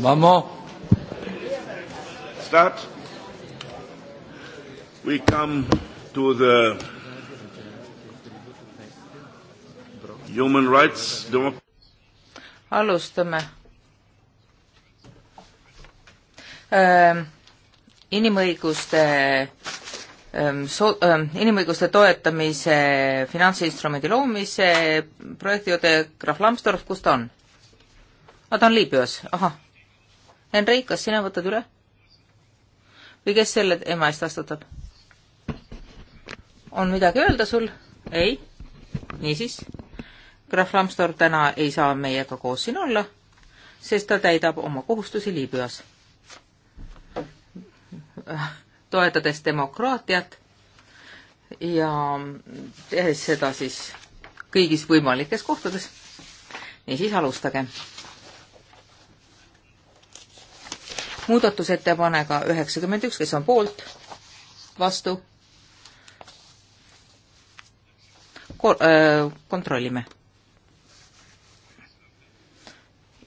Maman. Start. We come to the human rights. alustame ähm,. inimõiguste ähm, so- ähm,, inimõiguste toetamise finantsinstrumendi loomise projekti juurde, Krahv Lambsdorff, kus ta on? aa, ta on Liibüas, ahah Henrik, kas sina võtad üle? või kes selle ema eest vastutab? on midagi öelda sul? ei? niisiis, krahv Lambsdorff täna ei saa meiega koos siin olla, sest ta täidab oma kohustusi Liibüas. toetades demokraatiat ja tehes seda siis kõigis võimalikes kohtades. niisiis, alustage muudatusettepanega üheksakümmend üks, kes on poolt, vastu Ko, öö, äh, kontrollime.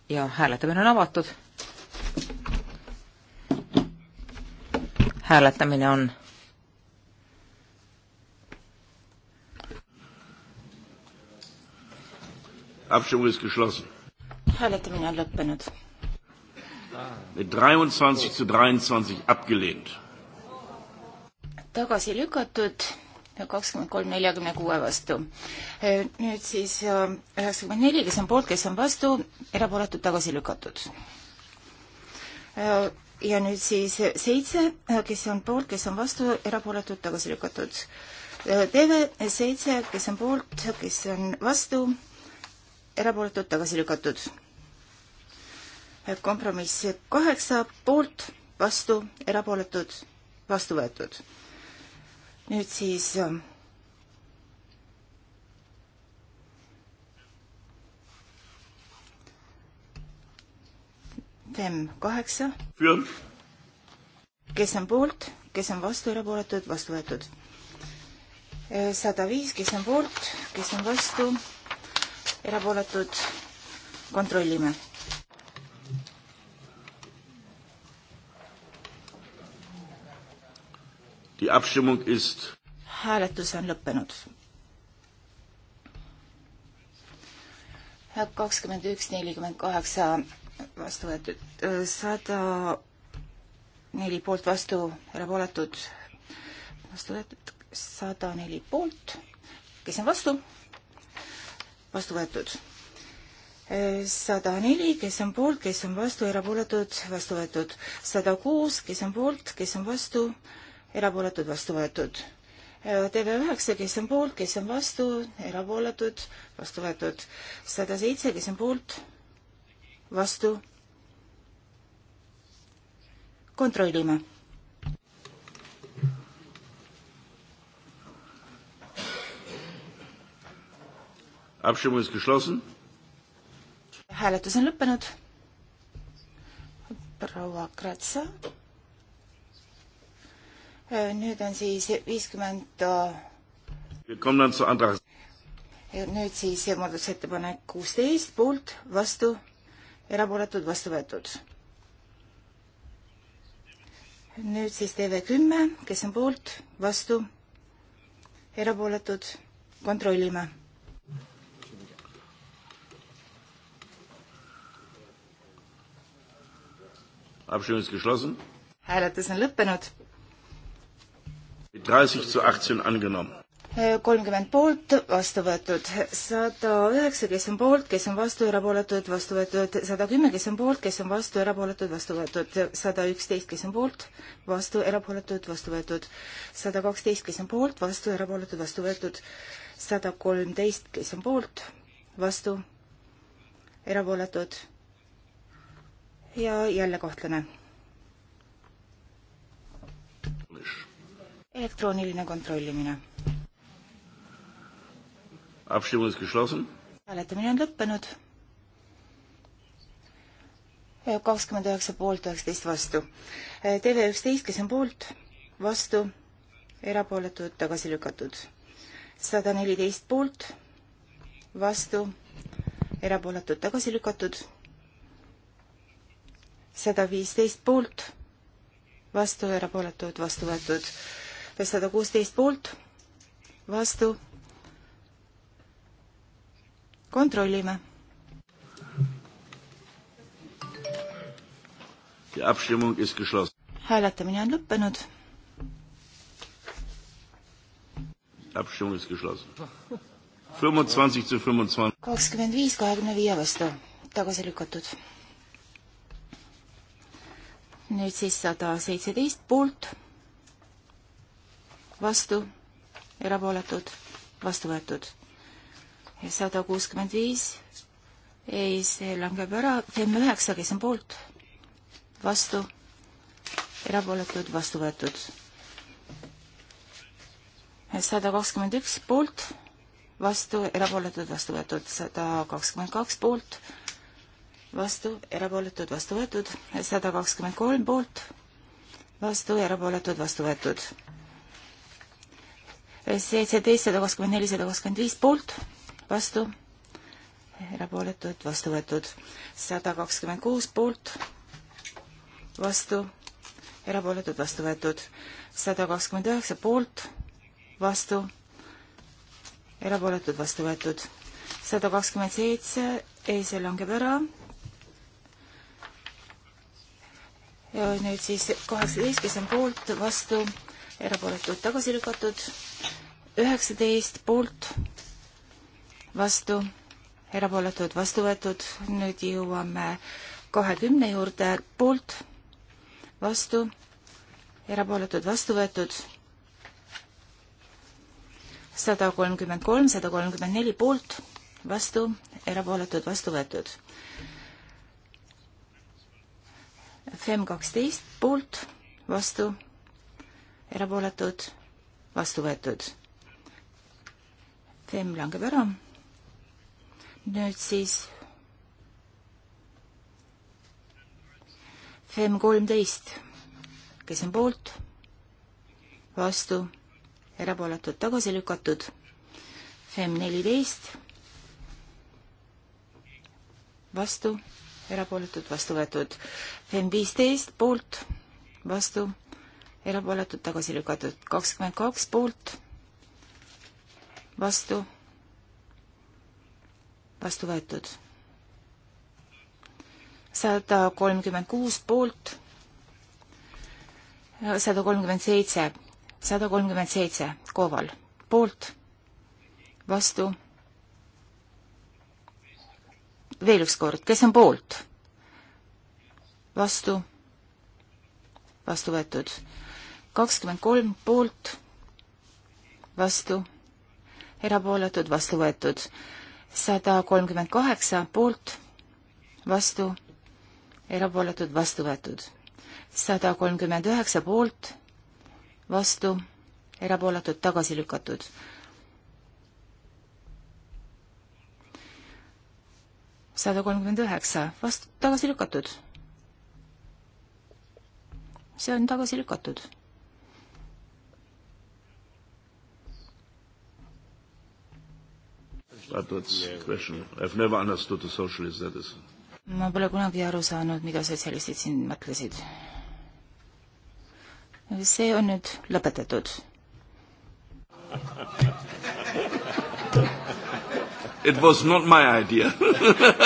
ja hääletamine on avatud. hääletamine on hääletamine on lõppenud mit 23 zu 23 abgelehnt. tagasi lükatud kakskümmend kolm neljakümne kuue vastu. Äh, nüüd siis äh, üheksakümmend neli, kes on poolt, kes on vastu, erapooletud tagasi lükatud. Äh, ja nüüd siis seitse, kes on poolt, kes on vastu, erapooletud tagasi lükatud. TV seitse, kes on poolt, kes on vastu, erapooletud tagasi lükatud kompromiss kaheksa poolt, vastu, erapooletud, vastu võetud. nüüd siis ähm, FEM kaheksa. kes on poolt, kes on vastu, erapooletud, vastu võetud. Äh, sada viis, kes on poolt, kes on vastu, erapooletud, kontrollime Die Abstimmung ist hääletus on lõppenud. kakskümmend üks, nelikümmend kaheksa vastu võetud, sada neli poolt vastu, erapooletud, vastu võetud, sada neli poolt, kes on vastu, vastu võetud. sada neli, kes on poolt, kes on vastu, erapooletud, vastu võetud, sada kuus, kes on poolt, kes on vastu, erapooletud, vastu võetud. TV9, kes on poolt, kes on vastu, erapooletud, vastu võetud. sada seitse, kes on poolt, vastu. kontrollime Abstimmung ist geschlossen. Hääletus on lõppenud. Proua Kratsa nüüd on siis viiskümmend 50.... nüüd siis muudatusettepanek kuusteist poolt, vastu, erapooletud, vastu võetud. nüüd siis TV10, kes on poolt, vastu, erapooletud, kontrollime Abstimmung ist geschlossen. Hääletus on lõppenud. Äh, kolmkümmend poolt, vastu võetud sada üheksa, kes on poolt, kes on vastu, erapooletud, vastu võetud sada kümme, kes on poolt, kes on vastu, erapooletud, vastu võetud sada üksteist, kes on poolt, vastu, erapooletud, vastu võetud sada kaksteist, kes on poolt, vastu, erapooletud, vastu võetud sada kolmteist, kes on poolt, vastu, erapooletud ja jälle kahtlane. Polish elektrooniline kontrollimine. hääletamine on lõppenud. kakskümmend üheksa poolt, üheksateist vastu. TV üksteist, kes on poolt, vastu, erapooletud, tagasi lükatud. sada neliteist poolt, vastu, erapooletud, tagasi lükatud. sada viisteist poolt, vastu, erapooletud, vastu võetud sada kuusteist poolt, vastu. kontrollime. hääletamine on lõppenud. kakskümmend viis kahekümne viie vastu, tagasi lükatud. nüüd siis sada seitseteist poolt vastu, erapooletud, vastu võetud. sada kuuskümmend viis, ei, see langeb ära, teeme üheksa, kes on poolt, vastu, erapooletud, vastu võetud. sada kakskümmend üks poolt, vastu, erapooletud, vastu võetud, sada kakskümmend kaks poolt, vastu, erapooletud, vastu võetud, sada kakskümmend kolm poolt, vastu, erapooletud, vastu võetud seitseteist, sada kakskümmend neli, sada kakskümmend viis poolt, vastu, erapooletud, vastu võetud. sada kakskümmend kuus poolt, vastu, erapooletud, vastu võetud. sada kakskümmend üheksa poolt, vastu, erapooletud, vastu võetud. sada kakskümmend seitse, ei, see langeb ära ja nüüd siis kaheksateist, kes on poolt, vastu, erapooletud tagasi lükatud, üheksateist poolt, vastu, erapooletud vastu võetud, nüüd jõuame kahekümne juurde, poolt, vastu, erapooletud vastu võetud, sada kolmkümmend kolm, sada kolmkümmend neli poolt, vastu, erapooletud vastu võetud. FEM kaksteist poolt, vastu erapooletud, vastu võetud. Fem langeb ära. nüüd siis Fem kolmteist, kes on poolt, vastu, erapooletud, tagasi lükatud. Fem neliteist, vastu, erapooletud, vastu võetud. Fem viisteist, poolt, vastu erapooletud, tagasi lükatud. kakskümmend kaks poolt, vastu, vastu võetud. sada kolmkümmend kuus poolt, sada kolmkümmend seitse, sada kolmkümmend seitse Koval, poolt, vastu, veel üks kord, kes on poolt? vastu, vastu võetud kakskümmend kolm poolt, vastu, erapooletud, vastu võetud. sada kolmkümmend kaheksa poolt, vastu, erapooletud, vastu võetud. sada kolmkümmend üheksa poolt, vastu, erapooletud, tagasi lükatud. sada kolmkümmend üheksa, vastu, tagasi lükatud. see on tagasi lükatud Adot's question. I've never understood the socialist that is. ma pole kunagi aru saanud, mida sotsialistid siin mõtlesid. see on nüüd lõpetatud It was not my idea.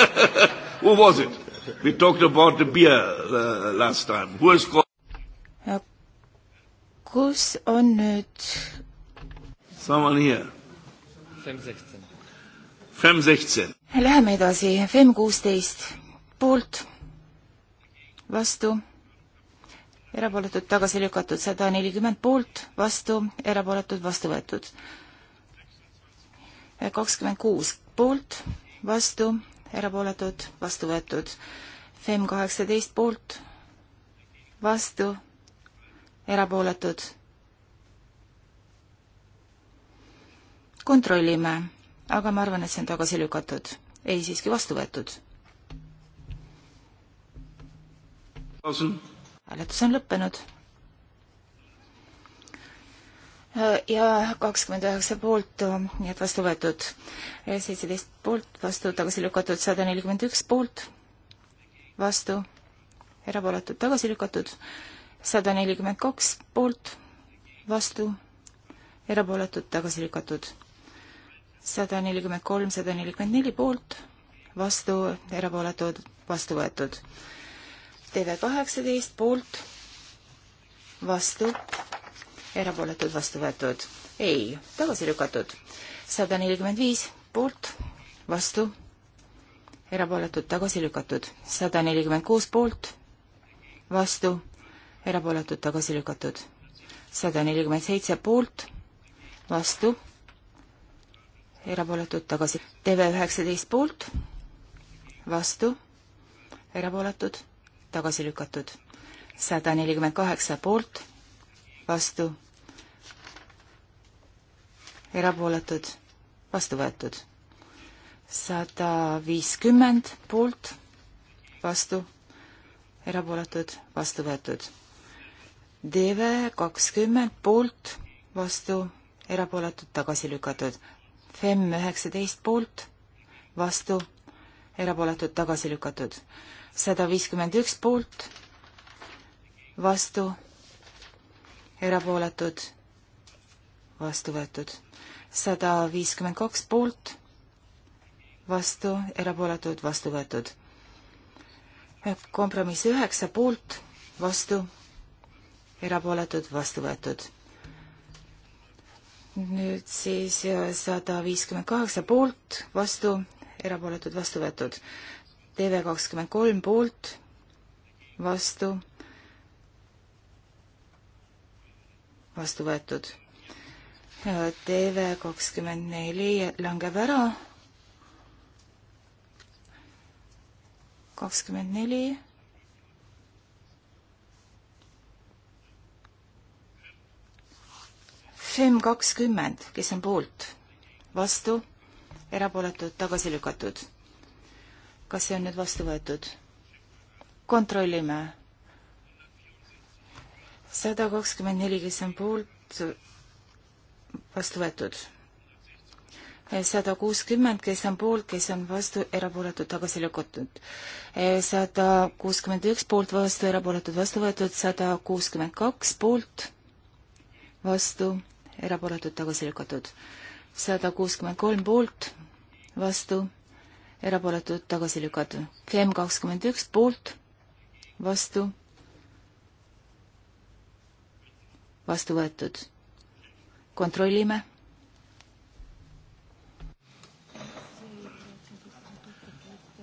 Who was it? We talked about the beer uh, last time. Who is called? Kus on nüüd? Someone here. 516. Läheme edasi, FEM kuusteist, poolt, vastu, erapooletud, tagasi lükatud, sada nelikümmend poolt, vastu, erapooletud, vastu võetud. kakskümmend kuus poolt, vastu, erapooletud, vastu võetud. FEM kaheksateist poolt, vastu, erapooletud. kontrollime aga ma arvan, et see on tagasi lükatud. ei, siiski vastu võetud. hääletus on lõppenud. ja kakskümmend üheksa poolt, nii et vastu võetud. seitseteist poolt vastu, tagasi lükatud, sada nelikümmend üks poolt vastu, erapooletud tagasi lükatud, sada nelikümmend kaks poolt vastu, erapooletud tagasi lükatud sada nelikümmend kolm, sada nelikümmend neli poolt, vastu, erapooletud, vastu võetud. TV kaheksateist poolt, vastu, erapooletud, vastu võetud. ei, tagasi lükatud. sada nelikümmend viis poolt, vastu, erapooletud, tagasi lükatud. sada nelikümmend kuus poolt, vastu, erapooletud, tagasi lükatud. sada nelikümmend seitse poolt, vastu erapooletud tagasi. TV19 poolt, vastu, erapooletud, tagasi lükatud. sada nelikümmend kaheksa poolt, vastu, erapooletud, vastu võetud. sada viiskümmend poolt, vastu, erapooletud, vastu võetud. TV kakskümmend poolt, vastu, erapooletud, tagasi lükatud. FEM üheksateist poolt, vastu, erapooletud, tagasi lükatud. sada viiskümmend üks poolt, vastu, erapooletud, vastu võetud. sada viiskümmend kaks poolt, vastu, erapooletud, vastu võetud. kompromiss üheksa poolt, vastu, erapooletud, vastu võetud nüüd siis äh, sada viiskümmend kaheksa poolt, vastu, erapooletud, vastu võetud. TV kakskümmend kolm poolt, vastu, vastu võetud. Äh, TV kakskümmend neli langeb ära. kakskümmend neli FEM kakskümmend, kes on poolt, vastu, erapooletud, tagasi lükatud. kas see on nüüd vastu võetud? kontrollime. sada kakskümmend neli, kes on poolt, vastu võetud sada kuuskümmend, kes on poolt, kes on vastu, erapooletud, tagasi lükatud. sada kuuskümmend üks poolt, vastu, erapooletud, vastu võetud, sada kuuskümmend kaks poolt, vastu, erapooletud tagasi lükatud. sada kuuskümmend kolm poolt, vastu, erapooletud tagasi lükatud. FEM kakskümmend üks poolt, vastu, vastu võetud. kontrollime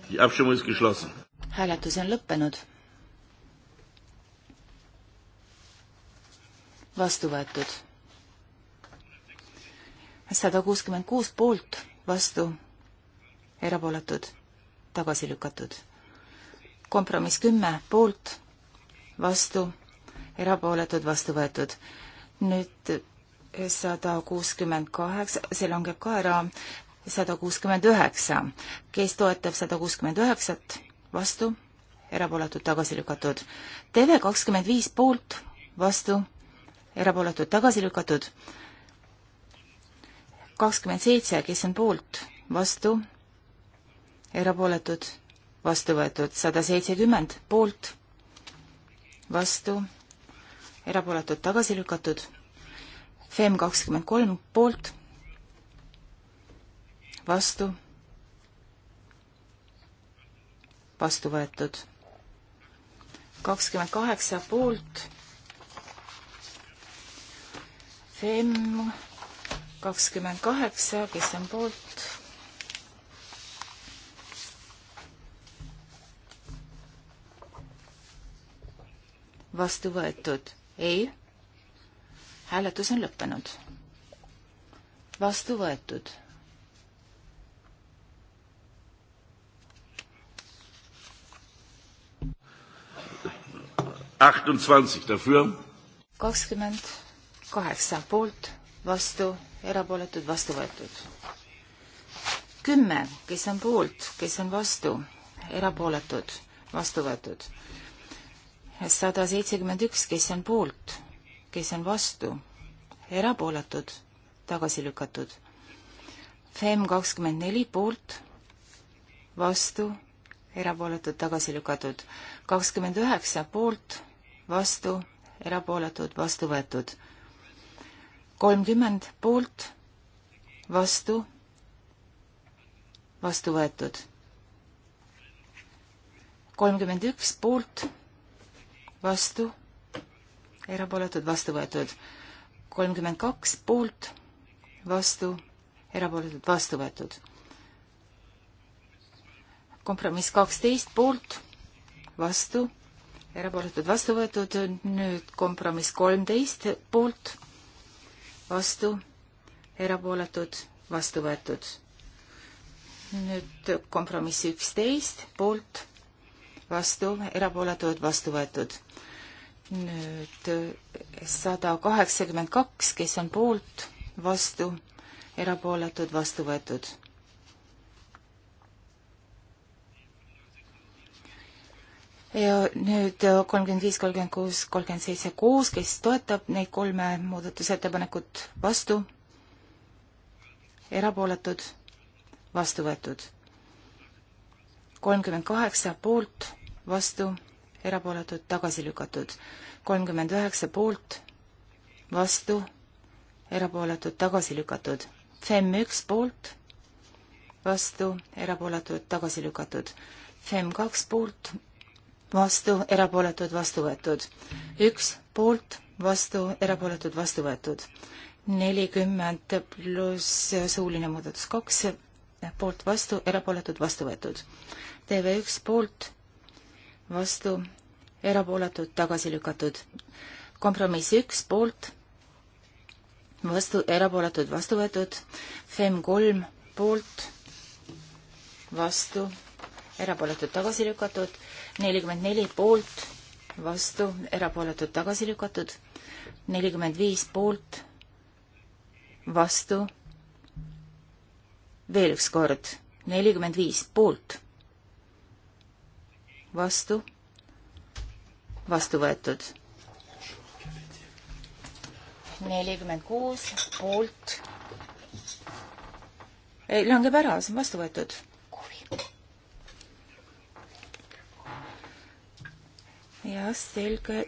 Die Abstimmung ist geschlossen. Hääletus on lõppenud. Vastu võetud sada kuuskümmend kuus poolt, vastu, erapooletud, tagasi lükatud. kompromiss kümme poolt, vastu, erapooletud, vastu võetud. nüüd sada kuuskümmend kaheksa, see langeb ka ära, sada kuuskümmend üheksa. kes toetab sada kuuskümmend üheksat, vastu, erapooletud, tagasi lükatud. TV kakskümmend viis poolt, vastu, erapooletud, tagasi lükatud kakskümmend seitse, kes on poolt, vastu, erapooletud, vastu võetud, sada seitsekümmend poolt, vastu, erapooletud, tagasi lükatud, FEM kakskümmend kolm poolt, vastu, vastu võetud, kakskümmend kaheksa poolt, FEM kakskümmend kaheksa, kes on poolt? vastu võetud. ei. hääletus on lõppenud. vastu võetud. kakskümmend kaheksa poolt, vastu erapooletud, vastu võetud. kümme, kes on poolt, kes on vastu, erapooletud, vastu võetud. sada seitsekümmend üks, kes on poolt, kes on vastu, erapooletud, tagasi lükatud. FEM kakskümmend neli poolt, vastu, erapooletud, tagasi lükatud. kakskümmend üheksa poolt, vastu, erapooletud, vastu võetud kolmkümmend poolt, vastu, vastu võetud. kolmkümmend üks poolt, vastu, erapooletud, vastu võetud. kolmkümmend kaks poolt, vastu, erapooletud, vastu võetud. kompromiss kaksteist poolt, vastu, erapooletud, vastu võetud, nüüd kompromiss kolmteist poolt vastu, erapooletud, vastu võetud. nüüd kompromiss üksteist, poolt, vastu, erapooletud, vastu võetud. nüüd sada kaheksakümmend kaks, kes on poolt, vastu, erapooletud, vastu võetud ja nüüd kolmkümmend viis, kolmkümmend kuus, kolmkümmend seitse, kuus, kes toetab neid kolme muudatusettepanekut, vastu, erapooletud, vastu võetud. kolmkümmend kaheksa poolt, vastu, erapooletud, tagasi lükatud. kolmkümmend üheksa poolt, vastu, erapooletud, tagasi lükatud. FEM üks poolt, vastu, erapooletud, tagasi lükatud. FEM kaks poolt, vastu, erapooletud, vastu võetud. üks poolt, vastu, erapooletud, vastu võetud. nelikümmend pluss suuline muudatus kaks, poolt, vastu, erapooletud, vastu võetud. TV1 poolt, vastu, erapooletud, tagasi lükatud. kompromiss üks poolt, vastu, erapooletud, vastu võetud. FEM kolm poolt, vastu, erapooletud, tagasi lükatud nelikümmend neli poolt, vastu, erapooletud, tagasi lükatud, nelikümmend viis poolt, vastu, veel üks kord, nelikümmend viis poolt, vastu, vastu võetud, nelikümmend kuus poolt, ei, langeb ära, see on vastu võetud jah, selge.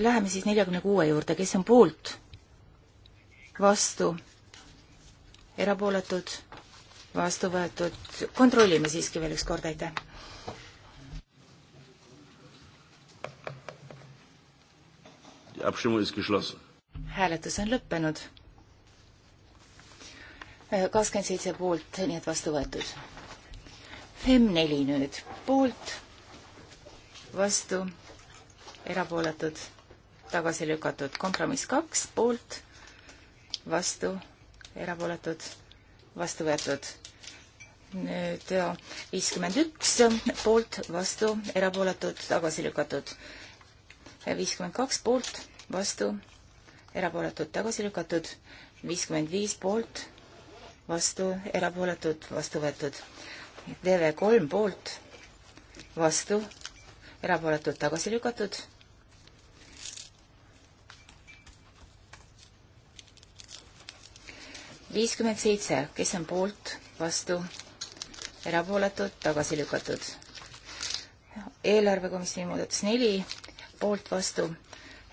Läheme siis neljakümne kuue juurde, kes on poolt? vastu? erapooletud? vastu võetud, kontrollime siiski veel üks kord, aitäh. hääletus on lõppenud. Äh, kakskümmend seitse poolt, nii et vastu võetud. FEM neli nüüd, poolt, vastu erapooletud, tagasi lükatud. kompromiss kaks, poolt, vastu, erapooletud, vastu võetud. nüüd äh, viiskümmend üks, poolt, vastu, erapooletud, tagasi lükatud. viiskümmend kaks, poolt, vastu, erapooletud, tagasi lükatud. viiskümmend viis, poolt, vastu, erapooletud, vastu võetud. TV3 poolt, vastu, erapooletult tagasi lükatud viiskümmend seitse, kes on poolt, vastu, erapooletud, tagasi lükatud. eelarvekomisjoni muudatus neli, poolt, vastu,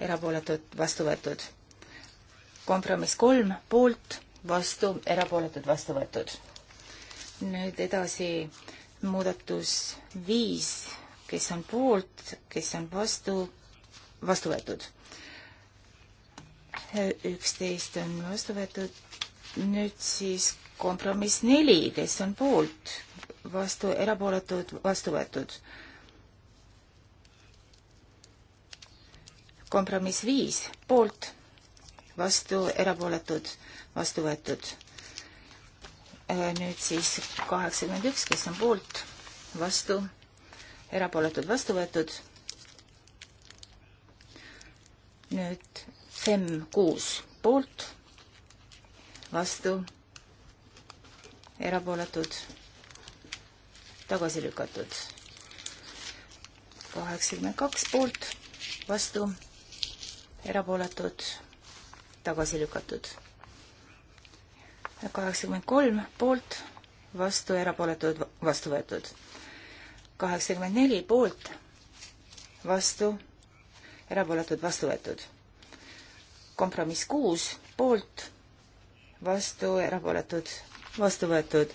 erapooletud, vastu võetud. kompromiss kolm, poolt, vastu, erapooletud, vastu võetud. nüüd edasi muudatus viis, kes on poolt, kes on vastu, vastu võetud. üksteist on vastu võetud nüüd siis kompromiss neli, kes on poolt, vastu, erapooletud, vastu võetud. kompromiss viis, poolt, vastu, erapooletud, vastu võetud. Äh, nüüd siis kaheksakümmend üks, kes on poolt, vastu, erapooletud, vastu võetud. nüüd FEM kuus, poolt vastu, erapooletud, tagasi lükatud. kaheksakümmend kaks poolt, vastu, erapooletud, tagasi lükatud. kaheksakümmend kolm poolt, vastu, erapooletud, vastu võetud. kaheksakümmend neli poolt, vastu, erapooletud, vastu võetud. kompromiss kuus poolt vastu, erapooletud, vastu võetud.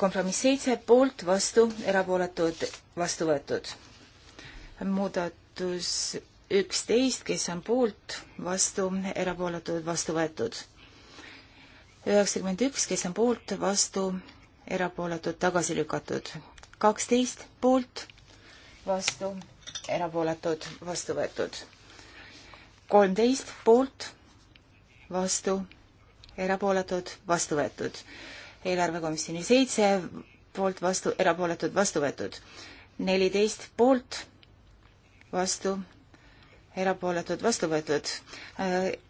kompromiss seitse poolt, vastu, erapooletud, vastu võetud. muudatus üksteist, kes on poolt, vastu, erapooletud, vastu võetud. üheksakümmend üks, kes on poolt, vastu, erapooletud, tagasi lükatud. kaksteist poolt, vastu, erapooletud, vastu võetud. kolmteist poolt, vastu, erapooletud, vastu võetud. eelarvekomisjoni seitse poolt vastu, erapooletud, vastu võetud. neliteist poolt, vastu, erapooletud, vastu võetud.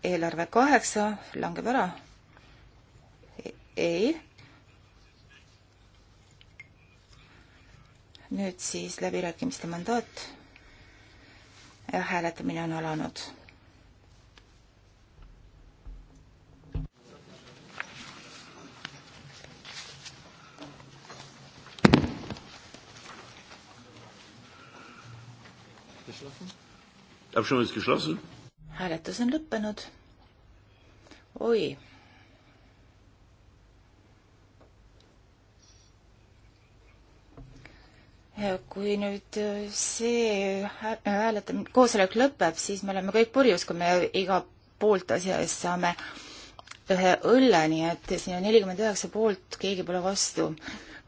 eelarve kaheksa langeb ära e. ei. nüüd siis läbirääkimiste mandaat. hääletamine on alanud hääletus on lõppenud. oi. kui nüüd äh, see äh, hääletamine, koosolek lõpeb, siis me oleme kõik purjus, kui me iga poolt asja eest saame ühe õlle, nii et siin on nelikümmend üheksa poolt, keegi pole vastu.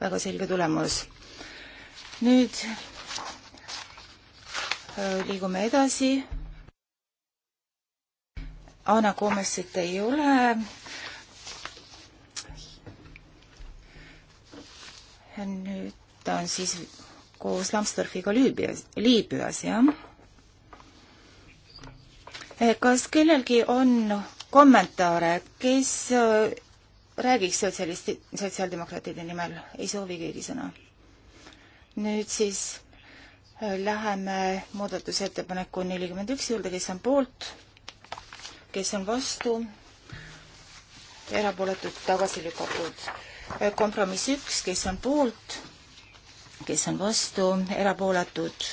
väga selge tulemus. nüüd liigume edasi. Anna Komesit ei ole. nüüd ta on siis koos Lambsdorfiga Liibüas, Liibüas, jah. Eh, kas kellelgi on kommentaare, kes räägiks sotsialisti, sotsiaaldemokraatide nimel, ei soovi keegi sõna? nüüd siis Läheme muudatusettepaneku nelikümmend üks juurde, kes on poolt, kes on vastu, erapooletud tagasi lükatud. kompromiss üks, kes on poolt, kes on vastu, erapooletud,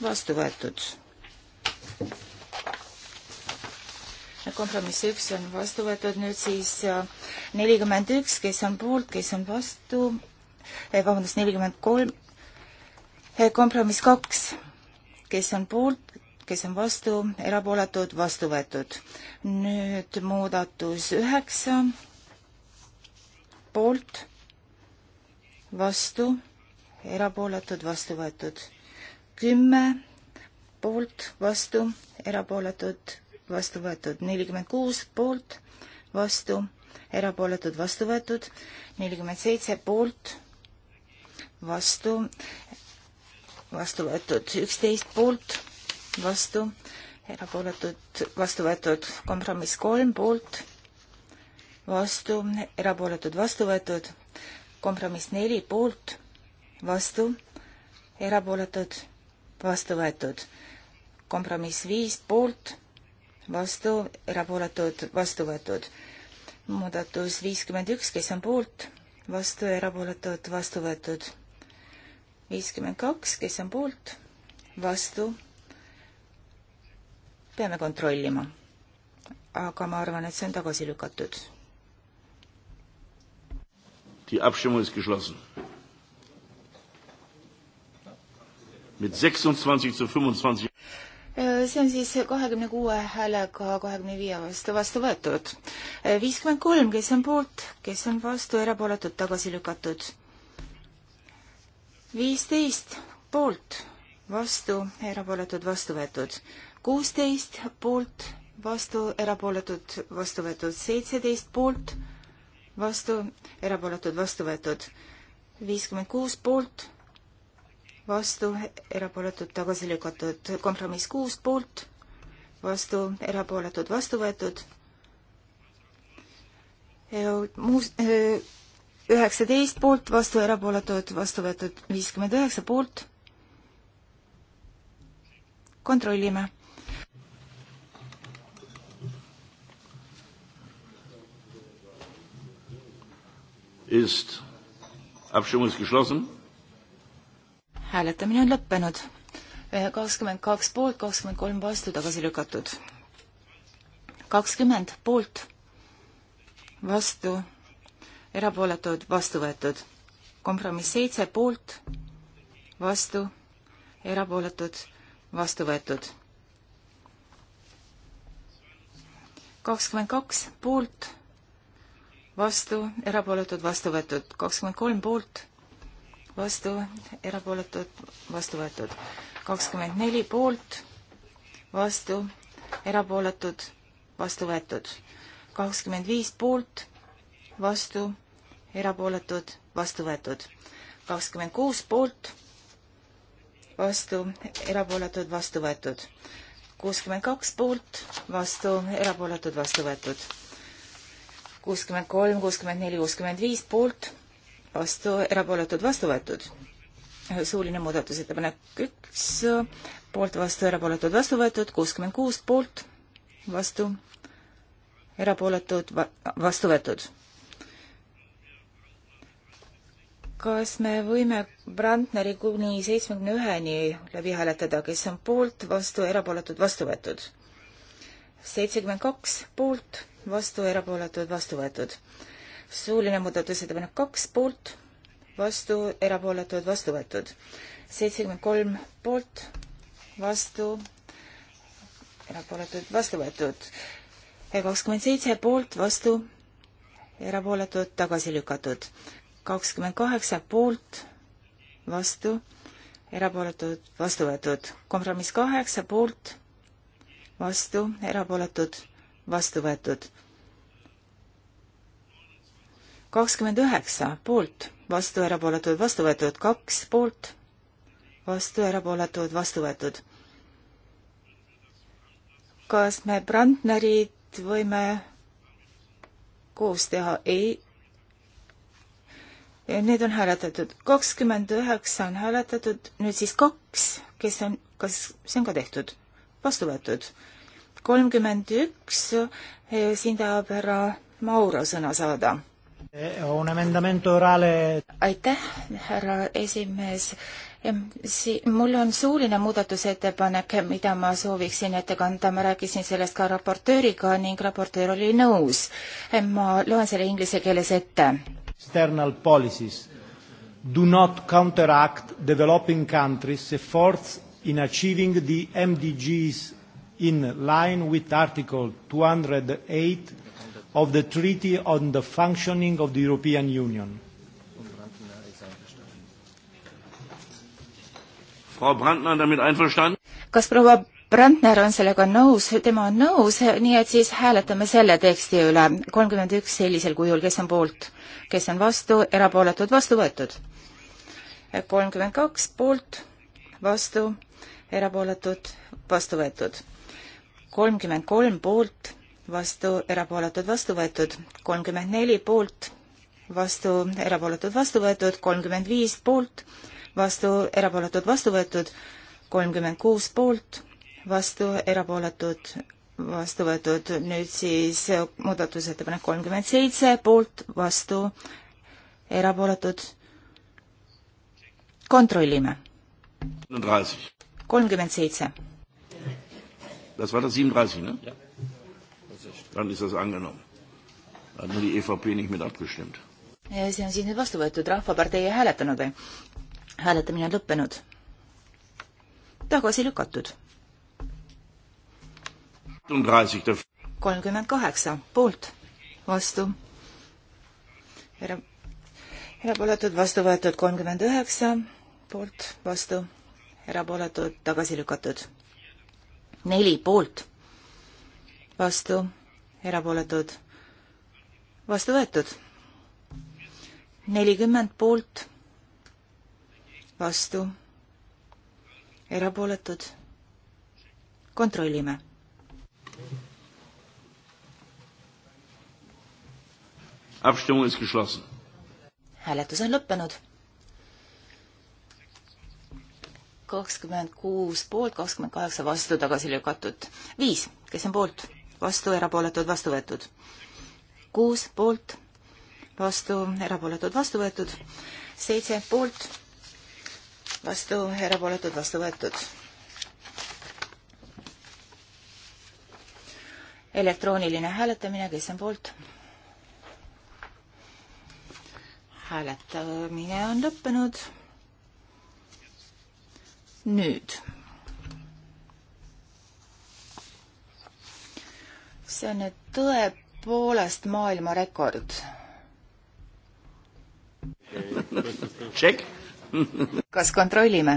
vastu võetud. kompromiss üks on vastu võetud, nüüd siis äh, nelikümmend üks, kes on poolt, kes on vastu, eh, vabandust, nelikümmend kolm Eh, kompromiss kaks, kes on poolt, kes on vastu, erapooletud, vastu võetud. nüüd muudatus üheksa, poolt, vastu, erapooletud, vastu võetud. kümme, poolt, vastu, erapooletud, vastu võetud. nelikümmend kuus, poolt, vastu, erapooletud, vastu võetud. nelikümmend seitse, poolt, vastu, vastu võetud üksteist poolt, vastu, erapooletud, vastu võetud kompromiss kolm poolt, vastu, erapooletud, vastu võetud, kompromiss neli poolt, vastu, erapooletud, vastu võetud, kompromiss viis poolt, vastu, erapooletud, vastu võetud, muudatus viiskümmend üks, kes on poolt, vastu, erapooletud, vastu võetud viiskümmend kaks, kes on poolt, vastu. peame kontrollima. aga ma arvan, et see on tagasi lükatud. Die Abstimmung ist geschlossen. Mit 26 zu 25 äh, see on siis kahekümne kuue häälega kahekümne viie vastu vastu võetud. Äh, viiskümmend kolm, kes on poolt, kes on vastu, erapooletud, tagasi lükatud viisteist poolt, vastu, erapooletud, vastu võetud. kuusteist poolt, vastu, erapooletud, vastu võetud. seitseteist poolt, vastu, erapooletud, vastu võetud. viiskümmend kuus poolt, vastu, erapooletud, tagasi lükatud. kompromiss kuus poolt, vastu, erapooletud, vastu võetud muus- äh,, üheksateist poolt, vastu erapooletud, vastu võetud viiskümmend üheksa poolt. kontrollime. Ist Abstimmung ist geschlossen. hääletamine on lõppenud. kakskümmend kaks poolt, kakskümmend kolm vastu, tagasi lükatud. kakskümmend poolt, vastu erapooletud, vastu võetud. kompromiss seitse poolt, vastu, erapooletud, vastu võetud. kakskümmend kaks poolt, vastu, erapooletud, vastu võetud. kakskümmend kolm poolt, vastu, erapooletud, vastu võetud. kakskümmend neli poolt, vastu, erapooletud, vastu võetud. kakskümmend viis poolt, vastu erapooletud, vastu võetud. kakskümmend kuus poolt, vastu, erapooletud, vastu võetud. kuuskümmend kaks poolt, vastu, erapooletud, vastu võetud. kuuskümmend kolm, kuuskümmend neli, kuuskümmend viis poolt, vastu, erapooletud, vastu võetud. suuline muudatusettepanek üks, poolt, vastu, erapooletud, vastu võetud, kuuskümmend kuus poolt, vastu, erapooletud, vastu võetud kas me võime Brandneri kuni seitsmekümne üheni läbi hääletada, kes on poolt, vastu, erapooletud, vastu võetud? seitsekümmend kaks poolt, vastu, erapooletud, vastu võetud. suuline muudatusettepanek kaks poolt, vastu, erapooletud, vastu võetud. seitsekümmend kolm poolt, vastu, erapooletud, vastu võetud. kakskümmend seitse poolt, vastu, erapooletud, tagasi lükatud kakskümmend kaheksa poolt, vastu, erapooletud, vastu võetud. kompromiss kaheksa poolt, vastu, erapooletud, vastu võetud. kakskümmend üheksa poolt, vastu, erapooletud, vastu võetud, kaks poolt, vastu, erapooletud, vastu võetud. kas me Brandnerit võime koos teha? ei Need on hääletatud. kakskümmend üheksa on hääletatud, nüüd siis kaks, kes on, kas see on ka tehtud? vastu võetud. kolmkümmend üks, eh, siin tahab härra Mauro sõna saada eh, Un emendamento orale. aitäh, härra esimees. Si-, mul on suuline muudatusettepanek, mida ma sooviksin ette kanda, ma rääkisin sellest ka raportööriga ning raportöör oli nõus. ma loen selle inglise keeles ette. External policies do not counteract developing countries' efforts in achieving the MDGs in line with Article 208 of the Treaty on the Functioning of the European Union. Frau Brandner damit einverstanden? Kas proua Brandner on sellega nõus, tema on nõus, nii et siis hääletame selle teksti üle, kolmkümmend üks sellisel kujul, kes on poolt? kes on vastu, erapooletud, vastu võetud. kolmkümmend kaks poolt, vastu, erapooletud, vastu võetud. kolmkümmend kolm poolt, vastu, erapooletud, vastu võetud. kolmkümmend neli poolt, vastu, erapooletud, vastu võetud. kolmkümmend viis poolt, vastu, erapooletud, vastu võetud. kolmkümmend kuus poolt, vastu, erapooletud, vastu võetud, nüüd siis muudatusettepanek kolmkümmend seitse, poolt, vastu, erapooletud. kontrollime. kolmkümmend seitse. Das war das 37, ne? Ja. Dann ist das angenommen. Hat nur die EVP nicht mit abgestimmt. Ja, see on siis nüüd vastu võetud, Rahvapartei ei hääletanud või? hääletamine on lõppenud. tagasi lükatud kolmkümmend kaheksa poolt, vastu, era-, erapooletud, vastu võetud kolmkümmend üheksa, poolt, vastu, erapooletud, tagasi lükatud. neli poolt, vastu, erapooletud, vastu võetud. nelikümmend poolt, vastu, erapooletud, kontrollime Abstimmung ist geschlossen. hääletus on lõppenud. kakskümmend kuus poolt, kakskümmend kaheksa vastu tagasi lükatud. viis, kes on poolt, vastu, erapooletud, vastu võetud. kuus poolt, vastu, erapooletud, vastu võetud. seitse poolt, vastu, erapooletud, vastu võetud. elektrooniline hääletamine, kes on poolt hääletamine on lõppenud. nüüd. see on nüüd tõepoolest maailmarekord. kas kontrollime?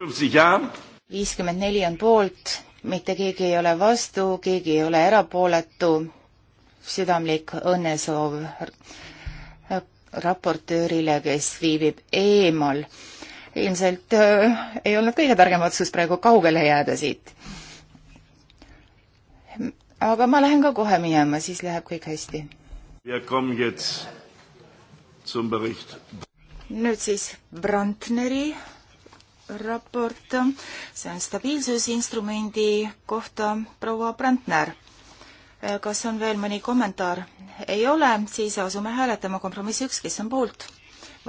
viiskümmend neli on poolt, mitte keegi ei ole vastu, keegi ei ole erapooletu. südamlik õnnesoov raportöörile, kes viibib eemal. ilmselt äh, ei olnud kõige targem otsus praegu kaugele jääda siit. aga ma lähen ka kohe minema, siis läheb kõik hästi. nüüd siis Brandneri raport, see on stabiilsusinstrumendi kohta, proua Brandner Äh, kas on veel mõni kommentaar? ei ole, siis asume hääletama kompromissi üks, kes on poolt,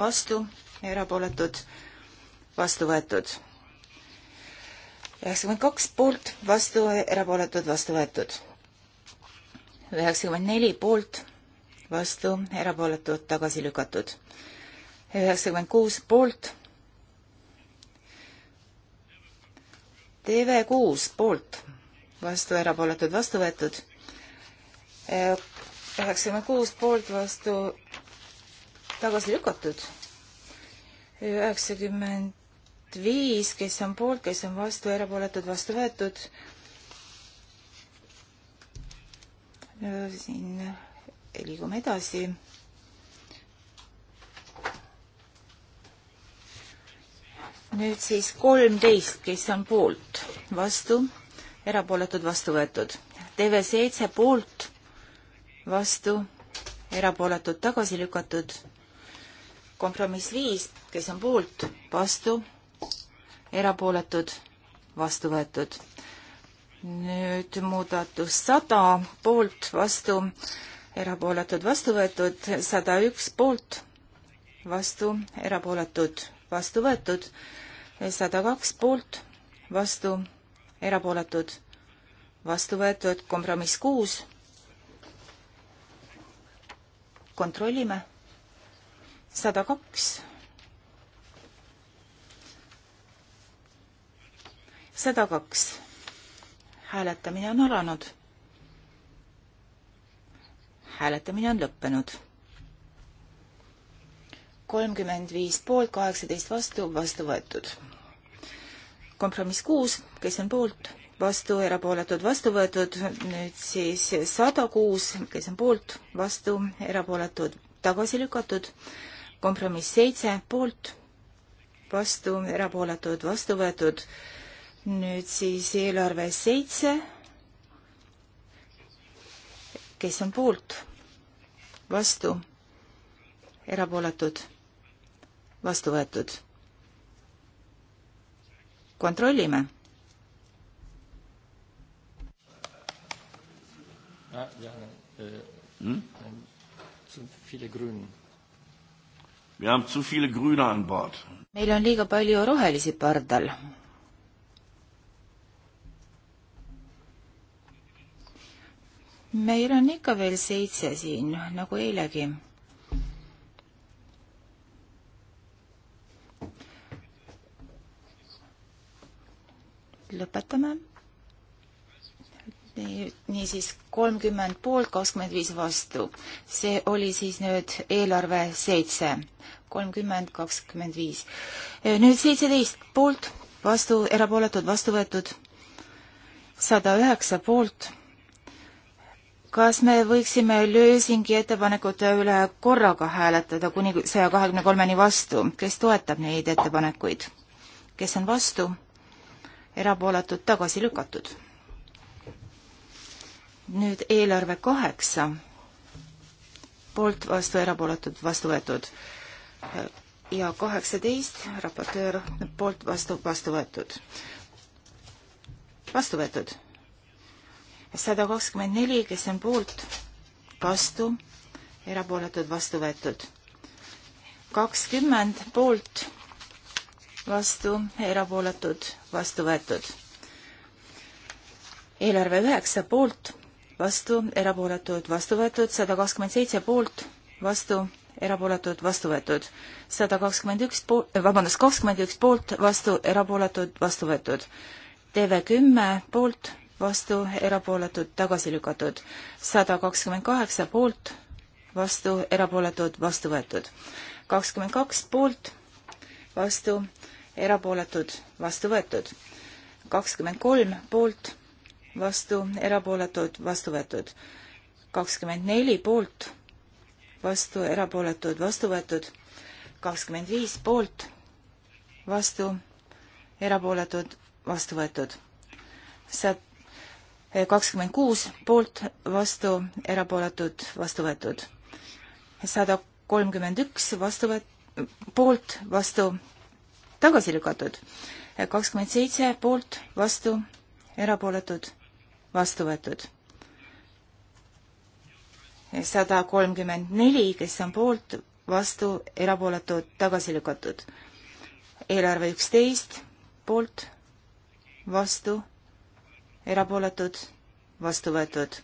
vastu, erapooletud, vastu võetud. üheksakümmend kaks poolt, vastu, erapooletud, vastu võetud. üheksakümmend neli poolt, vastu, erapooletud, tagasi lükatud. üheksakümmend kuus poolt, TV kuus poolt, vastu, erapooletud, vastu võetud üheksakümmend kuus poolt vastu tagasi lükatud. üheksakümmend viis, kes on poolt, kes on vastu, erapooletud, vastu võetud. siin liigume edasi nüüd siis kolmteist, kes on poolt, vastu, erapooletud, vastu võetud. TV7 poolt, vastu, erapooletud tagasi lükatud. kompromiss viis, kes on poolt, vastu, erapooletud, vastu võetud. nüüd muudatus sada, poolt, vastu, erapooletud, vastu võetud, sada üks poolt, vastu, erapooletud, vastu võetud, sada kaks poolt, vastu, erapooletud, vastu võetud, kompromiss kuus kontrollime. sada kaks. sada kaks. hääletamine on alanud. hääletamine on lõppenud. kolmkümmend viis poolt, kaheksateist vastu, vastu võetud. kompromiss kuus, kes on poolt? vastu, erapooletud, vastu võetud, nüüd siis sada kuus, kes on poolt, vastu, erapooletud, tagasi lükatud, kompromiss seitse, poolt, vastu, erapooletud, vastu võetud, nüüd siis eelarve seitse, kes on poolt, vastu, erapooletud, vastu võetud. kontrollime Ah, ja, ne, äh, hm? Zu viele Grünen. Wir haben zu viele Grüne an Bord. Meil on liiga palju rohelisi pardal. meil on ikka veel seitse siin, nagu eilegi. lõpetame nii, niisiis kolmkümmend poolt, kakskümmend viis vastu. see oli siis nüüd eelarve seitse, kolmkümmend, kakskümmend viis. nüüd seitseteist poolt, vastu, erapooletud, vastu võetud, sada üheksa poolt. kas me võiksime Lösingi ettepanekute üle korraga hääletada kuni saja kahekümne kolmeni vastu, kes toetab neid ettepanekuid? kes on vastu? erapooletud tagasi lükatud nüüd eelarve kaheksa, poolt, vastu, erapooletud, vastu võetud. ja kaheksateist, raportöör, poolt, vastu, vastu võetud. vastu võetud. sada kakskümmend neli, kes on poolt, vastu, erapooletud, vastu võetud. kakskümmend poolt, vastu, erapooletud, vastu võetud. eelarve üheksa poolt vastu, erapooletud, vastu võetud, sada kakskümmend seitse poolt, vastu, erapooletud, vastu võetud, sada kakskümmend üks poolt, eh, vabandust, kakskümmend üks poolt, vastu, erapooletud, vastu võetud, TV kümme poolt, vastu, erapooletud, tagasi lükatud, sada kakskümmend kaheksa poolt, vastu, erapooletud, vastu võetud, kakskümmend kaks poolt, vastu, erapooletud, vastu võetud, kakskümmend kolm poolt vastu, erapooletud, vastu võetud. kakskümmend neli poolt, vastu, erapooletud, vastu võetud. kakskümmend viis poolt, vastu, erapooletud, vastu võetud. sa, eh, kakskümmend kuus poolt, vastu, erapooletud, vastu võetud. sada kolmkümmend üks vastu võet-, poolt, vastu, tagasi lükatud. kakskümmend seitse poolt, vastu, erapooletud, vastu võetud. sada kolmkümmend neli, kes on poolt, vastu, erapooletud, tagasi lükatud. eelarve üksteist, poolt, vastu, erapooletud, vastu võetud.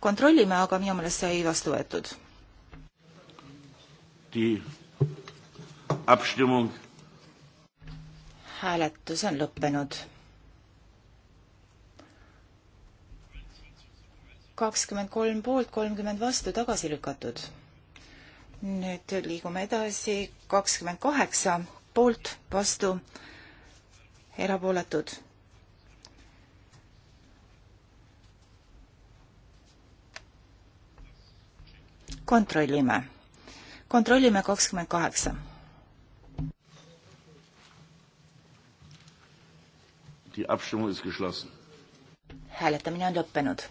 kontrollime, aga minu meelest sai vastu võetud. hääletus on lõppenud kakskümmend kolm poolt, kolmkümmend vastu, tagasi lükatud. nüüd liigume edasi, kakskümmend kaheksa poolt, vastu, erapooletud. kontrollime, kontrollime kakskümmend kaheksa. Die Abstimmung ist geschlossen. Hääletamine on lõppenud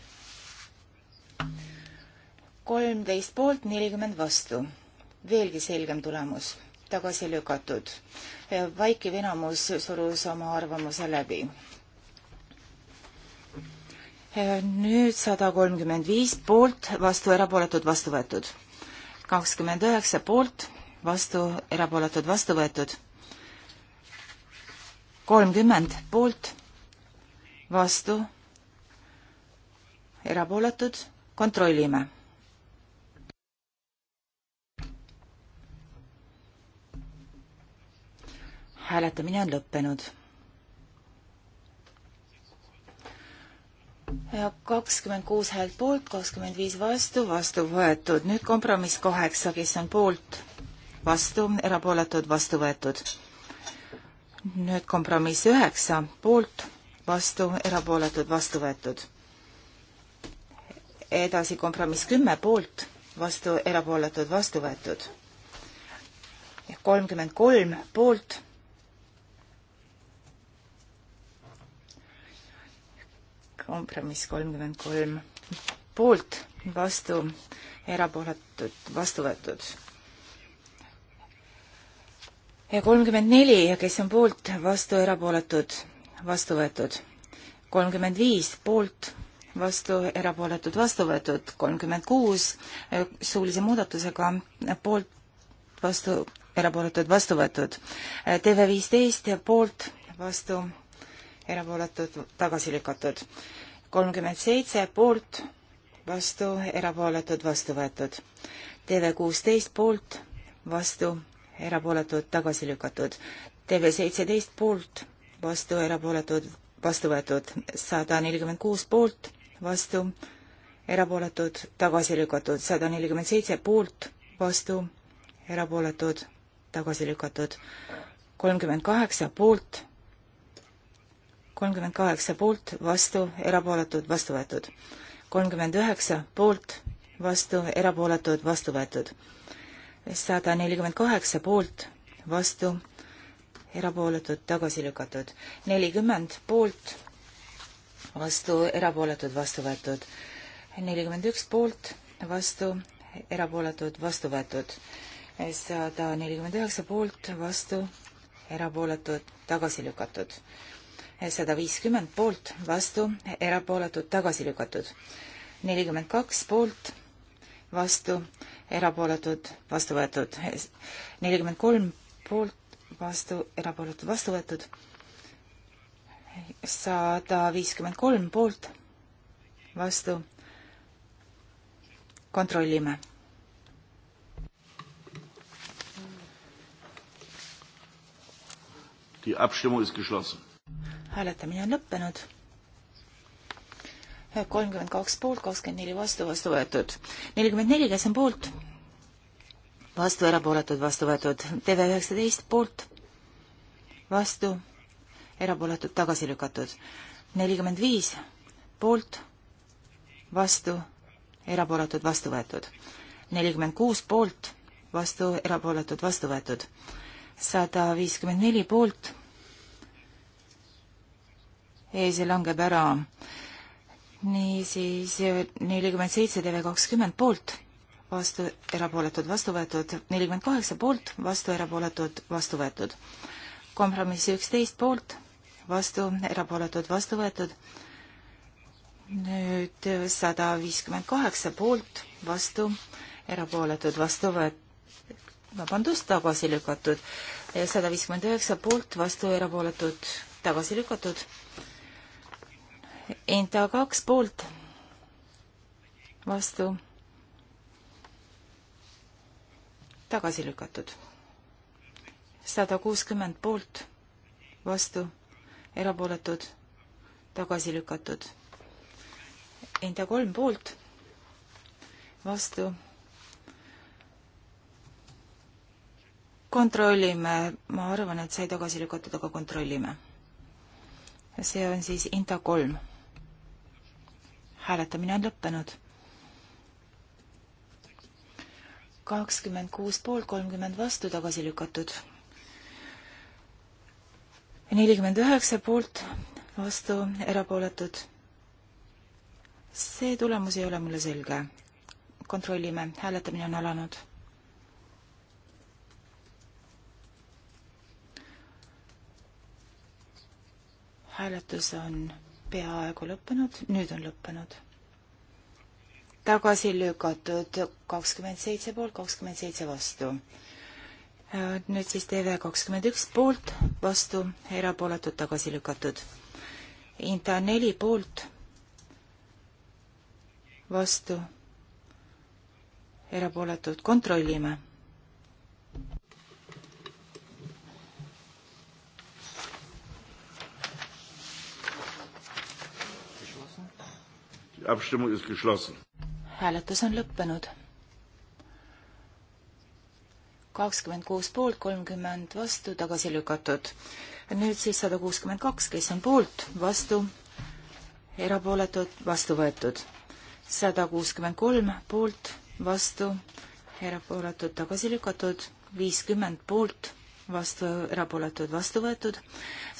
kolmteist poolt, nelikümmend vastu. veelgi selgem tulemus, tagasi lükatud. vaikiv enamus surus oma arvamuse läbi. nüüd sada kolmkümmend viis poolt, vastu erapooletud, vastu võetud. kakskümmend üheksa poolt, vastu erapooletud, vastu võetud. kolmkümmend poolt, vastu erapooletud, kontrollime hääletamine on lõppenud. ja kakskümmend kuus häält poolt, kakskümmend viis vastu, vastu võetud. nüüd kompromiss kaheksa, kes on poolt, vastu, erapooletud, vastu võetud. nüüd kompromiss üheksa, poolt, vastu, erapooletud, vastu võetud. edasi kompromiss kümme, poolt, vastu, erapooletud, vastu võetud. kolmkümmend kolm, poolt kompromiss kolmkümmend kolm poolt, vastu, erapooletud, vastu võetud. ja kolmkümmend neli, kes on poolt, vastu, erapooletud, vastu võetud. kolmkümmend viis poolt, vastu, erapooletud, vastu võetud. kolmkümmend kuus eh, suulise muudatusega poolt, vastu, erapooletud, vastu võetud. Eh, TV viisteist poolt, vastu, erapooletud, tagasi lükatud kolmkümmend seitse poolt, vastu, erapooletud, vastu võetud. TV kuusteist poolt, vastu, erapooletud, tagasi lükatud. TV seitseteist poolt, vastu, erapooletud, vastu võetud. sada nelikümmend kuus poolt, vastu, erapooletud, tagasi lükatud. sada nelikümmend seitse poolt, vastu, erapooletud, tagasi lükatud. kolmkümmend kaheksa poolt kolmkümmend kaheksa poolt, vastu, erapooletud, vastu võetud. kolmkümmend üheksa poolt, vastu, erapooletud, vastu võetud. sada nelikümmend kaheksa poolt, vastu, erapooletud, tagasi lükatud. nelikümmend poolt, vastu, erapooletud, vastu võetud. nelikümmend üks poolt, vastu, erapooletud, vastu võetud. sada nelikümmend üheksa poolt, vastu, erapooletud, tagasi lükatud sada viiskümmend poolt, vastu, erapooletud, tagasi lükatud. nelikümmend kaks poolt, vastu, erapooletud, vastu võetud. nelikümmend kolm poolt, vastu, erapooletud, vastu võetud. sada viiskümmend kolm poolt, vastu. kontrollime Die Abstimmung ist geschlossen hääletamine on lõppenud. kolmkümmend kaks poolt, kakskümmend neli vastu, vastu võetud. nelikümmend neli, kes on poolt? vastu, erapooletud, vastu võetud. TV üheksateist poolt, vastu, erapooletud, tagasi lükatud. nelikümmend viis poolt, vastu, erapooletud, vastu võetud. nelikümmend kuus poolt, vastu, erapooletud, vastu võetud sada viiskümmend neli poolt, see langeb ära. niisiis nelikümmend seitse TV kakskümmend poolt, vastu, erapooletud, vastu võetud, nelikümmend kaheksa poolt, vastu, erapooletud, vastu võetud. kompromiss üksteist poolt, vastu, erapooletud, vastu võetud. nüüd sada viiskümmend kaheksa poolt, vastu, erapooletud, vastu võetud vabandust, tagasi lükatud. sada viiskümmend üheksa poolt, vastu erapooletud, tagasi lükatud. Enta kaks poolt, vastu, tagasi lükatud. sada kuuskümmend poolt, vastu, erapooletud, tagasi lükatud. Enta kolm poolt, vastu kontrollime, ma arvan, et sai tagasi lükatud, aga kontrollime. see on siis Inta kolm hääletamine on lõppenud. kakskümmend kuus poolt, kolmkümmend vastu tagasi lükatud. nelikümmend üheksa poolt, vastu erapooletud. see tulemus ei ole mulle selge. kontrollime, hääletamine on alanud hääletus on peaaegu lõppenud, nüüd on lõppenud. tagasi lükatud kakskümmend seitse poolt, kakskümmend seitse vastu. Äh, nüüd siis TV kakskümmend üks poolt, vastu, erapooletud, tagasi lükatud. Inta neli poolt, vastu, erapooletud, kontrollime Abstimmung ist geschlossen. hääletus on lõppenud. kakskümmend kuus poolt, kolmkümmend vastu, tagasi lükatud. nüüd siis sada kuuskümmend kaks, kes on poolt, vastu, erapooletud, vastu võetud. sada kuuskümmend kolm poolt, vastu, erapooletud, tagasi lükatud, viiskümmend poolt, vastu, erapooletud, vastu võetud,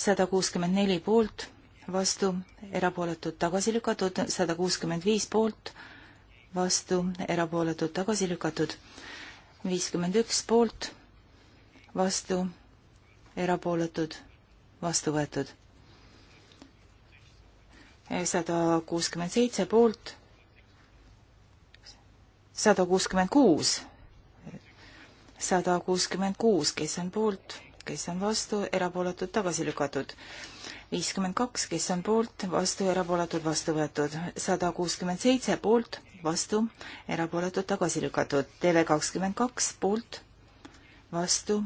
sada kuuskümmend neli poolt, vastu, erapooletud tagasi lükatud, sada kuuskümmend viis poolt, vastu, erapooletud tagasi lükatud, viiskümmend üks poolt, vastu, erapooletud, vastu võetud. sada kuuskümmend seitse poolt, sada kuuskümmend kuus, sada kuuskümmend kuus, kes on poolt kes on vastu, erapooletud, tagasi lükatud. viiskümmend kaks, kes on poolt, vastu, erapooletud, vastu võetud. sada kuuskümmend seitse poolt, vastu, erapooletud, tagasi lükatud. TV kakskümmend kaks poolt, vastu,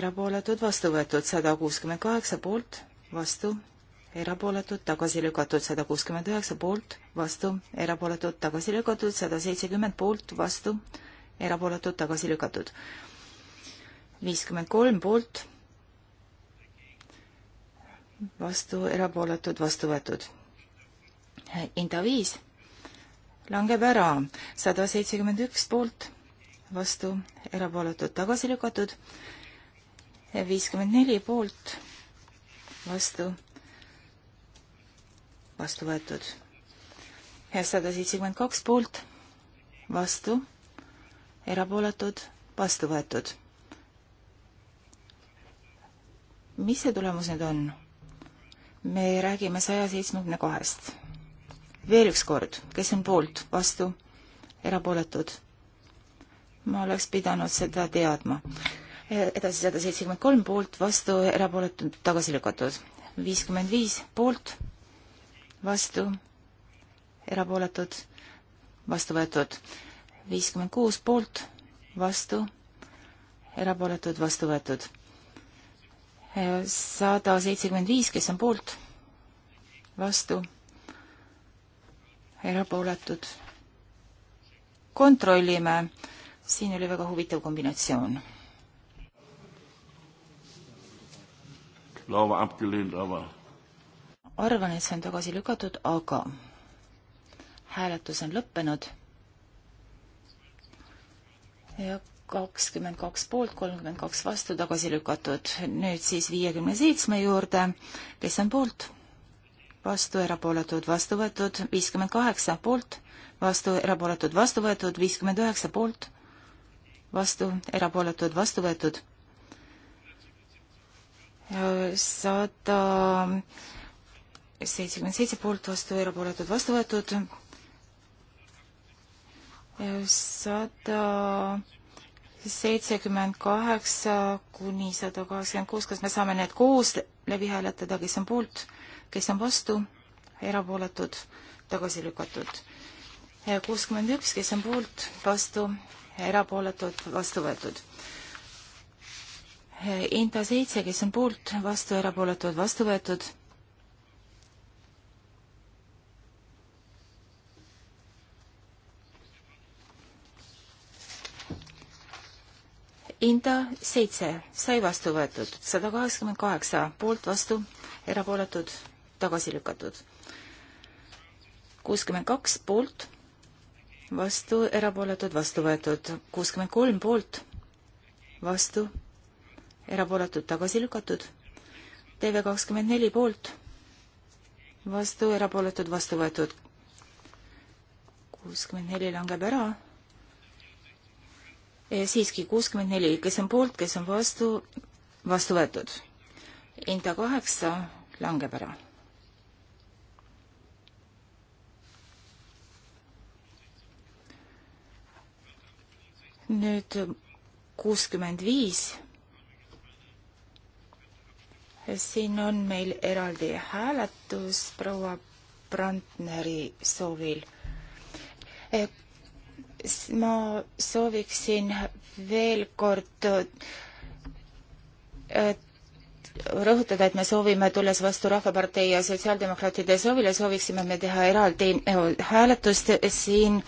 erapooletud, vastu võetud. sada kuuskümmend kaheksa poolt, vastu, erapooletud, tagasi lükatud sada kuuskümmend üheksa poolt, vastu, erapooletud, tagasi lükatud sada seitsekümmend poolt, vastu, erapooletud, tagasi lükatud viiskümmend kolm poolt, vastu, erapooletud, vastu võetud. Inta viis langeb ära, sada seitsekümmend üks poolt, vastu, erapooletud, tagasi lükatud, viiskümmend neli poolt, vastu, vastu võetud. sada seitsekümmend kaks poolt, vastu, erapooletud, vastu võetud mis see tulemus nüüd on? me räägime saja seitsmekümne kahest. veel üks kord, kes on poolt, vastu, erapooletud? ma oleks pidanud seda teadma. edasi sada seitsekümmend kolm poolt, vastu, erapooletud, tagasi lükatud. viiskümmend viis poolt, vastu, erapooletud, vastu võetud. viiskümmend kuus poolt, vastu, erapooletud, vastu võetud sada seitsekümmend viis, kes on poolt, vastu, erapooletud. kontrollime, siin oli väga huvitav kombinatsioon. arvan, et see on tagasi lükatud, aga hääletus on lõppenud ja kakskümmend kaks poolt, kolmkümmend kaks vastu tagasi lükatud. nüüd siis viiekümne seitsme juurde, kes on poolt? vastu, erapooletud, vastu võetud, viiskümmend kaheksa poolt, vastu, erapooletud, vastu võetud, viiskümmend üheksa poolt, vastu, erapooletud, vastu võetud. sada seitsekümmend seitse poolt, vastu, erapooletud, vastu võetud, sada 100 seitsekümmend kaheksa kuni sada kaheksakümmend kuus, kas me saame need koos läbi hääletada, kes on poolt, kes on vastu, erapooletud, tagasi lükatud. kuuskümmend üks, kes on poolt, vastu, erapooletud, vastu võetud. Inta seitse, kes on poolt, vastu, erapooletud, vastu võetud Inta seitse sai vastu võetud, sada kaheksakümmend kaheksa poolt vastu, erapooletud, tagasi lükatud. kuuskümmend kaks poolt, vastu, erapooletud, vastu võetud, kuuskümmend kolm poolt, vastu, erapooletud, tagasi lükatud, TV kakskümmend neli poolt, vastu, erapooletud, vastu võetud, kuuskümmend neli langeb ära Eh, siiski kuuskümmend neli, kes on poolt, kes on vastu, vastu võetud. Inta kaheksa langeb ära. nüüd kuuskümmend viis. siin on meil eraldi hääletus proua Brandneri soovil eh, ma sooviksin veel kord rõhutada, et me soovime, tulles vastu Rahvapartei ja Sotsiaaldemokraatide soovile, sooviksime me teha eraldi äh, hääletust siin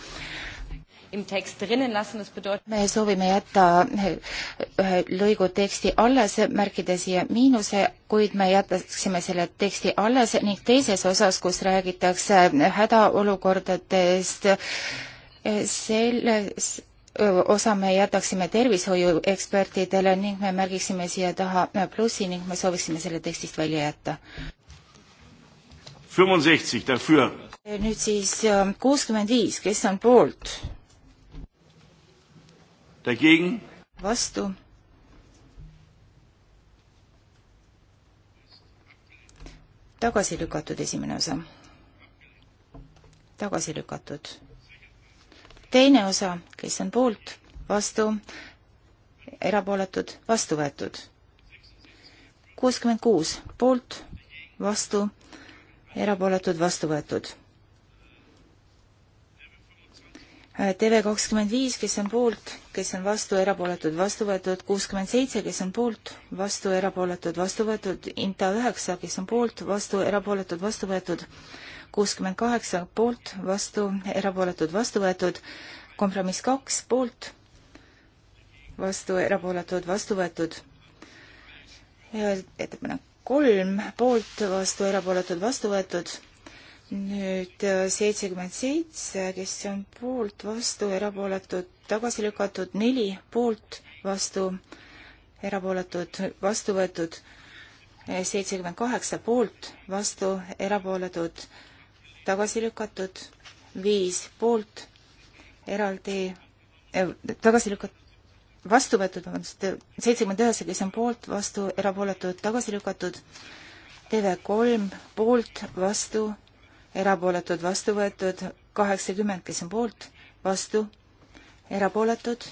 me soovime jätta äh, ühe lõigu teksti alles, märkida siia miinuse, kuid me jätaksime selle teksti alles ning teises osas, kus räägitakse hädaolukordadest, selles osa me jätaksime tervishoiuekspertidele ning me märgiksime siia taha plussi ning me sooviksime selle tekstist välja jätta. nüüd siis ähm, kuuskümmend viis, kes on poolt? vastu? tagasi lükatud esimene osa. tagasi lükatud teine osa, kes on poolt, vastu, erapooletud, vastu võetud. kuuskümmend kuus poolt, vastu, erapooletud, vastu võetud. TV kakskümmend viis, kes on poolt, kes on vastu, erapooletud, vastu võetud, kuuskümmend seitse, kes on poolt, vastu, erapooletud, vastu võetud, Inta üheksa, kes on poolt, vastu, erapooletud, vastu võetud, kuuskümmend kaheksa poolt, vastu, erapooletud, vastu võetud, kompromiss kaks poolt, vastu, erapooletud, vastu võetud. ettepanek kolm poolt, vastu, erapooletud, vastu võetud. nüüd äh, seitsekümmend seitse, kes on poolt, vastu, erapooletud, tagasi lükatud, neli poolt, vastu, erapooletud, vastu võetud äh, seitsekümmend kaheksa poolt, vastu erapooletud, tagasi lükatud, viis poolt, eraldi äh,, tagasi lükatud, vastu võetud, vabandust, seitsekümmend üheksa, kes on poolt, vastu, erapooletud, tagasi lükatud, TV3 poolt, vastu, erapooletud, vastu võetud, kaheksakümmend, kes on poolt, vastu, erapooletud,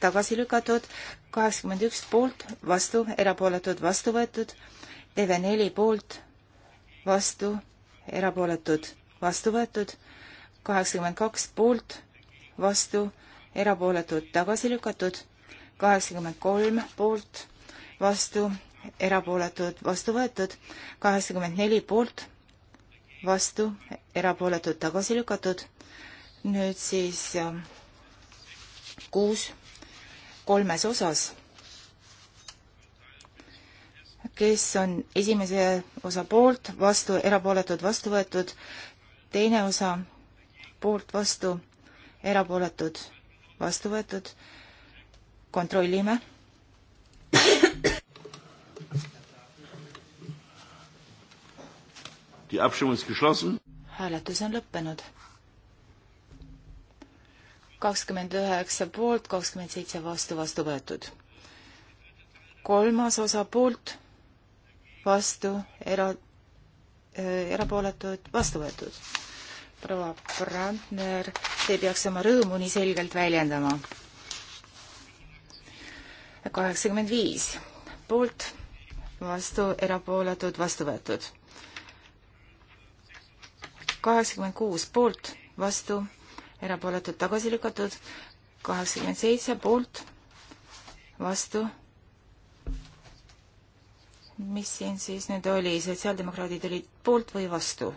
tagasi lükatud, kaheksakümmend üks poolt, vastu, erapooletud, vastu võetud, TV4 poolt, vastu, erapooletud, vastu võetud, kaheksakümmend kaks poolt, vastu, erapooletud, tagasi lükatud, kaheksakümmend kolm poolt, vastu, erapooletud, vastu võetud, kaheksakümmend neli poolt, vastu, erapooletud, tagasi lükatud, nüüd siis ähm, kuus kolmes osas. kes on esimese osa poolt, vastu, erapooletud, vastu võetud, teine osa poolt vastu, erapooletud vastu võetud. kontrollime. hääletus on lõppenud. kakskümmend üheksa poolt, kakskümmend seitse vastu, vastu võetud. kolmas osa poolt, vastu, era-, Äh, erapooletud, vastu võetud. proua Brandner, te ei peaks oma rõõmu nii selgelt väljendama. kaheksakümmend viis poolt, vastu, erapooletud, vastu võetud. kaheksakümmend kuus poolt, vastu, erapooletud, tagasi lükatud. kaheksakümmend seitse poolt, vastu mis siin siis nüüd oli, sotsiaaldemokraadid olid poolt või vastu?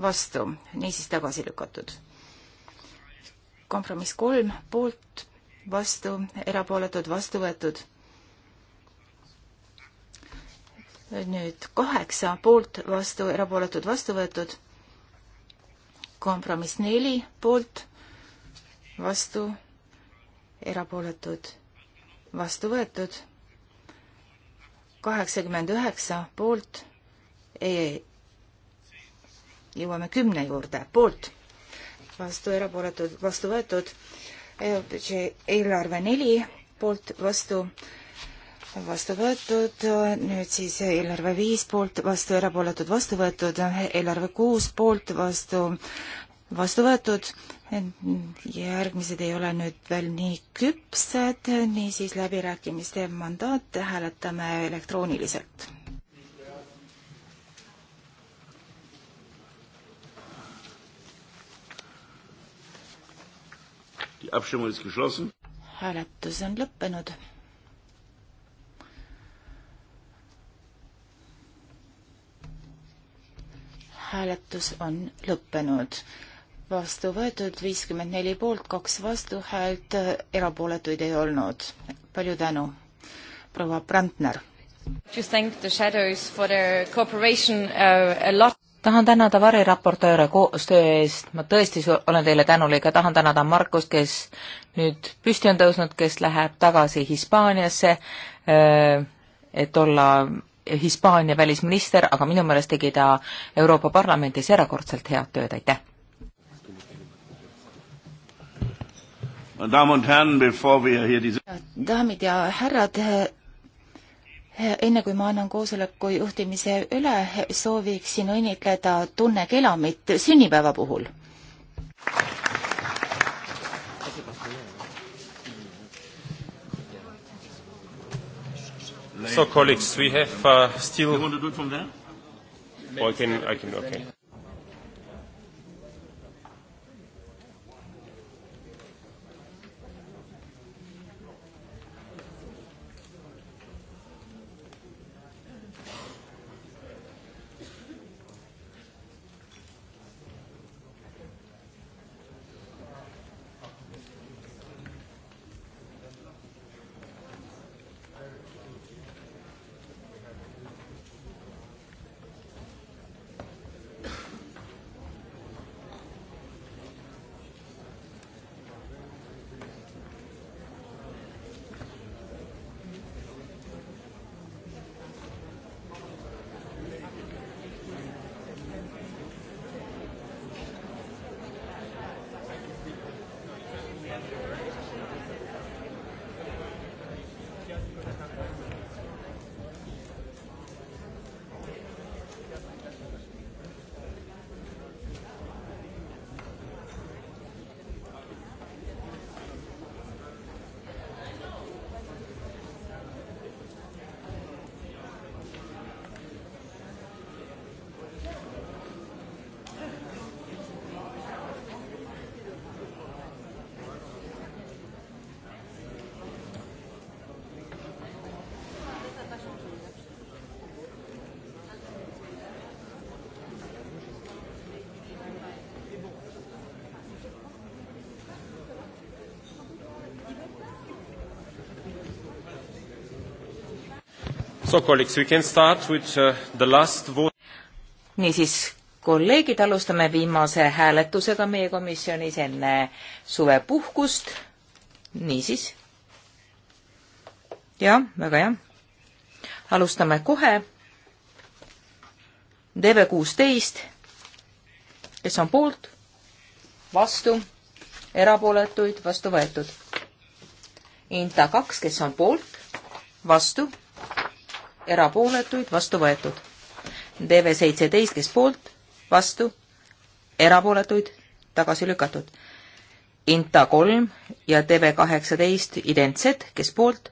vastu, niisiis tagasi lükatud. kompromiss kolm, poolt, vastu, erapooletud, vastu võetud. nüüd kaheksa, poolt, vastu, erapooletud, vastu võetud. kompromiss neli, poolt, vastu, erapooletud, vastu võetud kaheksakümmend üheksa poolt, ei, jõuame kümne juurde, poolt, vastu erapooletud, vastu võetud, e, eelarve neli poolt, vastu, vastu võetud, nüüd siis eelarve viis poolt, vastu erapooletud, vastu võetud, eelarve kuus poolt, vastu vastu võetud. järgmised ei ole nüüd veel nii küpsed, niisiis läbirääkimiste mandaat hääletame elektrooniliselt. hääletus on lõppenud hääletus on lõppenud vastu võetud, viiskümmend neli poolt, kaks vastuhäält, erapooletuid ei olnud. palju tänu, proua Brandner. Uh, tahan tänada variraportööre koostöö eest, ma tõesti olen teile tänulik ja tahan tänada Markust, kes nüüd püsti on tõusnud, kes läheb tagasi Hispaaniasse, äh, et olla Hispaania välisminister, aga minu meelest tegi ta Euroopa Parlamendis erakordselt head tööd, aitäh! daamid ja härrad, eh, enne kui ma annan koosoleku juhtimise üle, sooviksin õnnitleda Tunne Kelamit sünnipäeva puhul. So colleagues, we have uh, still. You want to do it from there? Or oh, I can, I can, okay. So colleagues, we can start with uh, the last vote. niisiis, kolleegid, alustame viimase hääletusega meie komisjonis enne suvepuhkust. niisiis. jah, väga hea. alustame kohe. DV kuusteist, kes on poolt, vastu, erapooletuid, vastu võetud. Inta kaks, kes on poolt, vastu erapooletuid, vastu võetud. DV seitseteist, kes poolt, vastu, erapooletuid, tagasi lükatud. Inta kolm ja DV kaheksateist identsed, kes poolt,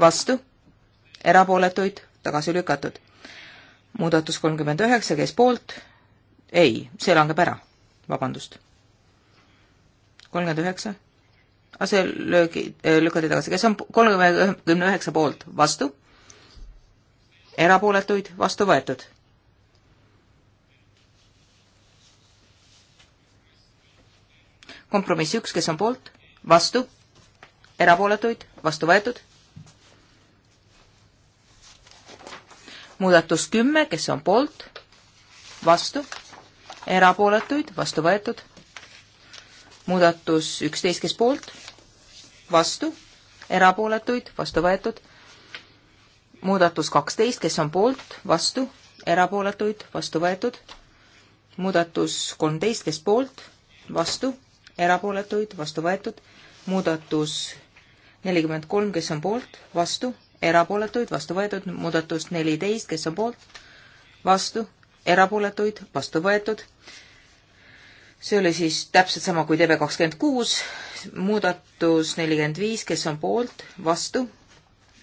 vastu, erapooletuid, tagasi lükatud. muudatus kolmkümmend üheksa, kes poolt, ei, see langeb ära, vabandust. kolmkümmend üheksa, aga ah, see löögi, äh, lükati tagasi, kes on kolmekümne üheksa poolt, vastu erapooletuid, vastu võetud. kompromiss üks, kes on poolt, vastu, erapooletuid, vastu võetud. muudatus kümme, kes on poolt, vastu, erapooletuid, vastu võetud. muudatus üksteist, kes poolt, vastu, erapooletuid, vastu võetud muudatus kaksteist, kes on poolt, vastu, erapooletuid, vastu võetud. muudatus kolmteist, kes poolt, vastu, erapooletuid, vastu võetud. muudatus nelikümmend kolm, kes on poolt, vastu, erapooletuid, vastu võetud. muudatus neliteist, kes on poolt, vastu, erapooletuid, vastu võetud. see oli siis täpselt sama kui TB kakskümmend kuus, muudatus nelikümmend viis, kes on poolt, vastu,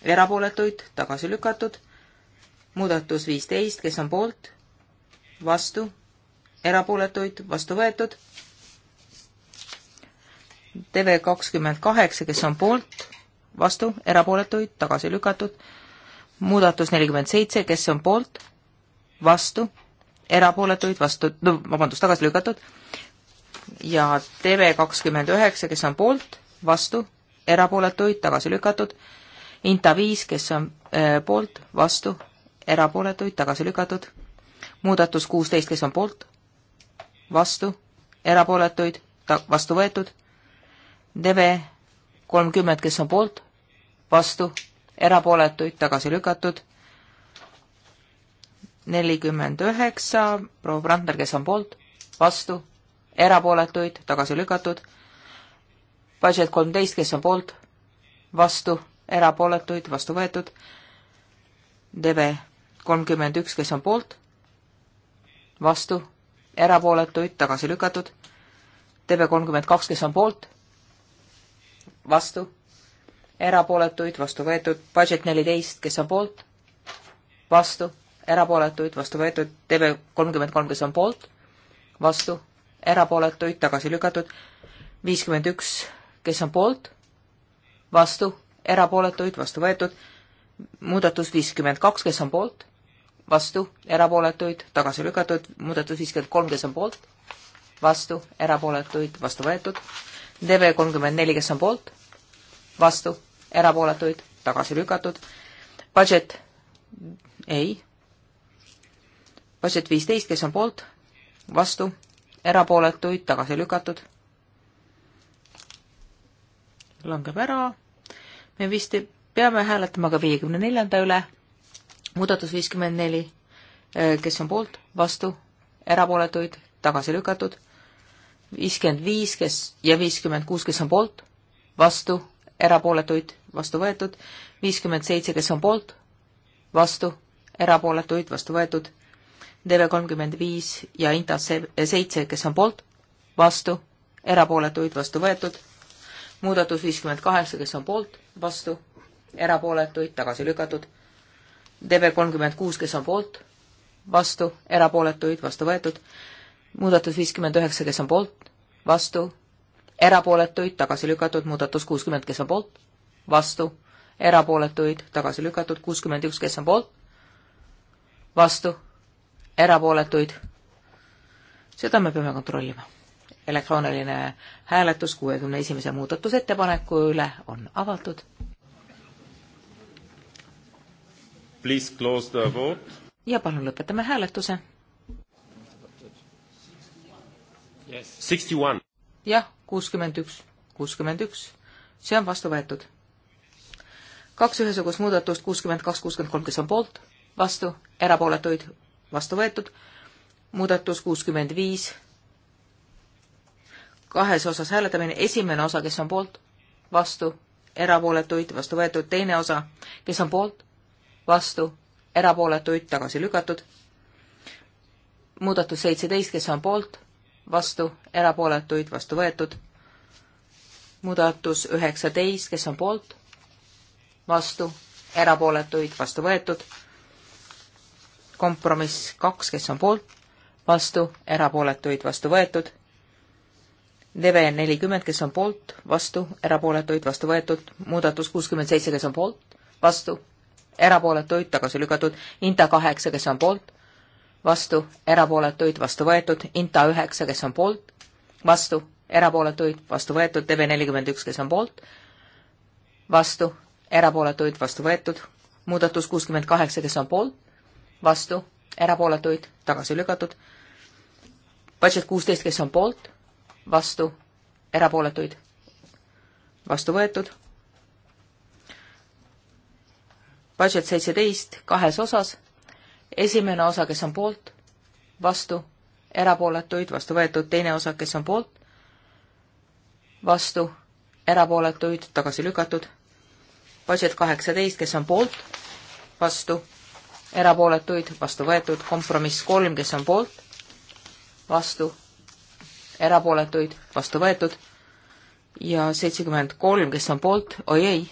erapooletuid, tagasi lükatud. muudatus viisteist, kes on poolt, vastu, erapooletuid, vastu võetud. TV kakskümmend kaheksa, kes on poolt, vastu, erapooletuid, tagasi lükatud. muudatus nelikümmend seitse, kes on poolt, vastu, erapooletuid, vastu, no vabandust, tagasi lükatud. ja TV kakskümmend üheksa, kes on poolt, vastu, erapooletuid, tagasi lükatud Inta viis, kes on äh, poolt, vastu, erapooletuid, tagasi lükatud. muudatus kuusteist, kes on poolt, vastu, erapooletuid, ta-, vastu võetud. Deve kolmkümmend, kes on poolt, vastu, erapooletuid, tagasi lükatud. nelikümmend üheksa, proua Brandner, kes on poolt, vastu, erapooletuid, tagasi lükatud. Budget kolmteist, kes on poolt, vastu erapooletuid, vastu võetud. DV kolmkümmend üks, kes on poolt, vastu, erapooletuid, tagasi lükatud. DV kolmkümmend kaks, kes on poolt, vastu, erapooletuid, vastu võetud. Budget neliteist, kes on poolt, vastu, erapooletuid, vastu võetud. DV kolmkümmend kolm, kes on poolt, vastu, erapooletuid, tagasi lükatud. viiskümmend üks, kes on poolt, vastu erapooletuid, vastu võetud. muudatus viiskümmend kaks, kes on poolt, vastu, erapooletuid, tagasi lükatud. muudatus viiskümmend kolm, kes on poolt, vastu, erapooletuid, vastu võetud. DV kolmkümmend neli, kes on poolt, vastu, erapooletuid, tagasi lükatud. Budget ei. Budget viisteist, kes on poolt, vastu, erapooletuid, tagasi lükatud. langeb ära me vist peame hääletama ka viiekümne neljanda üle, muudatus viiskümmend neli, äh, kes on poolt, vastu, erapooletuid, tagasi lükatud, viiskümmend viis, kes ja viiskümmend kuus, kes on poolt, vastu, erapooletuid, vastu võetud, viiskümmend seitse, kes on poolt, vastu, erapooletuid, vastu võetud, DV kolmkümmend viis ja Intas seitse, kes on poolt, vastu, erapooletuid, vastu võetud muudatus viiskümmend kaheksa, kes on poolt, vastu, erapooletuid, tagasi lükatud. DB kolmkümmend kuus, kes on poolt, vastu, erapooletuid, vastu võetud. muudatus viiskümmend üheksa, kes on poolt, vastu, erapooletuid, tagasi lükatud, muudatus kuuskümmend, kes on poolt, vastu, erapooletuid, tagasi lükatud, kuuskümmend üks, kes on poolt, vastu, erapooletuid. seda me peame kontrollima elektrooniline hääletus kuuekümne esimese muudatusettepaneku üle on avatud. Please close the vote. ja palun lõpetame hääletuse. jah, kuuskümmend üks, kuuskümmend üks, see on vastu võetud. kaks ühesugust muudatust, kuuskümmend kaks, kuuskümmend kolm, kes on poolt, vastu, erapooletuid, vastu võetud, muudatus kuuskümmend viis kahes osas hääletamine, esimene osa, kes on poolt, vastu, erapooletuid, vastu võetud, teine osa, kes on poolt, vastu, erapooletuid, tagasi lükatud. muudatus seitseteist, kes on poolt, vastu, erapooletuid, vastu võetud. muudatus üheksateist, kes on poolt, vastu, erapooletuid, vastu võetud. kompromiss kaks, kes on poolt, vastu, erapooletuid, vastu võetud Deve nelikümmend, kes on poolt, vastu, erapooletuid, vastu võetud, muudatus kuuskümmend seitse, kes on poolt, vastu, erapooletuid, tagasi lükatud, Inta kaheksa, kes on poolt, vastu, erapooletuid, vastu võetud, Inta üheksa, kes on poolt, vastu, erapooletuid, vastu võetud, Deve nelikümmend üks, kes on poolt, vastu, erapooletuid, vastu võetud, muudatus kuuskümmend kaheksa, kes on poolt, vastu, erapooletuid, tagasi lükatud, budget kuusteist, kes on poolt vastu, erapooletuid, vastu võetud. budget seitseteist kahes osas, esimene osa, kes on poolt, vastu, erapooletuid, vastu võetud, teine osa, kes on poolt, vastu, erapooletuid, tagasi lükatud. budget kaheksateist, kes on poolt, vastu, erapooletuid, vastu võetud, kompromiss kolm, kes on poolt, vastu, erapooletuid, vastu võetud ja seitsekümmend kolm, kes on poolt, oi ei,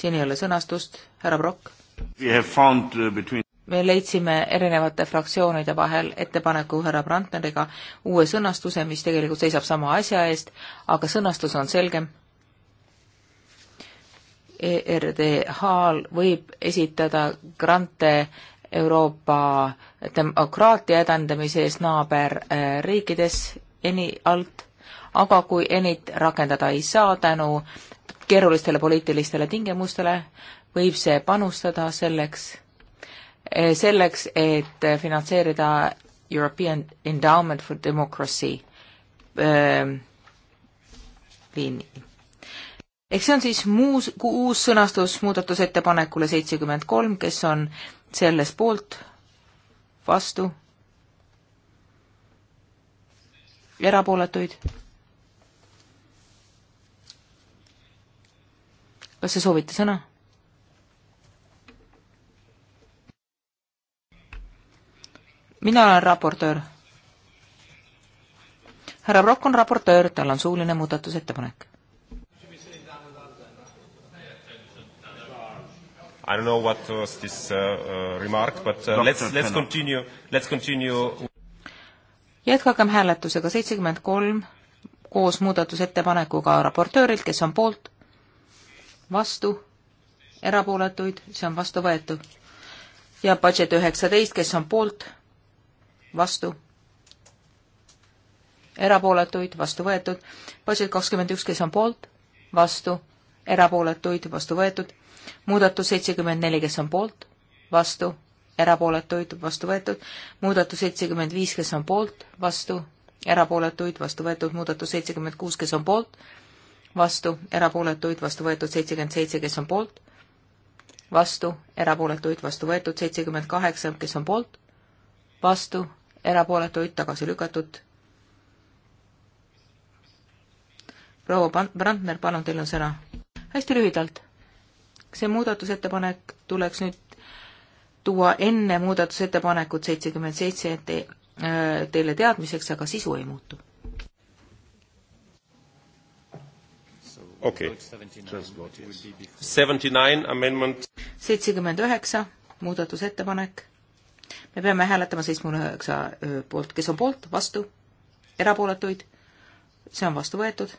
siin ei ole sõnastust, härra Brock. Uh, between... me leidsime erinevate fraktsioonide vahel ettepaneku härra Brandneriga uue sõnastuse, mis tegelikult seisab sama asja eest, aga sõnastus on selgem. ERDH-l võib esitada grante Euroopa demokraatia edendamise eest naaberriikides eni alt, aga kui enit rakendada ei saa tänu keerulistele poliitilistele tingimustele, võib see panustada selleks, eh, selleks, et finantseerida European Endowment for Democracy äh, liini ehk see on siis muus, uus sõnastus muudatusettepanekule seitsekümmend kolm, kes on selles poolt, vastu, erapooletuid. kas te soovite sõna? mina olen raportöör. härra Prokk on raportöör, tal on suuline muudatusettepanek I don't know what was this uh, uh, remark, but uh, let's, let's continue, let's continue. jätkagem hääletusega seitsekümmend kolm koos muudatusettepanekuga raportöörilt, kes on poolt, vastu, erapooletuid, see on vastu võetud. ja budget üheksateist, kes on poolt, vastu, erapooletuid, vastu võetud. budget kakskümmend üks, kes on poolt, vastu, erapooletuid, vastu võetud muudatus seitsekümmend neli, kes on poolt, vastu, erapooletuid, vastu võetud, muudatus seitsekümmend viis, kes on poolt, vastu, erapooletuid, vastu võetud, muudatus seitsekümmend kuus, kes on poolt, vastu, erapooletuid, vastu võetud seitsekümmend seitse, kes on poolt, vastu, erapooletuid, vastu võetud seitsekümmend kaheksa, kes on poolt, vastu, erapooletuid, tagasi lükatud. proua Brandner, palun, teil on sõna. hästi lühidalt see muudatusettepanek tuleks nüüd tuua enne muudatusettepanekut seitsekümmend seitse te, äh, teile teadmiseks, aga sisu ei muutu. okei. seitsekümmend üheksa, muudatusettepanek. me peame hääletama seitsmekümne üheksa äh, poolt, kes on poolt, vastu, erapooletuid, see on vastu võetud.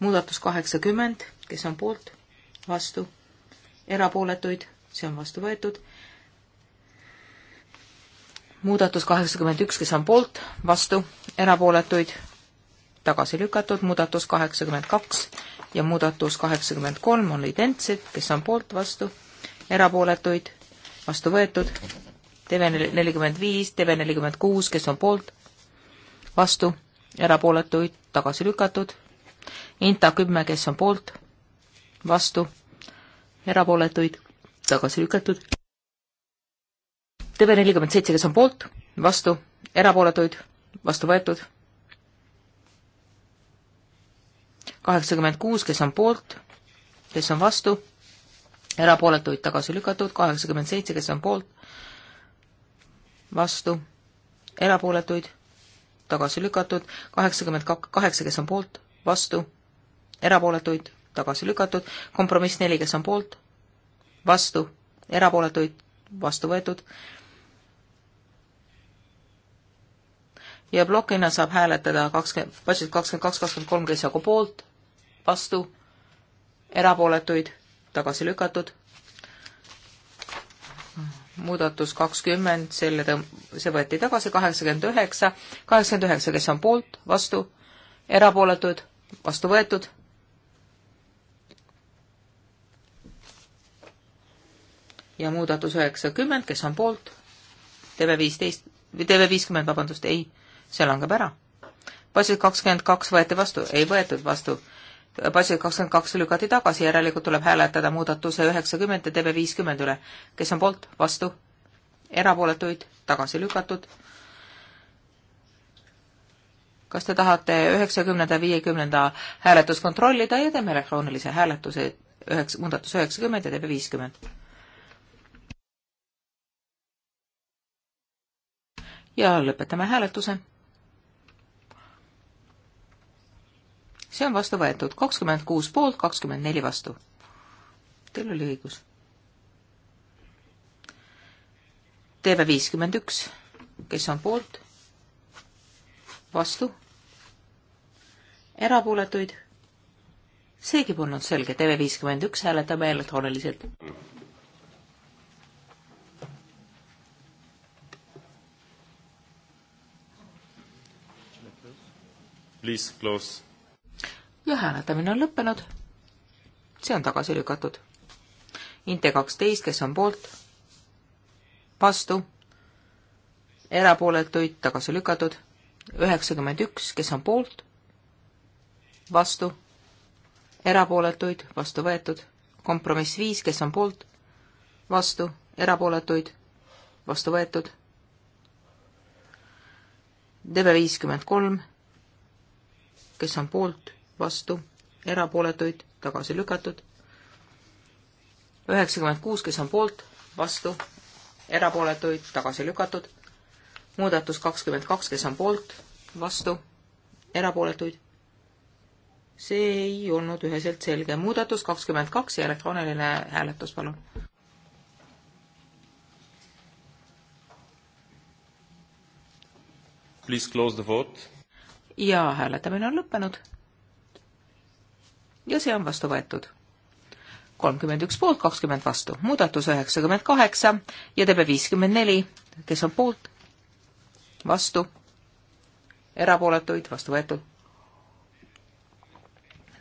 muudatus kaheksakümmend, kes on poolt vastu, erapooletuid, see on vastu võetud. muudatus kaheksakümmend üks, kes on poolt, vastu, erapooletuid, tagasi lükatud, muudatus kaheksakümmend kaks ja muudatus kaheksakümmend kolm on identsed, kes on poolt, vastu, erapooletuid, vastu võetud, TV45, TV46, kes on poolt, vastu, erapooletuid, tagasi lükatud, Inta kümme, kes on poolt, vastu, erapooletuid, tagasi lükatud. TV nelikümmend seitse, kes on poolt, vastu, erapooletuid, vastu võetud. kaheksakümmend kuus, kes on poolt, kes on vastu, erapooletuid tagasi lükatud, kaheksakümmend seitse, kes on poolt, vastu, erapooletuid tagasi lükatud, kaheksakümmend kak-, kaheksa, kes on poolt, vastu, erapooletuid tagasi lükatud, kompromiss neli, kes on poolt, vastu, erapooletuid, vastu võetud. ja plokina saab hääletada kakskümmend, budget kakskümmend kaks, kakskümmend kolm, kes jagu poolt, vastu, erapooletuid, tagasi lükatud. muudatus kakskümmend, selle tõmb-, see võeti tagasi, kaheksakümmend üheksa, kaheksakümmend üheksa, kes on poolt, vastu, erapooletuid, vastu võetud ja muudatus üheksakümmend, kes on poolt, TV viisteist, TV viiskümmend, vabandust, ei, see langeb ära. passid kakskümmend kaks võeti vastu, ei võetud vastu. passid kakskümmend kaks lükati tagasi, järelikult tuleb hääletada muudatuse üheksakümmend ja TV viiskümmend üle. kes on poolt, vastu, erapooletuid, tagasi lükatud. kas te tahate üheksakümnenda, viiekümnenda hääletust kontrollida ja teeme elektroonilise hääletuse üheksa, muudatus üheksakümmend ja TV viiskümmend? ja lõpetame hääletuse. see on vastu võetud, kakskümmend kuus poolt, kakskümmend neli vastu. Teil oli õigus. TV viiskümmend üks, kes on poolt? vastu? erapooletuid? seegi polnud selge, TV viiskümmend üks hääletame elektrooniliselt. Please close. ja hääletamine on lõppenud. see on tagasi lükatud. Inte kaksteist, kes on poolt, vastu, erapooletuid tagasi lükatud, üheksakümmend üks, kes on poolt, vastu, erapooletuid vastu võetud, kompromiss viis, kes on poolt, vastu, erapooletuid vastu võetud, DV viiskümmend kolm kes on poolt, vastu, erapooletuid, tagasi lükatud. üheksakümmend kuus, kes on poolt, vastu, erapooletuid, tagasi lükatud. muudatus kakskümmend kaks, kes on poolt, vastu, erapooletuid. see ei olnud üheselt selge. muudatus kakskümmend kaks ja elektrooniline hääletus, palun. Please close the vote ja hääletamine on lõppenud. ja see on vastu võetud. kolmkümmend üks poolt, kakskümmend vastu, muudatus üheksakümmend kaheksa ja teeb viiskümmend neli, kes on poolt, vastu, erapooletuid, vastu võetud.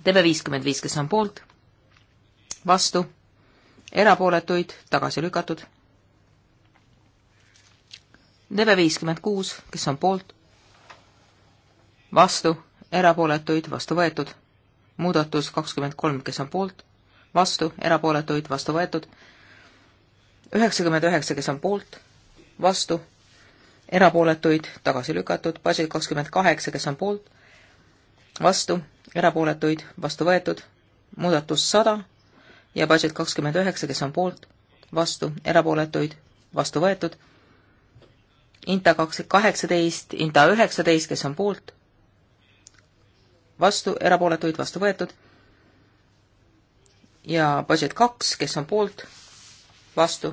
teeme viiskümmend viis, kes on poolt, vastu, erapooletuid, tagasi lükatud. teeme viiskümmend kuus, kes on poolt vastu, erapooletuid, vastu võetud. muudatus kakskümmend kolm, kes on poolt, vastu, erapooletuid, vastu võetud. üheksakümmend üheksa, kes on poolt, vastu, erapooletuid, tagasi lükatud. Basil kakskümmend kaheksa, kes on poolt, vastu, erapooletuid, vastu võetud. muudatus sada ja Basil kakskümmend üheksa, kes on poolt, vastu, erapooletuid, vastu võetud Inta kaks, kaheksateist, Inta üheksateist, kes on poolt, vastu, erapooletuid vastu võetud. ja budget kaks, kes on poolt, vastu,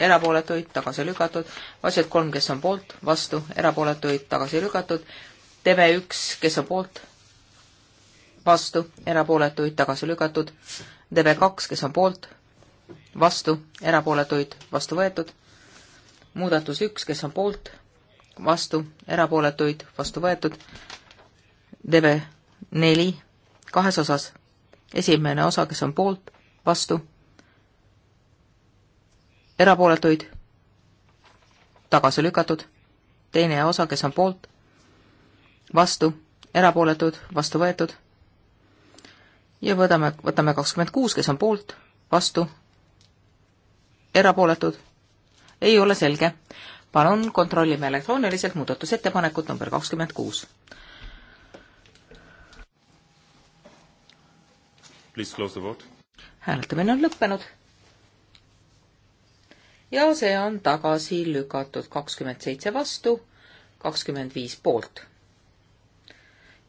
erapooletuid tagasi lükatud. budget kolm, kes on poolt, vastu, erapooletuid tagasi lükatud. TV üks, kes on poolt, vastu, erapooletuid tagasi lükatud. TV2, kes on poolt, vastu, erapooletuid vastu võetud. muudatus üks, kes on poolt, vastu, erapooletuid vastu võetud Deve neli kahes osas. esimene osa, kes on poolt, vastu, erapooletuid, tagasi lükatud. teine osa, kes on poolt, vastu, erapooletud, vastu võetud. ja võtame, võtame kakskümmend kuus, kes on poolt, vastu, erapooletud. ei ole selge. palun kontrollime elektrooniliselt muudatusettepanekut number kakskümmend kuus. Please close the vote. hääletamine on lõppenud. ja see on tagasi lükatud kakskümmend seitse vastu, kakskümmend viis poolt.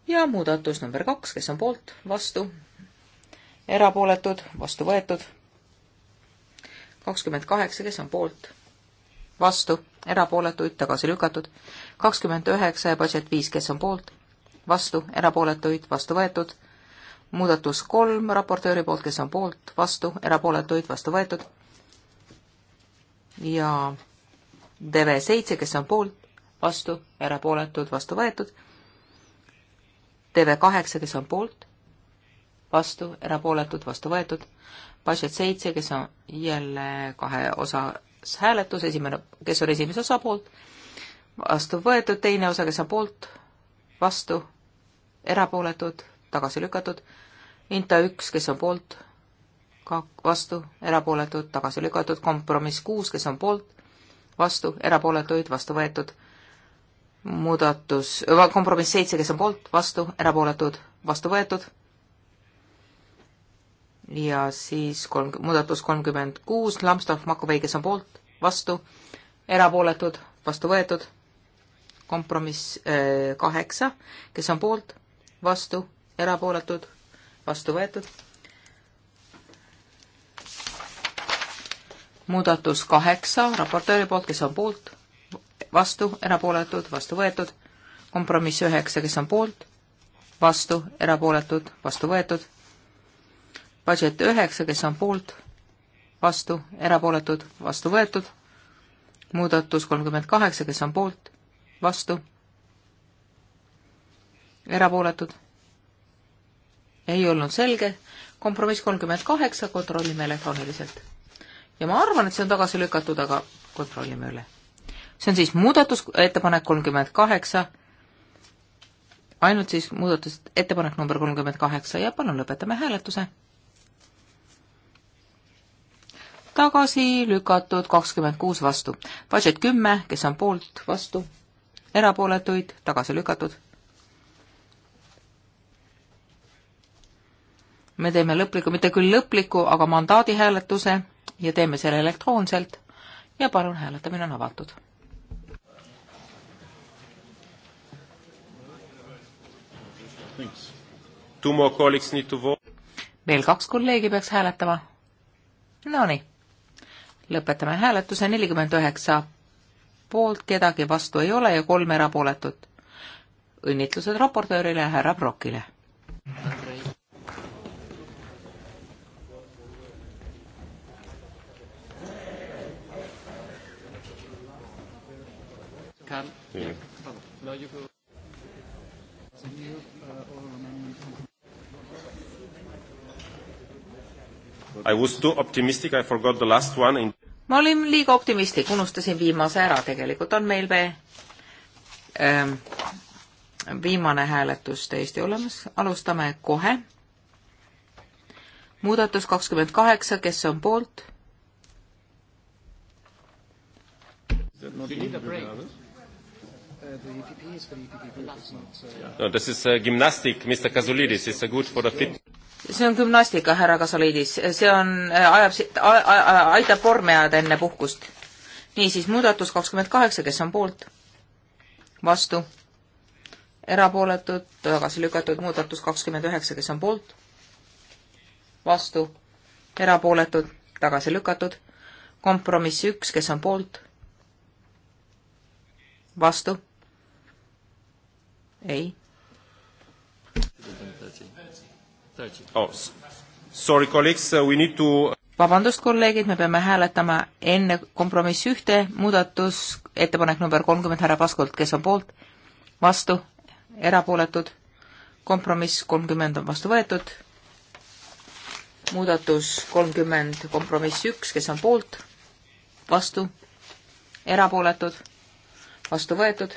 ja muudatus number kaks, kes on poolt, vastu, erapooletud, vastu võetud, kakskümmend kaheksa, kes on poolt, vastu, erapooletuid, tagasi lükatud, kakskümmend üheksa ja budget viis, kes on poolt, vastu, erapooletuid, vastu võetud, muudatus kolm raportööri poolt, kes on poolt, vastu, erapooletuid, vastu võetud. ja DV seitse, kes on poolt, vastu, erapooletud, vastu võetud. DV kaheksa, kes on poolt, vastu, erapooletud, vastu võetud. Budget seitse, kes on jälle kahe osas hääletus, esimene, kes on esimese osa poolt, vastu võetud, teine osa, kes on poolt, vastu, erapooletud, tagasi lükatud Inta üks, kes on poolt, kak-, vastu, erapooletud, tagasi lükatud, kompromiss kuus, kes on poolt, vastu, erapooletuid, vastu võetud, muudatus, äh, kompromiss seitse, kes on poolt, vastu, erapooletud, vastu võetud, ja siis kolm, muudatus kolmkümmend kuus, Lambsdorff, Makovei, kes on poolt, vastu, erapooletud, vastu võetud, kompromiss äh, kaheksa, kes on poolt, vastu, erapooletud, vastu võetud. muudatus kaheksa raportööri poolt, kes on poolt, vastu, erapooletud, vastu võetud. kompromiss üheksa, kes on poolt, vastu, erapooletud, vastu võetud. budget üheksa, kes on poolt, vastu, erapooletud, vastu võetud. muudatus kolmkümmend kaheksa, kes on poolt, vastu, erapooletud ei olnud selge. kompromiss kolmkümmend kaheksa, kontrollime elektrooniliselt. ja ma arvan, et see on tagasi lükatud, aga kontrollime üle. see on siis muudatusettepanek kolmkümmend kaheksa, ainult siis muudatusettepanek number kolmkümmend kaheksa ja palun lõpetame hääletuse. tagasi lükatud kakskümmend kuus vastu. Budget kümme, kes on poolt, vastu, erapooletuid, tagasi lükatud me teeme lõpliku, mitte küll lõpliku, aga mandaadi hääletuse ja teeme selle elektroonselt ja palun, hääletamine on avatud. veel kaks kolleegi peaks hääletama. Nonii, lõpetame hääletuse, nelikümmend üheksa poolt, kedagi vastu ei ole ja kolm erapooletut. õnnitlused raportöörile, härra Brokile. Carl? Yeah. No, you go. I was too optimistic, I forgot the last one in ma olin liiga optimistlik, unustasin viimase ära, tegelikult on meil veel ähm, viimane hääletus täiesti olemas, alustame kohe. muudatus kakskümmend kaheksa, kes on poolt? E e uh, no this is uh, gymnastic, Mr Kasulidis, it's uh, good for the fit. see on gümnastika, härra Kasulidis, see on, äh, ajab, aitab vormi ajada enne puhkust. niisiis, muudatus kakskümmend kaheksa, kes on poolt? vastu? erapooletud, tagasi lükatud, muudatus kakskümmend üheksa, kes on poolt? vastu? erapooletud, tagasi lükatud, kompromiss üks, kes on poolt? vastu ei. Oh, sorry, colleagues, uh, we need to uh, vabandust, kolleegid, me peame hääletama enne kompromissi ühte muudatus, ettepanek number kolmkümmend härra Paskolt, kes on poolt, vastu, erapooletud, kompromiss kolmkümmend on vastu võetud, muudatus kolmkümmend, kompromiss üks, kes on poolt, vastu, erapooletud, vastu võetud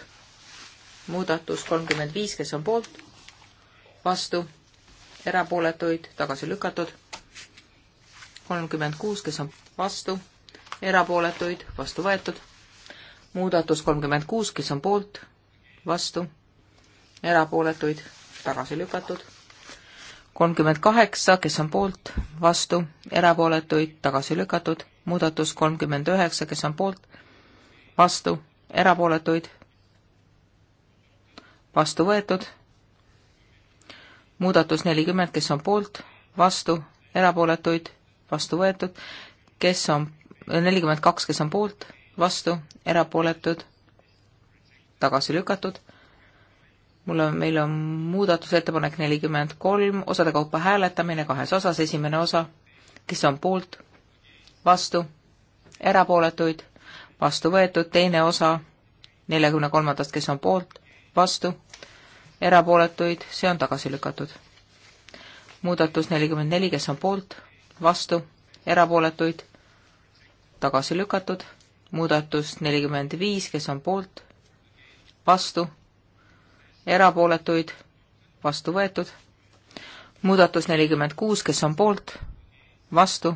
muudatus kolmkümmend viis, kes on poolt, vastu, erapooletuid, tagasi lükatud. kolmkümmend kuus, kes on vastu, erapooletuid, vastu võetud. muudatus kolmkümmend kuus, kes on poolt, vastu, erapooletuid, tagasi lükatud. kolmkümmend kaheksa, kes on poolt, vastu, erapooletuid, tagasi lükatud. muudatus kolmkümmend üheksa, kes on poolt, vastu, erapooletuid, vastu võetud. muudatus nelikümmend, kes on poolt, vastu, erapooletuid, vastu võetud, kes on, nelikümmend kaks, kes on poolt, vastu, erapooletud, tagasi lükatud. mul on, meil on muudatusettepanek nelikümmend kolm, osade kaupa hääletamine kahes osas, esimene osa, kes on poolt, vastu, erapooletuid, vastu võetud, teine osa neljakümne kolmandast, kes on poolt, vastu, erapooletuid, see on tagasi lükatud. muudatus nelikümmend neli, kes on poolt, vastu, erapooletuid, tagasi lükatud. muudatus nelikümmend viis, kes on poolt, vastu, erapooletuid, vastu võetud. muudatus nelikümmend kuus, kes on poolt, vastu,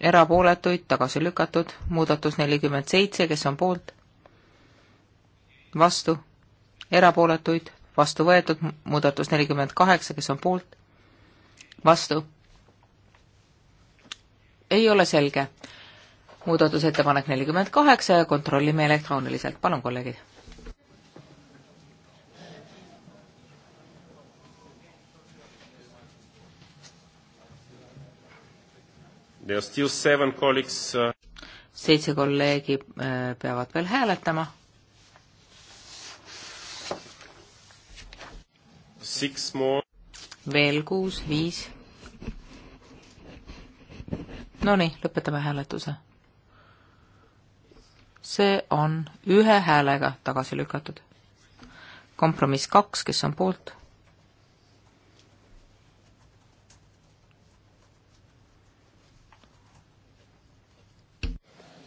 erapooletuid, tagasi lükatud. muudatus nelikümmend seitse, kes on poolt, vastu erapooletuid, vastu võetud, muudatus nelikümmend kaheksa, kes on poolt, vastu. ei ole selge. muudatusettepanek nelikümmend kaheksa ja kontrollime elektrooniliselt, palun kolleegid. There are still seven colleagues uh... seitse kolleegi äh, peavad veel hääletama veel kuus, viis. Nonii, lõpetame hääletuse. see on ühe häälega tagasi lükatud. kompromiss kaks, kes on poolt?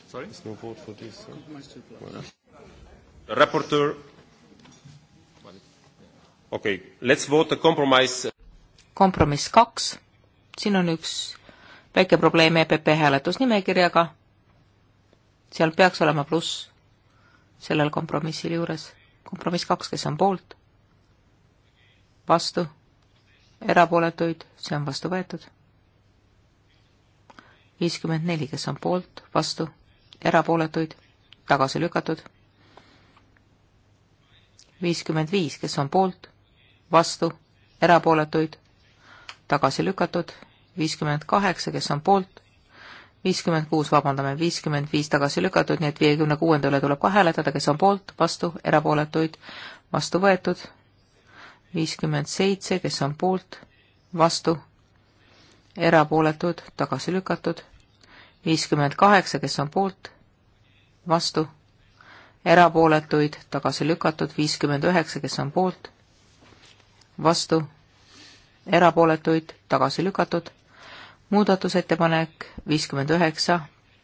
Sorry? There's no vote for this. Huh? Raportöör okei okay,, let's vote a compromise. kompromiss kaks, siin on üks väike probleem EPP hääletusnimekirjaga. seal peaks olema pluss sellel kompromissil juures. kompromiss kaks, kes on poolt, vastu, erapooletuid, see on vastu võetud. viiskümmend neli, kes on poolt, vastu, erapooletuid, tagasi lükatud. viiskümmend viis, kes on poolt, vastu, erapooletuid, tagasi lükatud, viiskümmend kaheksa, kes on poolt, viiskümmend kuus, vabandame, viiskümmend viis tagasi lükatud, nii et viiekümne kuuenda üle tuleb ka hääletada, kes on poolt, vastu, erapooletuid, vastu võetud, viiskümmend seitse, kes on poolt, vastu, erapooletud, tagasi lükatud, viiskümmend kaheksa, kes on poolt, vastu, erapooletuid, tagasi lükatud, viiskümmend üheksa, kes on poolt vastu, erapooletuid tagasi lükatud. muudatusettepanek viiskümmend üheksa,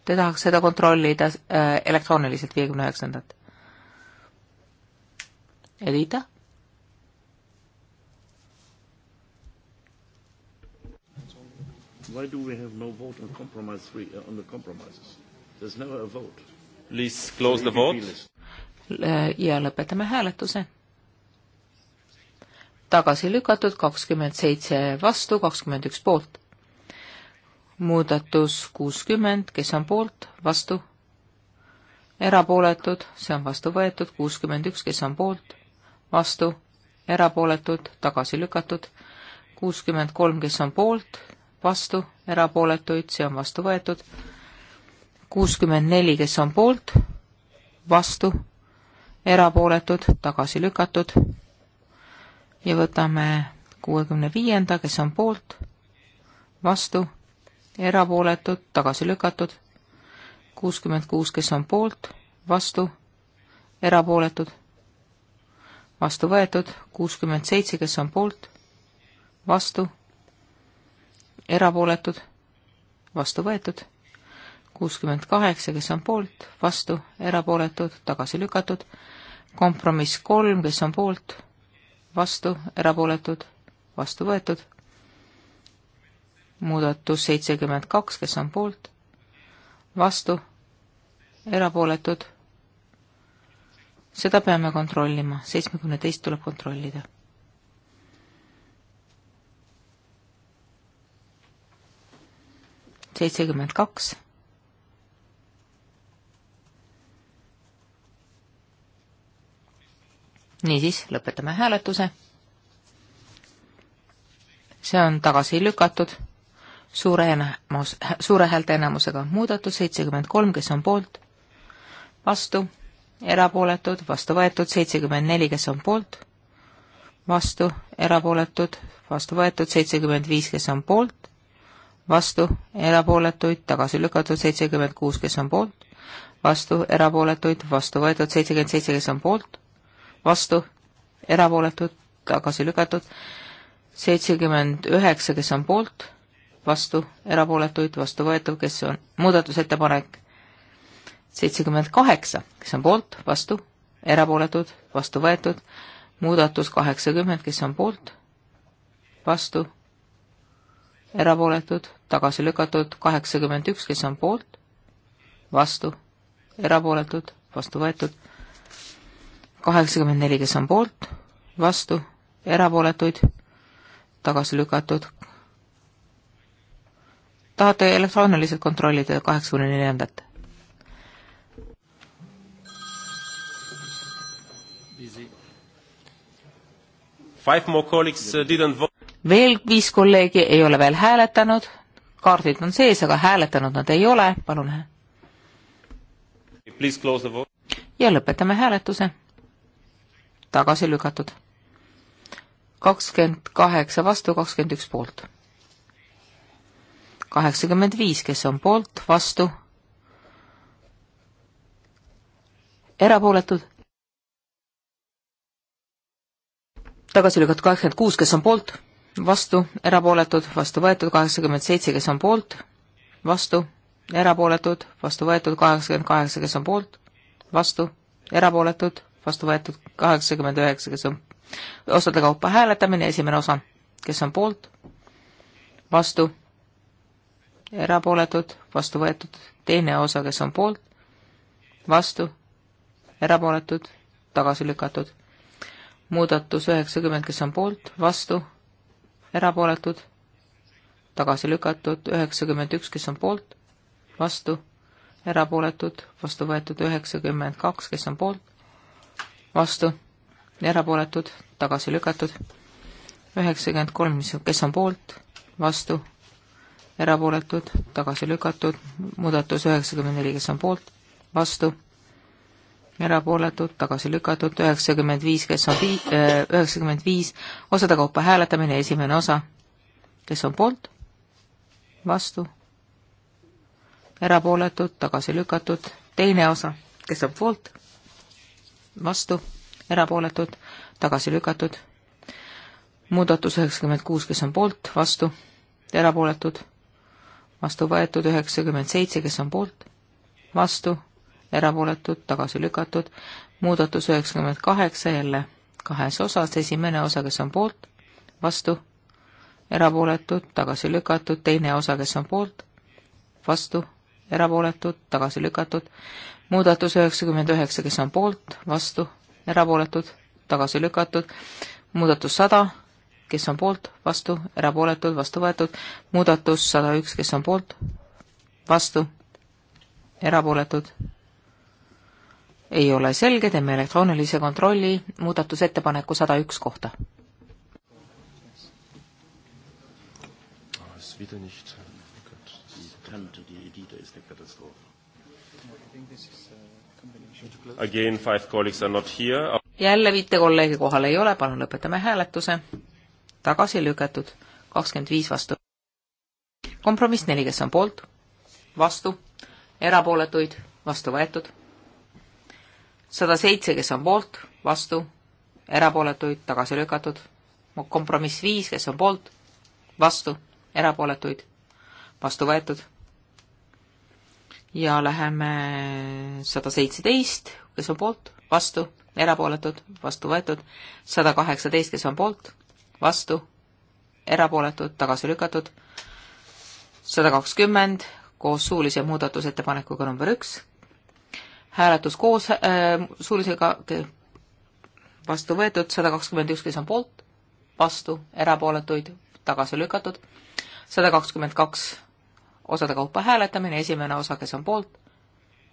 te tahaks seda kontrollida äh, elektrooniliselt viiekümne üheksandat. Edita? Why do we have no vote on compromise three, uh, on the compromises? There's never a vote. Please close the vote. ja lõpetame hääletuse tagasi lükatud, kakskümmend seitse vastu, kakskümmend üks poolt. muudatus kuuskümmend, kes on poolt, vastu, erapooletud, see on vastu võetud, kuuskümmend üks, kes on poolt, vastu, erapooletud, tagasi lükatud, kuuskümmend kolm, kes on poolt, vastu, erapooletuid, see on vastu võetud, kuuskümmend neli, kes on poolt, vastu, erapooletud, tagasi lükatud, ja võtame kuuekümne viienda, kes on poolt, vastu, erapooletud, tagasi lükatud, kuuskümmend kuus, kes on poolt, vastu, erapooletud, vastu võetud, kuuskümmend seitse, kes on poolt, vastu, erapooletud, vastu võetud kuuskümmend kaheksa, kes on poolt, vastu, erapooletud, tagasi lükatud, kompromiss kolm, kes on poolt, vastu, erapooletud, vastu võetud. muudatus seitsekümmend kaks, kes on poolt, vastu, erapooletud. seda peame kontrollima, seitsmekümne teist tuleb kontrollida. seitsekümmend kaks niisiis, lõpetame hääletuse. see on tagasi lükatud suure enamus, suure häälte enamusega muudatus seitsekümmend kolm, kes on poolt, vastu, erapooletud, vastu võetud seitsekümmend neli, kes on poolt, vastu, erapooletud, vastu võetud seitsekümmend viis, kes on poolt, vastu, erapooletuid, tagasi lükatud seitsekümmend kuus, kes on poolt, vastu, erapooletuid, vastu võetud seitsekümmend seitse, kes on poolt vastu, erapooletud, tagasi lükatud, seitsekümmend üheksa, kes on poolt, vastu, erapooletuid, vastu võetav, kes on muudatusettepanek seitsekümmend kaheksa, kes on poolt, vastu, erapooletud, vastu võetud, muudatus kaheksakümmend, kes on poolt, vastu, erapooletud, tagasi lükatud, kaheksakümmend üks, kes on poolt, vastu, erapooletud, vastu võetud, kaheksakümmend neli, kes on poolt, vastu, erapooletuid, tagasi lükatud. tahate elektrooniliselt kontrollida kaheksakümne neljandat? Uh, veel viis kolleegi ei ole veel hääletanud, kaardid on sees, aga hääletanud nad ei ole, palun. ja lõpetame hääletuse tagasi lükatud. kakskümmend kaheksa vastu, kakskümmend üks poolt. kaheksakümmend viis, kes on poolt, vastu, erapooletud, tagasi lükatud kaheksakümmend kuus, kes on poolt, vastu, erapooletud, vastu võetud, kaheksakümmend seitse, kes on poolt, vastu, erapooletud, vastu võetud, kaheksakümmend kaheksa, kes on poolt, vastu, erapooletud vastu võetud kaheksakümmend üheksa, kes on osade kaupa hääletamine, esimene osa, kes on poolt, vastu, erapooletud, vastu võetud, teine osa, kes on poolt, vastu, erapooletud, tagasi lükatud. muudatus üheksakümmend, kes on poolt, vastu, erapooletud, tagasi lükatud, üheksakümmend üks, kes on poolt, vastu, erapooletud, vastu võetud üheksakümmend kaks, kes on poolt, vastu, erapooletud, tagasi lükatud. üheksakümmend kolm, mis, kes on poolt, vastu, erapooletud, tagasi lükatud. muudatus üheksakümmend neli, kes on poolt, vastu, erapooletud, tagasi lükatud. üheksakümmend viis, kes on vii-, äh, üheksakümmend viis, osade kaupa hääletamine, esimene osa, kes on poolt, vastu, erapooletud, tagasi lükatud. teine osa, kes on poolt vastu, erapooletud, tagasi lükatud. muudatus üheksakümmend kuus, kes on poolt, vastu, erapooletud, vastu võetud üheksakümmend seitse, kes on poolt, vastu, erapooletud, tagasi lükatud. muudatus üheksakümmend kaheksa jälle kahes osas, esimene osa, kes on poolt, vastu, erapooletud, tagasi lükatud, teine osa, kes on poolt, vastu, erapooletud, tagasi lükatud muudatus üheksakümmend üheksa, kes on poolt, vastu, erapooletud, tagasi lükatud, muudatus sada, kes on poolt, vastu, erapooletud, vastu võetud, muudatus sada üks, kes on poolt, vastu, erapooletud, ei ole selge, teeme elektroonilise kontrolli muudatusettepaneku sada üks kohta. Ah, wieder nicht. Oh Gott, die Tante, die Edita ist eine Katastrophe. Again, five colleagues are not here. jälle viite kolleegi kohal ei ole, palun lõpetame hääletuse. tagasi lükatud, kakskümmend viis vastu. kompromiss neli, kes on poolt, vastu, erapooletuid, vastu võetud. sada seitse, kes on poolt, vastu, erapooletuid, tagasi lükatud. kompromiss viis, kes on poolt, vastu, erapooletuid, vastu võetud ja läheme sada seitseteist, kes on poolt, vastu, erapooletud, vastu võetud, sada kaheksateist, kes on poolt, vastu, erapooletud, tagasi lükatud, sada kakskümmend koos suulise muudatusettepanekuga number üks, hääletus koos äh, suulisega vastu võetud, sada kakskümmend üks, kes on poolt, vastu, erapooletuid, tagasi lükatud, sada kakskümmend kaks osade kaupa hääletamine, esimene osa, kes on poolt,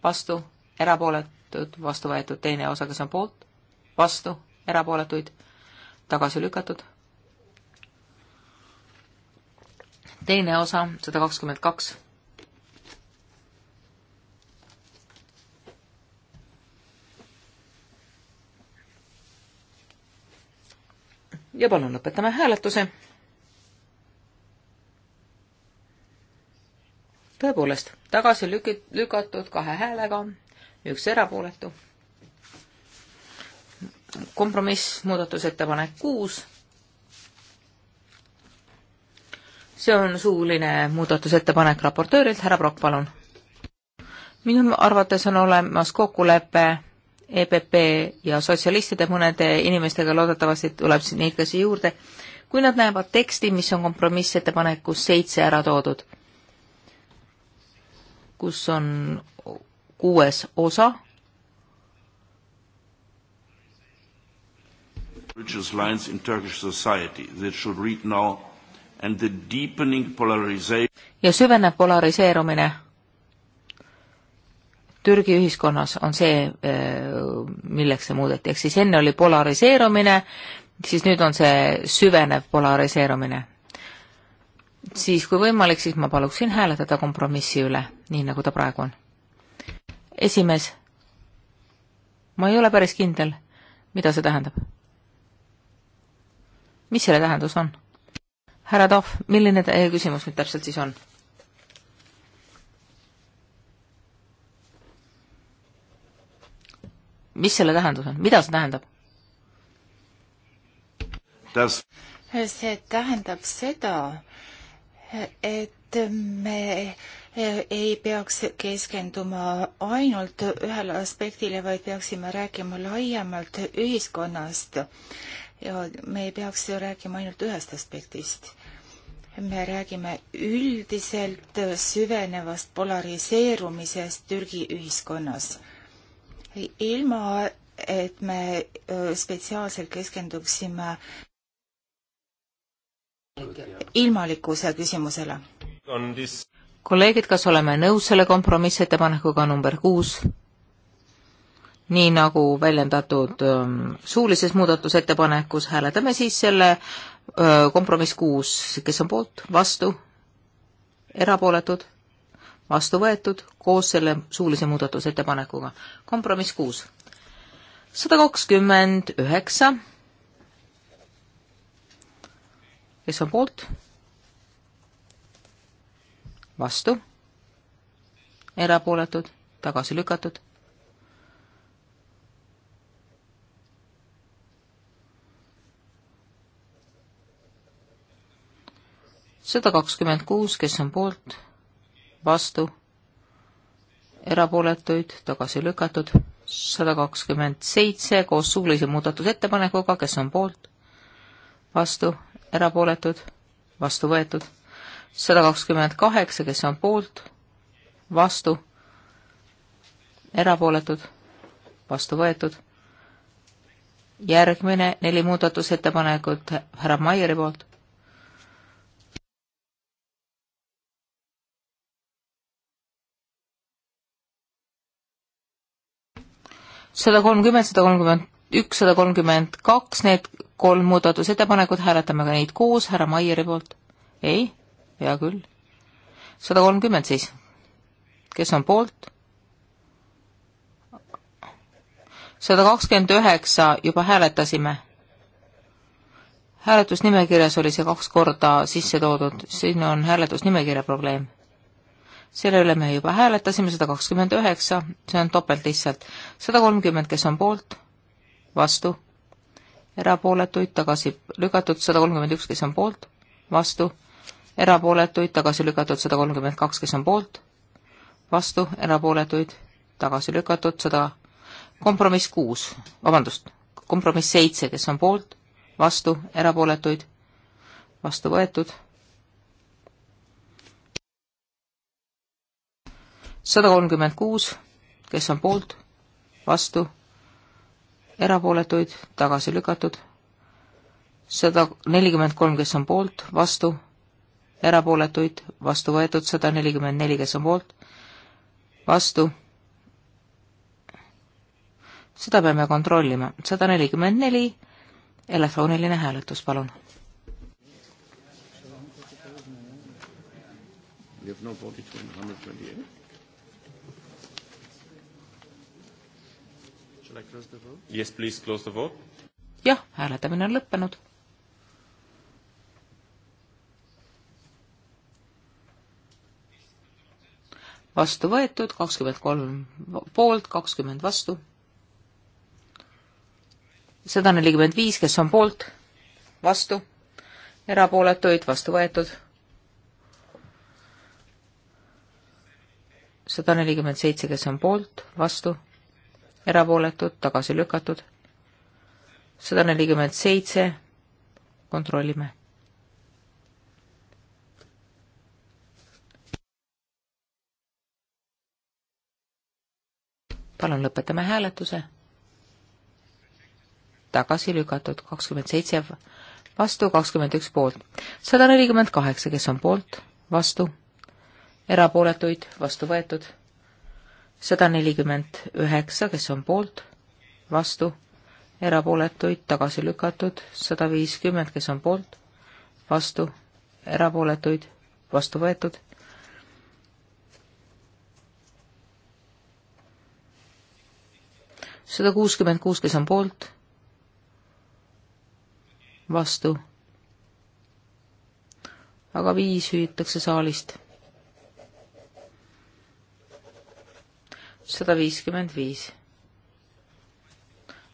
vastu, erapooletud, vastu võetud, teine osa, kes on poolt, vastu, erapooletuid, tagasi lükatud. teine osa, sada kakskümmend kaks. ja palun lõpetame hääletuse tõepoolest, tagasi lükit-, lükatud kahe häälega, üks erapooletu. kompromiss, muudatusettepanek kuus. see on suuline muudatusettepanek raportöörilt, härra Prokk, palun. minu arvates on olemas kokkulepe EPP ja sotsialistide mõnede inimestega loodetavasti tuleb neid ka siia juurde, kui nad näevad teksti, mis on kompromissettepanekus seitse ära toodud kus on kuues osa. Richest lines in Turkish society that should read now and the deepening polarisation. ja süvenev polariseerumine Türgi ühiskonnas on see, eh, milleks see muudeti, ehk siis enne oli polariseerumine, siis nüüd on see süvenev polariseerumine siis kui võimalik, siis ma paluksin hääletada kompromissi üle, nii nagu ta praegu on. esimees, ma ei ole päris kindel, mida see tähendab. mis selle tähendus on? härra Tahv, milline teie eh, küsimus nüüd täpselt siis on? mis selle tähendus on, mida see tähendab? see tähendab seda, et me ei peaks keskenduma ainult ühele aspektile, vaid peaksime rääkima laiemalt ühiskonnast. ja me ei peaks rääkima ainult ühest aspektist. me räägime üldiselt süvenevast polariseerumisest Türgi ühiskonnas. ilma, et me äh, spetsiaalselt keskenduksime ilmalikkuse küsimusele. kolleegid, kas oleme nõus selle kompromissettepanekuga number kuus? nii nagu väljendatud ähm, suulises muudatusettepanekus, hääletame siis selle äh, kompromiss kuus, kes on poolt, vastu, erapooletud, vastu võetud koos selle suulise muudatusettepanekuga. kompromiss kuus. sada kakskümmend üheksa kes on poolt? vastu? erapooletud, tagasi lükatud sada kakskümmend kuus, kes on poolt, vastu, erapooletuid, tagasi lükatud, sada kakskümmend seitse koos suulise muudatusettepanekuga, kes on poolt, vastu, erapooletud, vastu võetud. sada kakskümmend kaheksa, kes on poolt, vastu, erapooletud, vastu võetud. järgmine neli muudatusettepanekut härra Maieri poolt sada kolmkümmend, sada kolmkümmend üks, sada kolmkümmend kaks, need kolm muudatusettepanekut, hääletame ka neid koos härra Maieri poolt. ei, hea küll. sada kolmkümmend siis. kes on poolt? sada kakskümmend üheksa juba hääletasime. hääletusnimekirjas oli see kaks korda sisse toodud, siin on hääletusnimekirja probleem. selle üle me juba hääletasime, sada kakskümmend üheksa, see on topelt lihtsalt. sada kolmkümmend, kes on poolt, vastu erapooletuid, tagasi lükatud sada kolmkümmend üks, kes on poolt, vastu, erapooletuid, tagasi lükatud sada kolmkümmend kaks, kes on poolt, vastu, erapooletuid, tagasi lükatud sada, kompromiss kuus, vabandust, kompromiss seitse, kes on poolt, vastu, erapooletuid, vastu võetud, sada kolmkümmend kuus, kes on poolt, vastu erapooletuid, tagasi lükatud, sada nelikümmend kolm, kes on poolt, vastu, erapooletuid, vastu võetud, sada nelikümmend neli, kes on poolt, vastu, seda peame kontrollima, sada nelikümmend neli, elektrooniline hääletus, palun. You have no 42 and 128. Yes, please close the vote. jah, hääletamine on lõppenud. vastu võetud, kakskümmend kolm poolt, kakskümmend vastu. sada nelikümmend viis, kes on poolt, vastu, erapooletuid, vastu võetud. sada nelikümmend seitse, kes on poolt, vastu erapooletud, tagasi lükatud. sada nelikümmend seitse, kontrollime. palun lõpetame hääletuse. tagasi lükatud, kakskümmend seitse vastu, kakskümmend üks poolt. sada nelikümmend kaheksa, kes on poolt, vastu, erapooletuid, vastu võetud sada nelikümmend üheksa, kes on poolt, vastu, erapooletuid tagasi lükatud, sada viiskümmend, kes on poolt, vastu, erapooletuid vastu võetud sada kuuskümmend kuus, kes on poolt, vastu. aga viis hüütakse saalist. sada viiskümmend viis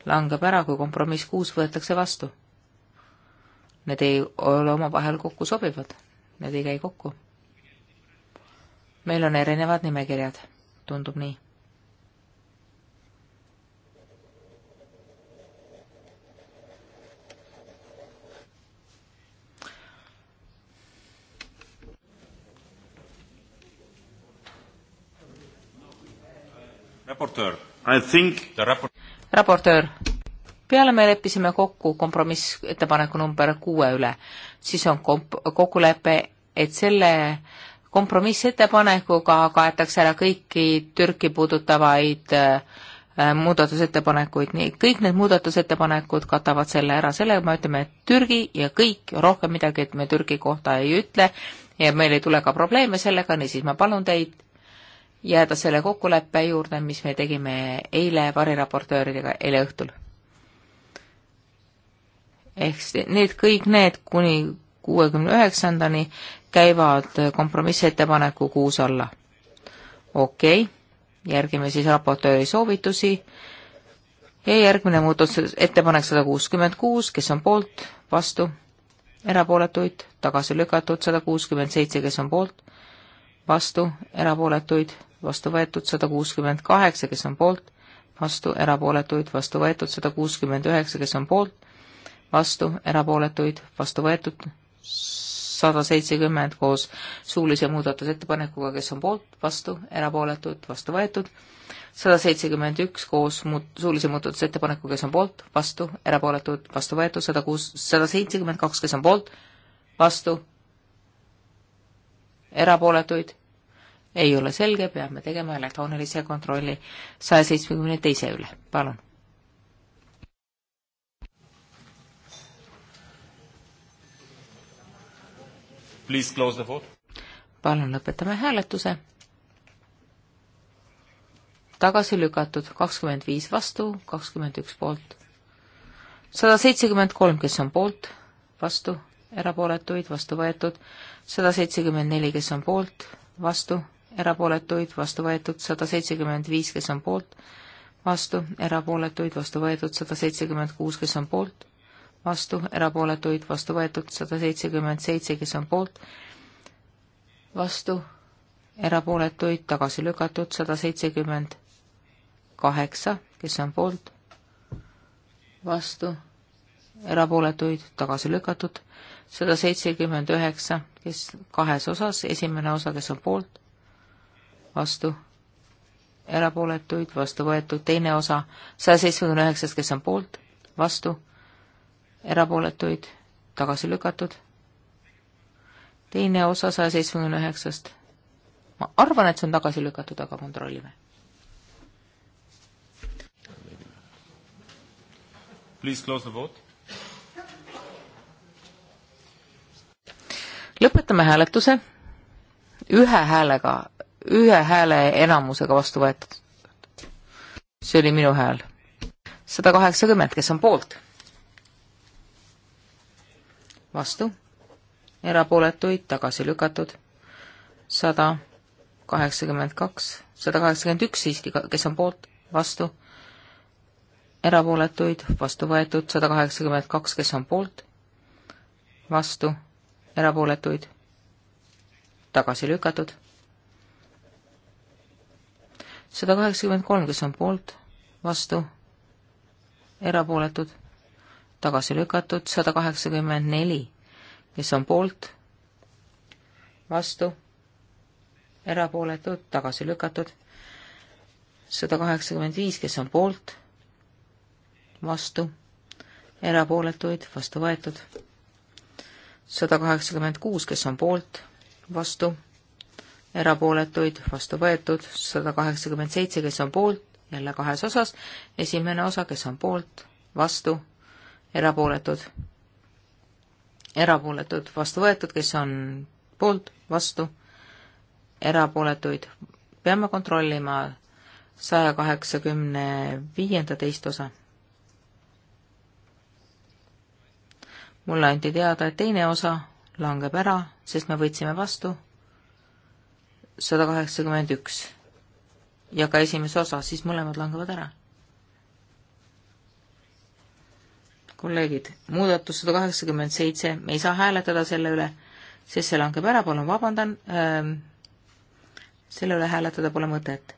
langeb ära, kui kompromiss kuus võetakse vastu. Need ei ole omavahel kokku sobivad, need ei käi kokku. meil on erinevad nimekirjad, tundub nii raportöör. Rapor... raportöör, peale me leppisime kokku kompromissettepaneku number kuue üle, siis on komp-, kokkulepe, et selle kompromissettepanekuga kaetakse ära kõiki Türki puudutavaid äh, muudatusettepanekuid, nii kõik need muudatusettepanekud katavad selle ära, sellega me ütleme, et Türgi ja kõik, rohkem midagi, et me Türgi kohta ei ütle ja meil ei tule ka probleeme sellega, niisiis ma palun teid, jääda selle kokkuleppe juurde, mis me tegime eile variraportööridega, eile õhtul. ehk need, kõik need kuni kuuekümne üheksandani käivad kompromissettepaneku kuus alla. okei okay., järgime siis raportööri soovitusi ja järgmine muudatusettepanek sada kuuskümmend kuus, kes on poolt, vastu, erapooletuid, tagasi lükatud sada kuuskümmend seitse, kes on poolt, vastu, erapooletuid vastu võetud sada kuuskümmend kaheksa, kes on poolt, vastu erapooletuid, vastu võetud sada kuuskümmend üheksa, kes on poolt, vastu erapooletuid, vastu võetud sada seitsekümmend koos suulise muudatusettepanekuga, kes on poolt, vastu erapooletuid, vastu võetud, sada seitsekümmend üks koos muud-, suulise muudatusettepanekuga, kes on poolt, vastu erapooletuid, vastu võetud, sada kuus, sada seitsekümmend kaks, kes on poolt, vastu erapooletuid, ei ole selge, peame tegema elektroonilise kontrolli saja seitsmekümne teise üle, palun. Please close the vote. palun lõpetame hääletuse. tagasi lükatud kakskümmend viis vastu, kakskümmend üks poolt. sada seitsekümmend kolm, kes on poolt, vastu, erapooletuid, vastu võetud, sada seitsekümmend neli, kes on poolt, vastu erapooletuid, vastu võetud sada seitsekümmend viis, kes on poolt, vastu, erapooletuid, vastu võetud sada seitsekümmend kuus, kes on poolt, vastu, erapooletuid, vastu võetud sada seitsekümmend seitse, kes on poolt, vastu, erapooletuid, tagasi lükatud sada seitsekümmend kaheksa, kes on poolt, vastu, erapooletuid, tagasi lükatud sada seitsekümmend üheksa, kes kahes osas, esimene osa, kes on poolt, vastu, erapooletuid, vastu võetud, teine osa saja seitsmekümne üheksast, kes on poolt, vastu, erapooletuid, tagasi lükatud, teine osa saja seitsmekümne üheksast, ma arvan, et see on tagasi lükatud, aga kontrollime. Please close the vote. lõpetame hääletuse ühe häälega ühe hääle enamusega vastu võetud. see oli minu hääl. sada kaheksakümmend, kes on poolt? vastu, erapooletuid tagasi lükatud, sada kaheksakümmend kaks, sada kaheksakümmend üks siiski, kes on poolt, vastu, erapooletuid vastu võetud, sada kaheksakümmend kaks, kes on poolt, vastu, erapooletuid tagasi lükatud sada kaheksakümmend kolm, kes on poolt, vastu, erapooletud, tagasi lükatud, sada kaheksakümmend neli, kes on poolt, vastu, erapooletud, tagasi lükatud, sada kaheksakümmend viis, kes on poolt, vastu, erapooletuid, vastu võetud, sada kaheksakümmend kuus, kes on poolt, vastu erapooletuid, vastu võetud, sada kaheksakümmend seitse, kes on poolt, jälle kahes osas, esimene osa, kes on poolt, vastu, erapooletud, erapooletud, vastu võetud, kes on poolt, vastu, erapooletuid, peame kontrollima saja kaheksakümne viienda teist osa. mulle anti teada, et teine osa langeb ära, sest me võtsime vastu sada kaheksakümmend üks ja ka esimese osa, siis mõlemad langevad ära. kolleegid, muudatus sada kaheksakümmend seitse, me ei saa hääletada selle üle, sest see langeb ära, palun vabandan ähm,, selle üle hääletada pole mõtet.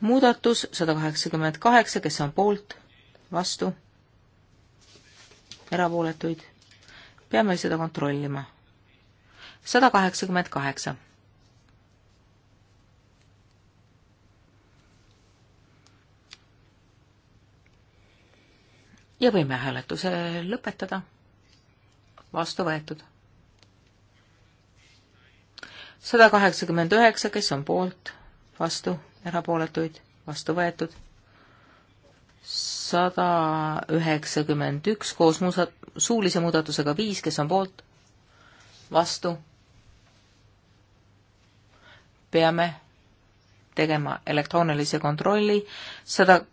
muudatus sada kaheksakümmend kaheksa, kes on poolt, vastu, erapooletuid, peame seda kontrollima. sada kaheksakümmend kaheksa ja võime hääletuse lõpetada. vastu võetud. sada kaheksakümmend üheksa, kes on poolt, vastu, erapooletuid, vastu võetud. sada üheksakümmend üks koos muusa-, suulise muudatusega viis, kes on poolt, vastu. peame tegema elektroonilise kontrolli sada 100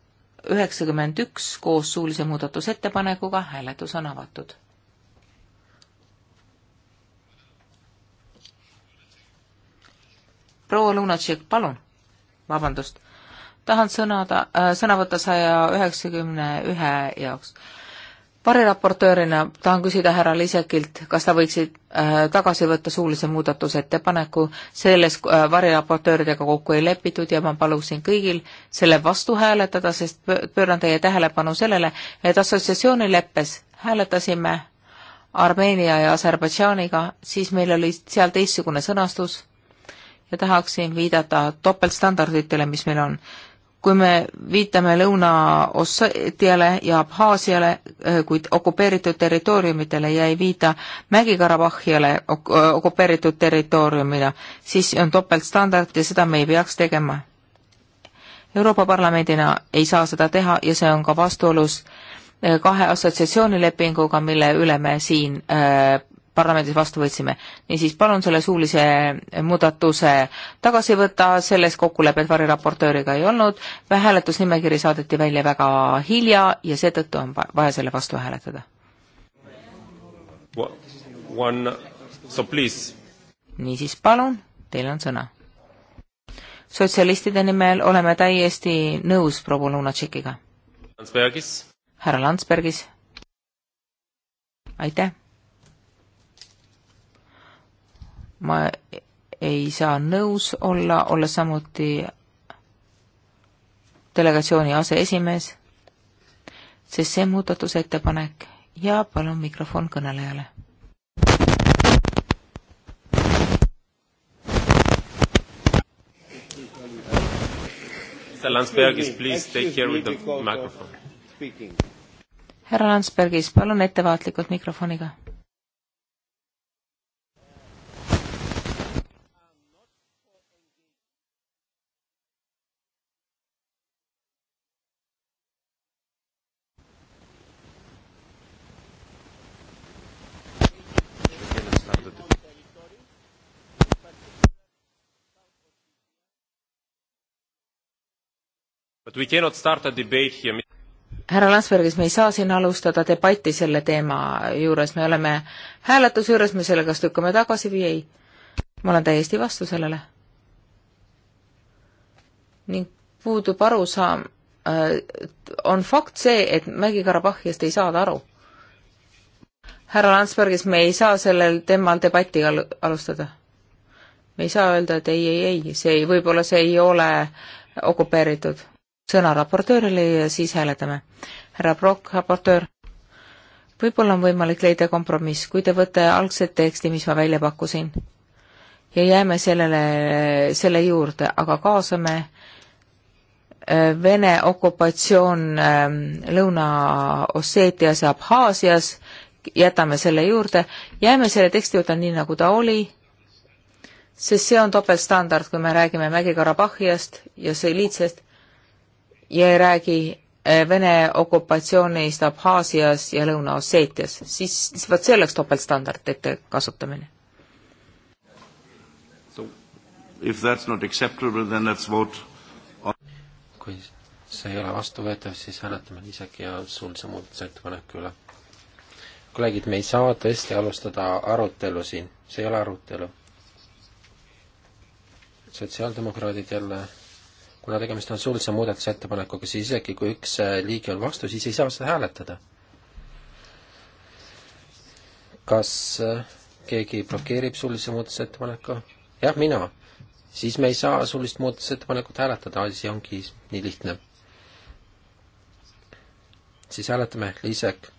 üheksakümmend üks koos suulise muudatusettepanekuga, hääletus on avatud. proua Lunatšik, palun, vabandust, tahan sõnada äh,, sõna võtta saja üheksakümne ühe jaoks äh, variraportöörina tahan küsida härra Lisekilt, kas ta võiks äh, tagasi võtta suulise muudatusettepaneku, selles äh, variraportööridega kokku ei lepitud ja ma palusin kõigil selle vastu hääletada, sest pööran teie tähelepanu sellele, et assotsiatsioonileppes hääletasime Armeenia ja Aserbaidžaaniga, siis meil oli seal teistsugune sõnastus ja tahaksin viidata topeltstandarditele, mis meil on kui me viitame Lõuna-Osseetiale ja Abhaasiale, eh, kuid okupeeritud territooriumitele ja ei viida Mägi-Karabahhiale ok eh, okupeeritud territooriumina, siis on topeltstandard ja seda me ei peaks tegema. Euroopa Parlamendina ei saa seda teha ja see on ka vastuolus eh, kahe assotsiatsioonilepinguga, mille üle me siin äh, parlamendis vastu võtsime. niisiis, palun selle suulise muudatuse tagasi võtta, selles kokkulepet variraportööriga ei olnud, hääletusnimekiri saadeti välja väga hilja ja seetõttu on vaja selle vastu hääletada. niisiis, palun, teil on sõna. sotsialistide nimel oleme täiesti nõus proua Lunatšikiga. härra Landsbergis. aitäh ma ei saa nõus olla, olla samuti delegatsiooni aseesimees, sest see muudatusettepanek ja palun mikrofon kõnelejale. härra Landsbergis, palun ettevaatlikult mikrofoniga härra Landsbergis, me ei saa siin alustada debatti selle teema juures, me oleme hääletuse juures, me selle kas lükkame tagasi või ei. ma olen täiesti vastu sellele. ning puudub arusaam, äh, on fakt see, et Mägi-Karabahhiast ei saada aru. härra Landsbergis, me ei saa sellel teemal debatti al-, alustada. me ei saa öelda, et ei, ei, ei, see ei, võib-olla see ei ole okupeeritud sõna raportöörile ja siis hääletame. härra Prokk, raportöör, võib-olla on võimalik leida kompromiss, kui te võte algset teksti, mis ma välja pakkusin, ja jääme sellele, selle juurde, aga kaasame äh, Vene okupatsioon ähm, Lõuna-Osseetias ja Abhaasias, jätame selle juurde, jääme selle teksti juurde nii, nagu ta oli, sest see on topeltstandard, kui me räägime Mägi-Karabahhiast ja Sõiliitsest ja ei räägi eh, Vene okupatsioonist Abhaasias ja Lõuna-Osseetias, siis vot see oleks topeltstandardite kasutamine. If that's not acceptable, then let's vote on kui see ei ole vastuvõetav, siis hääletame lisagi ja suulise muudatusettepaneku üle. kolleegid, me ei saa tõesti alustada arutelu siin, see ei ole arutelu. sotsiaaldemokraadid jälle kuna tegemist on suulise muudatusettepanekuga, siis isegi kui üks äh, liige on vastu, siis ei saa seda hääletada. kas äh, keegi blokeerib suulise muudatusettepaneku? jah, mina. siis me ei saa suulist muudatusettepanekut hääletada, asi ongi nii lihtne. siis hääletame Liisek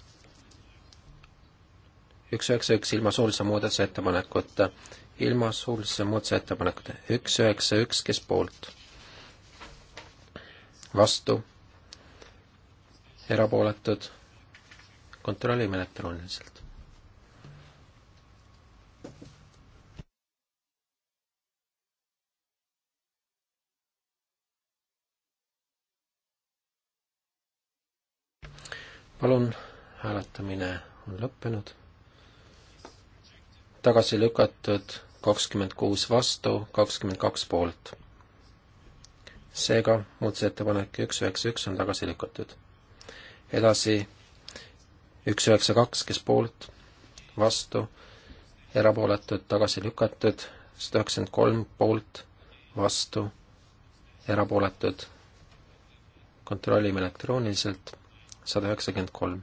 üks üheksa üks ilma suulise muudatusettepanekuta, ilma suulise muudatusettepanekuta, üks üheksa üks, kes poolt vastu, erapooletud, kontrollime elektrooniliselt. palun, hääletamine on lõppenud. tagasi lükatud kakskümmend kuus vastu, kakskümmend kaks poolt seega muudatusettepanek üks üheksa üks on tagasi lükatud. edasi üks üheksa kaks, kes poolt, vastu, erapooletud, tagasi lükatud, sada üheksakümmend kolm poolt, vastu, erapooletud, kontrollime elektrooniliselt, sada üheksakümmend kolm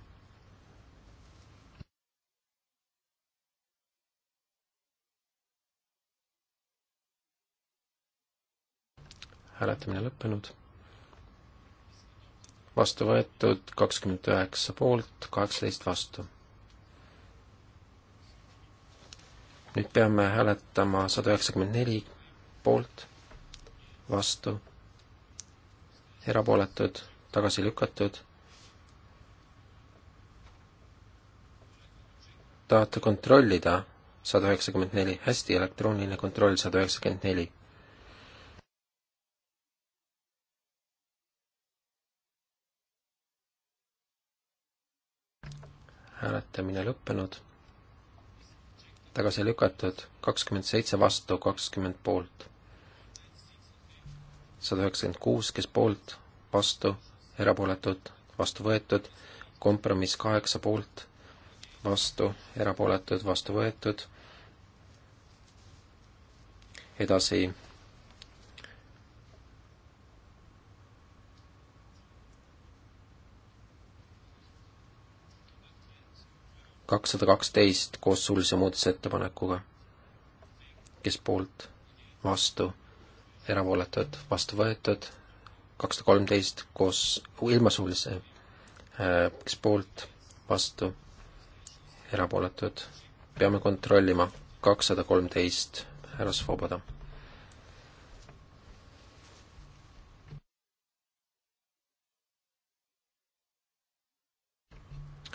hääletamine lõppenud. vastu võetud kakskümmend üheksa poolt, kaheksateist vastu. nüüd peame hääletama sada üheksakümmend neli poolt, vastu, erapooletud, tagasi lükatud. tahate kontrollida sada üheksakümmend neli, hästi, elektrooniline kontroll sada üheksakümmend neli hääletamine lõppenud, tagasi lükatud, kakskümmend seitse vastu, kakskümmend poolt. sada üheksakümmend kuus, kes poolt, vastu, erapooletud, vastu võetud, kompromiss kaheksa poolt, vastu, erapooletud, vastu võetud, edasi kakssada kaksteist koos suulise muudatusettepanekuga. kes poolt, vastu, erapooletud, vastu võetud, kakssada kolmteist koos ilma suulise, äh, kes poolt, vastu, erapooletud, peame kontrollima, kakssada kolmteist, härra Svoboda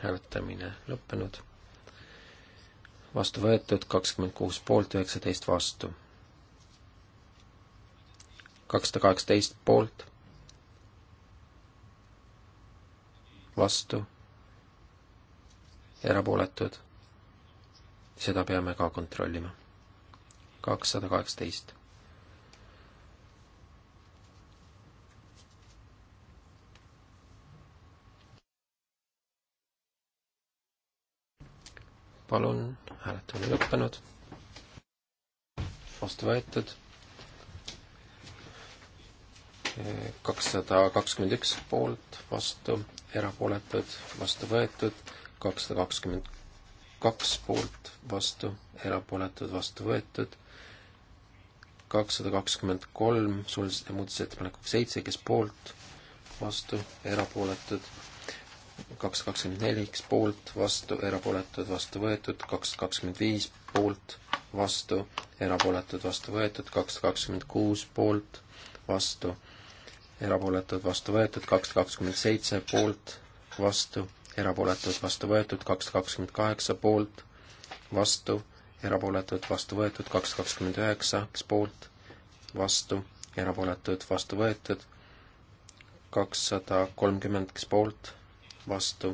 hääletamine lõppenud, vastu võetud kakskümmend kuus poolt, üheksateist vastu. kakssada kaheksateist poolt, vastu, erapooletud, seda peame ka kontrollima. kakssada kaheksateist. palun, hääletamine lõppenud. vastu võetud. kakssada kakskümmend üks poolt, vastu, erapooletud, vastu võetud, kakssada kakskümmend kaks poolt, vastu, erapooletud, vastu võetud, kakssada kakskümmend kolm, suuliselt muudatusettepanekuks seitse, kes poolt, vastu, erapooletud kaks kakskümmend neli, üks poolt, vastu, erapooletud, vastu võetud, kaks kakskümmend viis poolt, vastu, erapooletud, vastu võetud, kaks kakskümmend kuus poolt, vastu, erapooletud, vastu võetud, kaks kakskümmend seitse poolt, vastu, erapooletud, vastu võetud, kaks kakskümmend kaheksa poolt, vastu, erapooletud, vastu võetud, kaks kakskümmend üheksa, üks poolt, vastu, erapooletud, vastu võetud, kakssada kolmkümmend, üks poolt, vastu,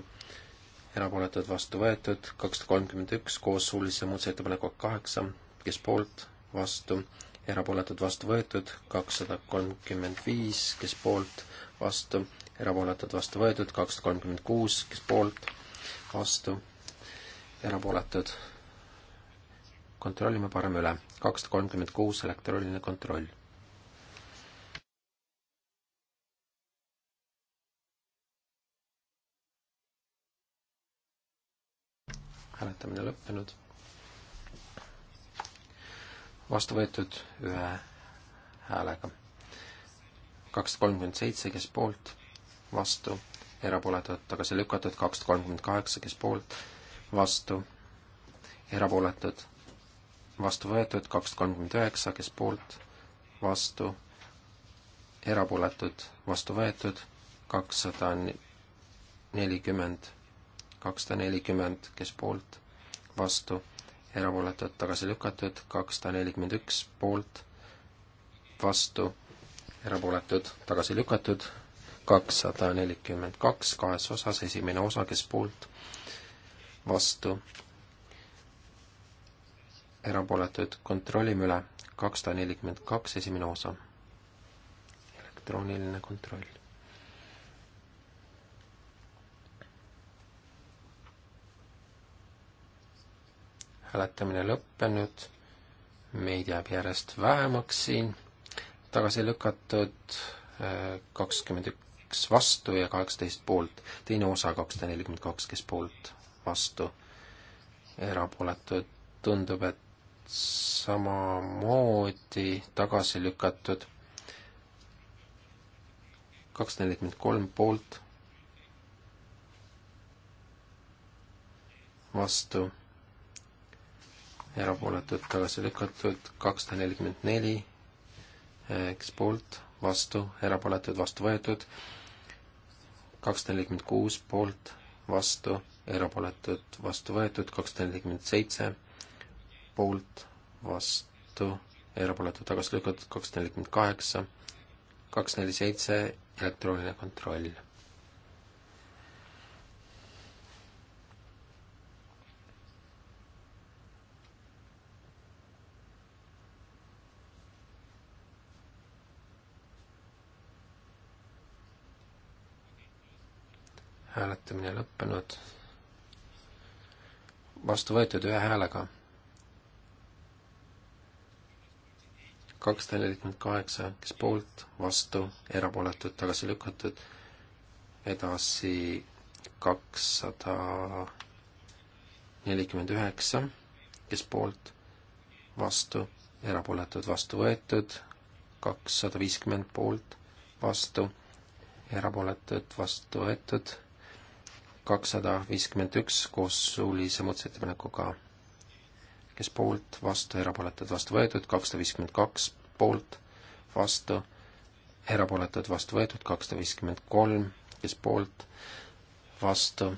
erapooletud vastu võetud, kakssada kolmkümmend üks koos suulise muudatusettepanekuga kaheksa, kes poolt, vastu, erapooletud vastu võetud, kakssada kolmkümmend viis, kes poolt, vastu, erapooletud vastu võetud, kakssada kolmkümmend kuus, kes poolt, vastu, erapooletud. kontrollime parem üle, kakssada kolmkümmend kuus, elektrooniline kontroll hääletamine lõppenud. vastu võetud ühe häälega. kakssada kolmkümmend seitse, kes poolt, vastu, erapooletud, tagasi lükatud, kakssada kolmkümmend kaheksa, kes poolt, vastu, erapooletud, vastu võetud, kakssada kolmkümmend üheksa, kes poolt, vastu, erapooletud, vastu võetud, kakssada nelikümmend kakssada nelikümmend, kes poolt, vastu, erapooletud, tagasi lükatud, kakssada nelikümmend üks poolt, vastu, erapooletud, tagasi lükatud, kakssada nelikümmend kaks kahes osas, esimene osa, kes poolt, vastu, erapooletud, kontrollime üle, kakssada nelikümmend kaks, esimene osa. elektrooniline kontroll hääletamine lõppenud, meid jääb järjest vähemaks siin, tagasi lükatud äh, kakskümmend üks vastu ja kaheksateist poolt, teine osa kakssada nelikümmend kaks, kes poolt, vastu, erapooletud, tundub, et samamoodi tagasi lükatud, kakssada nelikümmend kolm poolt, vastu erapooletud tagasi lükatud, kakssada nelikümmend neli, eks poolt, vastu, erapooletud, vastu võetud, kakssada nelikümmend kuus poolt, vastu, erapooletud, vastu võetud, kakssada nelikümmend seitse poolt, vastu, erapooletud, tagasi lükatud, kakssada nelikümmend kaheksa, kaks neli seitse, elektrooniline kontroll hääletamine lõppenud. vastu võetud ühe häälega. kakssada nelikümmend kaheksa, kes poolt, vastu, erapooletud, tagasi lükatud. edasi kakssada nelikümmend üheksa, kes poolt, vastu, erapooletud, vastu võetud, kakssada viiskümmend poolt, vastu, erapooletud, vastu võetud, kakssada viiskümmend üks koos suulise muudatusettepanekuga, kes poolt, vastu, erapooletud, vastu võetud, kakssada viiskümmend kaks poolt, vastu, erapooletud, vastu võetud, kakssada viiskümmend kolm, kes poolt, vastu,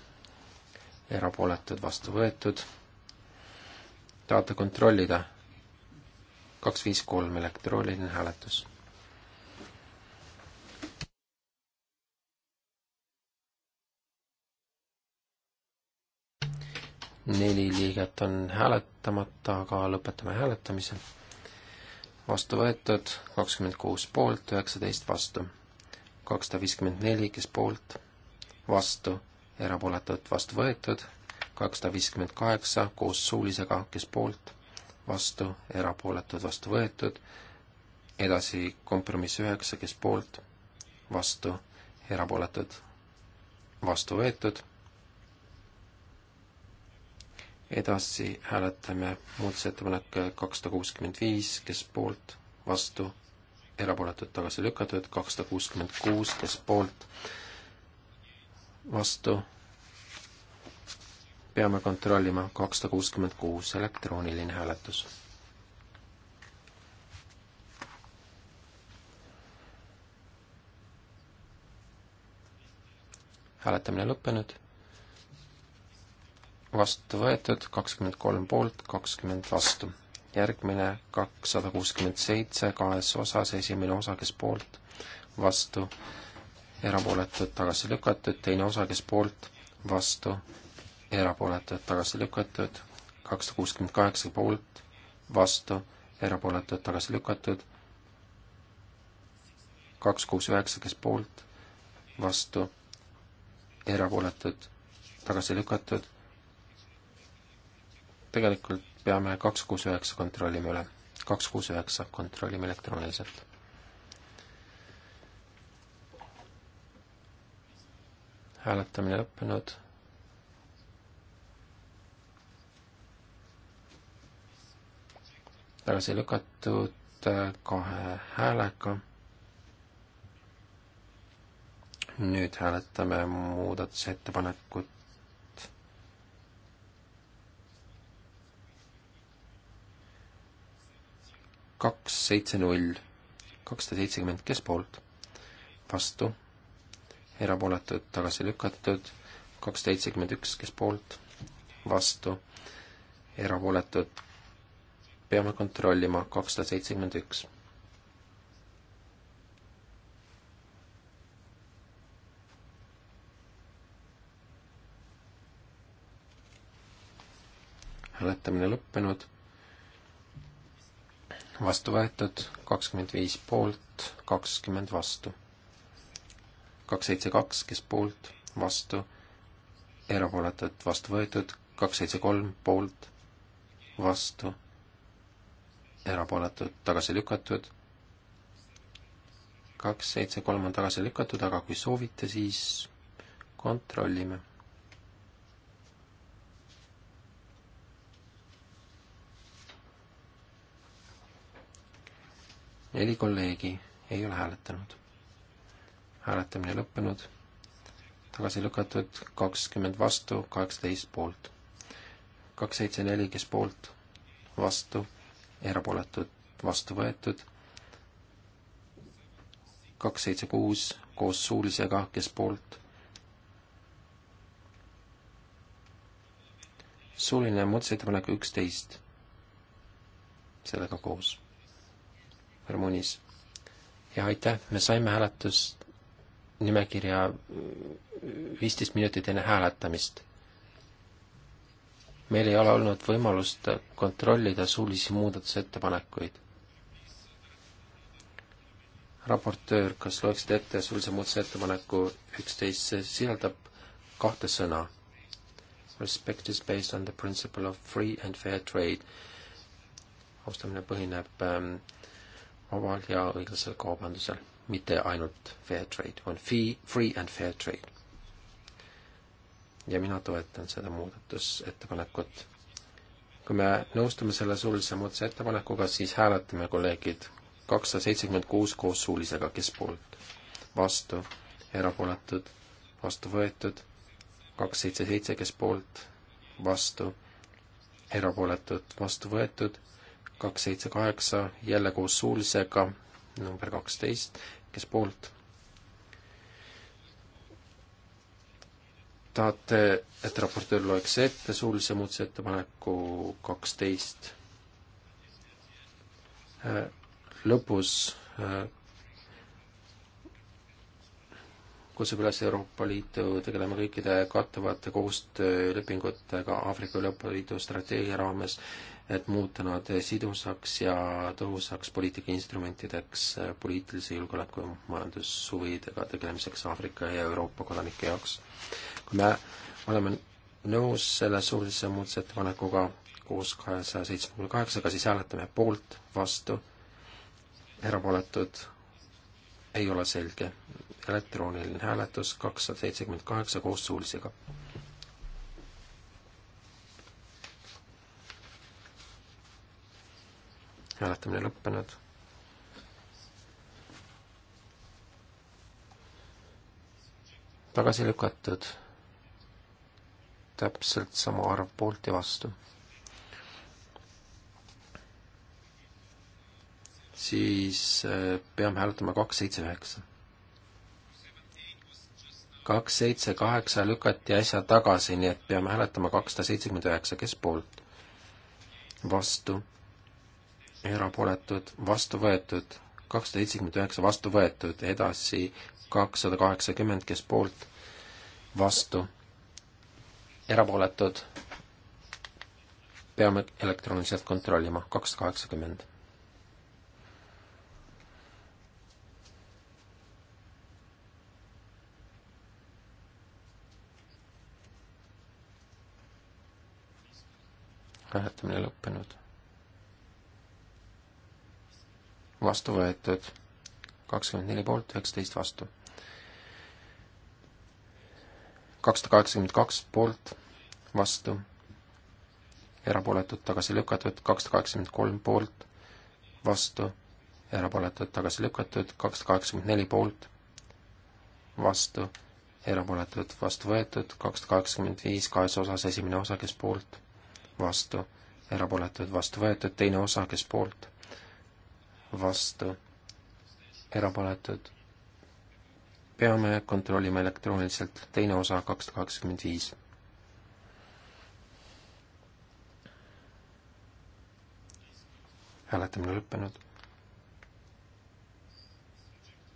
erapooletud, vastu võetud. tahate kontrollida? kaks viis kolm elektrooniline hääletus neli liiget on hääletamata, aga lõpetame hääletamise. vastu võetud kakskümmend kuus poolt, üheksateist vastu. kakssada viiskümmend neli, kes poolt, vastu, erapooletult vastu võetud, kakssada viiskümmend kaheksa koos suulisega, kes poolt, vastu, erapooletud, vastu võetud, edasi kompromiss üheksa, kes poolt, vastu, erapooletud, vastu võetud edasi hääletame muudatusettepanek kakssada kuuskümmend viis, kes poolt, vastu, erapooletud tagasi lükatud, kakssada kuuskümmend kuus, kes poolt, vastu, peame kontrollima, kakssada kuuskümmend kuus, elektrooniline hääletus. hääletamine lõppenud vastu võetud, kakskümmend kolm poolt, kakskümmend vastu. järgmine kakssada kuuskümmend seitse kahes osas, esimene osa, kes poolt, vastu, erapooletud, tagasi lükatud, teine osa, kes poolt, vastu, erapooletud, tagasi lükatud, kakssada kuuskümmend kaheksa poolt, vastu, erapooletud, tagasi lükatud, kaks kuus üheksa, kes poolt, vastu, erapooletud, tagasi lükatud, tegelikult peame kaks kuus üheksa kontrollima üle. kaks kuus üheksa kontrollime elektrooniliselt. hääletamine lõppenud. tagasi lükatud äh, kahe häälega. nüüd hääletame muudatusettepanekut kaks, seitse, null, kakssada seitsekümmend, kes poolt? vastu, erapooletud, tagasi lükatud, kakssada seitsekümmend üks, kes poolt? vastu, erapooletud, peame kontrollima, kakssada seitsekümmend üks hääletamine lõppenud vastu võetud, kakskümmend viis poolt, kakskümmend vastu. kaks seitse kaks, kes poolt, vastu, erapooletud, vastu võetud, kaks seitse kolm poolt, vastu, erapooletud, tagasi lükatud, kaks seitse kolm on tagasi lükatud, aga kui soovite, siis kontrollime neli kolleegi ei ole hääletanud. hääletamine lõppenud, tagasi lükatud kakskümmend vastu, kaheksateist poolt. kaks, seitse, neli, kes poolt, vastu, erapooletud, vastu võetud, kaks, seitse, kuus koos suulisega, kes poolt suuline muudatusettepanek üksteist sellega koos. Harmonis. ja aitäh, me saime hääletusnimekirja mm, viisteist minutit enne hääletamist. meil ei ole olnud võimalust kontrollida suulisi muudatusettepanekuid. raportöör, kas loeksid ette suulise muudatusettepaneku üksteist, see sisaldab kahte sõna. Respect is based on the principle of free and fair trade. austamine põhineb ähm, vabal ja õiglasel kaubandusel, mitte ainult fair trade, on fee, free and fair trade. ja mina toetan seda muudatusettepanekut. kui me nõustume selle suulise muudatusettepanekuga, siis hääletame, kolleegid, kakssada seitsekümmend kuus koos suulisega, kes poolt, vastu, erapooletud, vastu võetud, kaks seitse seitse, kes poolt, vastu, erapooletud, vastu võetud kaks, seitse, kaheksa, jälle koos suulisega, number kaksteist, kes poolt? tahate, et raportöör loeks ette suulise muudatusettepaneku kaksteist? Äh, lõpus äh, kutsub üles Euroopa Liitu tegelema kõikide kattuvate koostöölepingutega Aafrika Euroopa Liidu strateegia raames et muuta nad sidusaks ja tõhusaks poliitikainstrumentideks eh, poliitilise julgeoleku ja majandushuvidega tegelemiseks Aafrika ja Euroopa kodanike jaoks. kui me oleme nõus selle suulise muudatusettepanekuga koos kahesaja seitsmekümne kaheksaga, siis hääletame poolt, vastu, erapooletud, ei ole selge. elektrooniline hääletus kakssada seitsekümmend kaheksa koos suulisega hääletamine lõppenud. tagasi lükatud täpselt sama arv poolt ja vastu. siis äh, peame hääletama kaks, seitse, üheksa. kaks, seitse, kaheksa lükati äsja tagasi, nii et peame hääletama kakssada seitsekümmend üheksa, kes poolt? vastu erapooletud, vastu võetud, kakssada seitsekümmend üheksa vastu võetud, edasi kakssada kaheksakümmend, kes poolt, vastu, erapooletud, peame elektrooniliselt kontrollima, kakssada kaheksakümmend. hääletamine lõppenud vastu võetud. kakskümmend neli poolt, üheksateist vastu. kakssada kaheksakümmend kaks poolt, vastu, erapooletud, tagasi lükatud, kakssada kaheksakümmend kolm poolt, vastu, erapooletud, tagasi lükatud, kakssada kaheksakümmend neli poolt, vastu, erapooletud, vastu võetud, kakssada kaheksakümmend viis kahes osas, esimene osa, kes poolt, vastu, erapooletud, vastu võetud, teine osa, kes poolt vastu, erapooletud. peame kontrollima elektrooniliselt, teine osa kakssada kaheksakümmend viis. hääletamine lõppenud.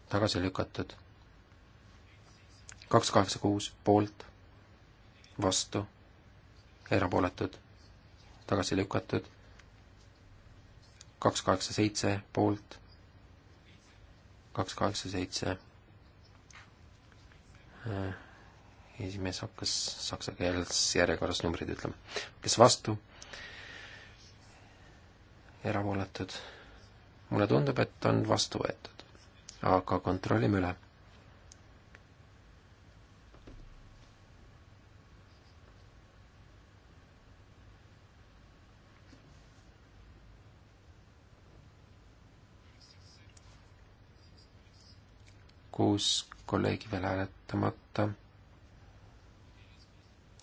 tagasi lükatud. kaks kaheksa kuus poolt, vastu, erapooletud, tagasi lükatud kaks kaheksa seitse poolt, kaks kaheksa seitse. Äh, esimees hakkas saksa keeles järjekorras numbrid ütlema. kes vastu? erapooletud. mulle tundub, et on vastu võetud, aga kontrollime üle kuus kolleegi veel hääletamata.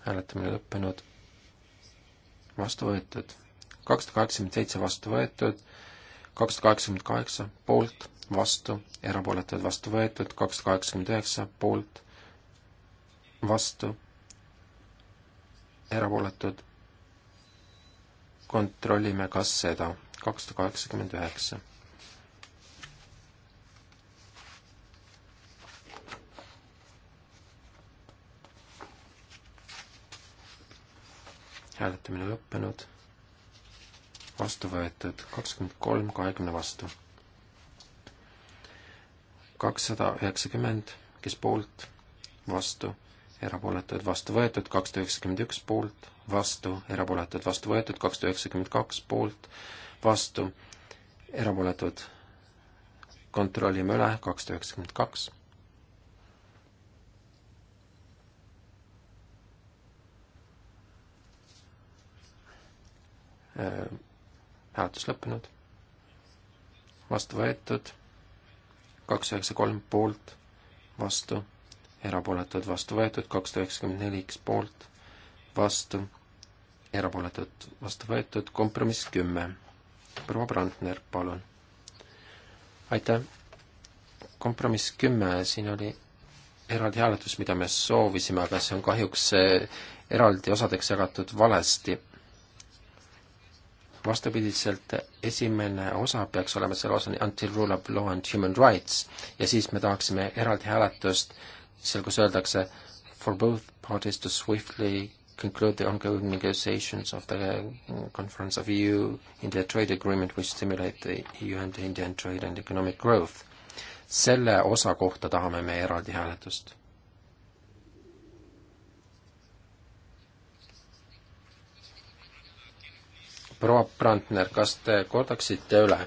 hääletamine lõppenud. vastu võetud. kakssada kaheksakümmend seitse vastu võetud, kakssada kaheksakümmend kaheksa poolt, vastu, erapooletud vastu võetud, kakssada kaheksakümmend üheksa poolt, vastu, erapooletud. kontrollime, kas seda, kakssada kaheksakümmend üheksa hääletamine lõppenud, vastu võetud kakskümmend kolm kahekümne vastu. kakssada üheksakümmend, kes poolt, vastu, erapooletud, vastu võetud, kakssada üheksakümmend üks poolt, vastu, erapooletud, vastu võetud, kakssada üheksakümmend kaks poolt, vastu, erapooletud, kontrollime üle, kakssada üheksakümmend kaks Äh, hääletus lõppenud, vastu võetud, kaks üheksa kolm poolt, vastu, erapooletud, vastu võetud, kakssada üheksakümmend neli X poolt, vastu, erapooletud, vastu võetud, kompromiss kümme. proua Brandner, palun. aitäh. kompromiss kümme, siin oli eraldi hääletus, mida me soovisime, aga see on kahjuks äh, eraldi osadeks jagatud valesti vastupidiselt, esimene osa peaks olema selle osani Until rule of law and human rights ja siis me tahaksime eraldi hääletust seal, kus öeldakse for both parties to swiftly conclude the ongoing negotiations of the conference of EU in the trade agreement which stimulate the EU and Indian trade and economic growth. selle osa kohta tahame me eraldi hääletust proua Brandner, kas te kordaksite üle,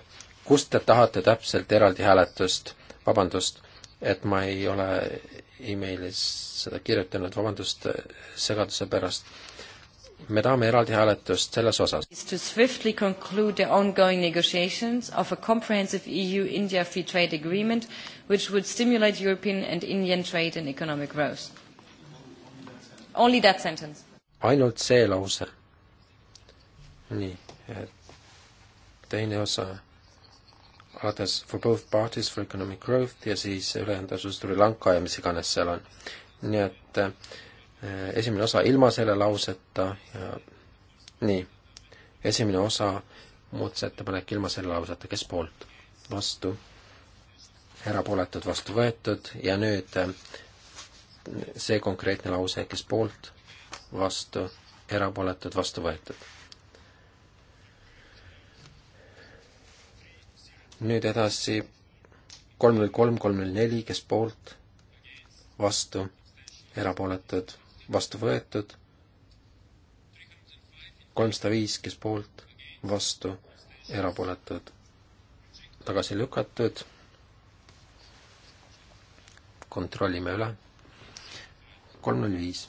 kust te tahate täpselt eraldi hääletust? vabandust, et ma ei ole emailis seda kirjutanud, vabandust äh, segaduse pärast. me tahame eraldi hääletust selles osas. To swiftly conclude the ongoing negotiations of a comprehensive EU-India free trade agreement which would stimulate European and Indian trade and economic growth. Only that sentence. ainult see lause nii, teine osa alates for both parties for economic growth ja siis ülejäänud osa Sri Lanka ja mis iganes seal on. nii et eh, esimene osa ilma selle lauseta ja nii, esimene osa muudatusettepanek ilma selle lauseta, kes poolt? vastu? erapooletud, vastu võetud ja nüüd eh, see konkreetne lause, kes poolt, vastu, erapooletud, vastu võetud nüüd edasi kolm null kolm, kolm null neli, kes poolt, vastu, erapooletud, vastu võetud, kolmsada viis, kes poolt, vastu, erapooletud, tagasi lükatud, kontrollime üle, kolm null viis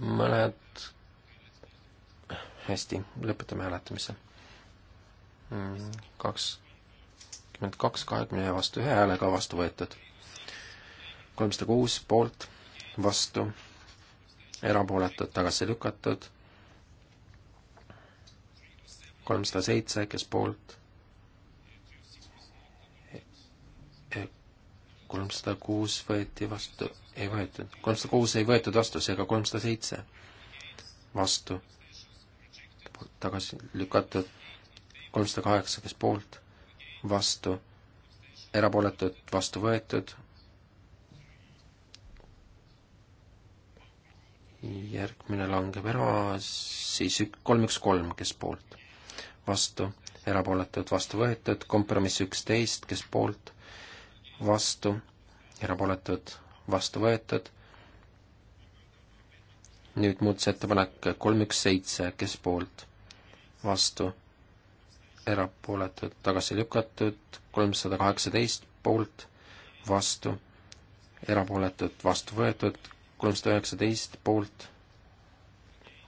mõned hästi, lõpetame hääletamise. Mm, kakskümmend kaks, kahekümne vastu ühe häälega vastu võetud. kolmsada kuus poolt, vastu, erapooletud, tagasi lükatud. kolmsada seitse, kes poolt, kolmsada kuus võeti vastu, ei võetud, kolmsada kuus ei võetud vastu, seega kolmsada seitse vastu, tagasi lükatud, kolmsada kaheksa, kes poolt, vastu, erapooletud, vastu võetud, järgmine langeb ära, siis ük-, kolm, üks, kolm, kes poolt, vastu, erapooletud, vastu võetud, kompromiss üksteist, kes poolt vastu, erapooletud, vastu võetud. nüüd muudatusettepanek kolm üks seitse, kes poolt, vastu, erapooletud, tagasi lükatud, kolmsada kaheksateist poolt, vastu, erapooletud, vastu võetud, kolmsada üheksateist poolt,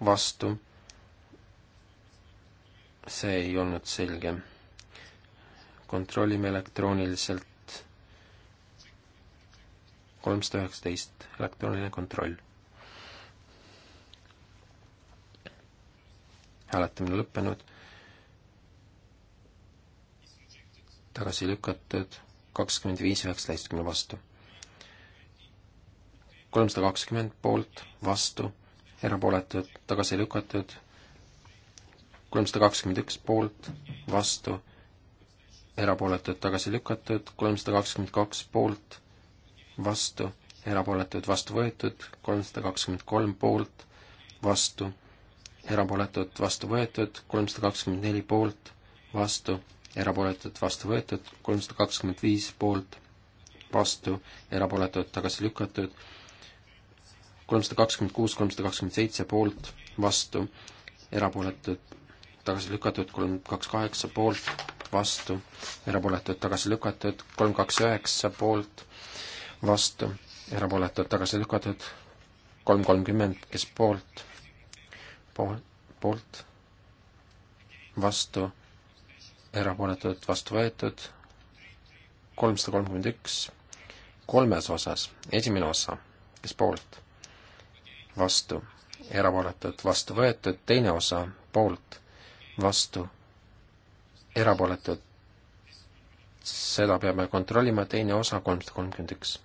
vastu. see ei olnud selge. kontrollime elektrooniliselt kolmsada üheksateist, elektrooniline kontroll. hääletamine lõppenud, tagasi lükatud, kakskümmend viis üheksateistkümne vastu. kolmsada kakskümmend poolt, vastu, erapooletud, tagasi lükatud, kolmsada kakskümmend üks poolt, vastu, erapooletud, tagasi lükatud, kolmsada kakskümmend kaks poolt, vastu, erapooletud, vastu võetud, kolmsada kakskümmend kolm poolt, vastu, erapooletud, vastu võetud, kolmsada kakskümmend neli poolt, vastu, erapooletud, vastu võetud, kolmsada kakskümmend viis poolt, vastu, erapooletud, tagasi lükatud, kolmsada kakskümmend kuus, kolmsada kakskümmend seitse poolt, vastu, erapooletud, tagasi lükatud, kolm kaks kaheksa poolt, vastu, erapooletud, tagasi lükatud, kolm kaks üheksa poolt, vastu, erapooletud tagasi lükatud, kolm kolmkümmend, kes poolt, pool, poolt, vastu, erapooletud, vastu võetud, kolmsada kolmkümmend üks, kolmes osas, esimene osa, kes poolt, vastu, erapooletud, vastu võetud, teine osa, poolt, vastu, erapooletud, seda peame kontrollima, teine osa, kolmsada kolmkümmend üks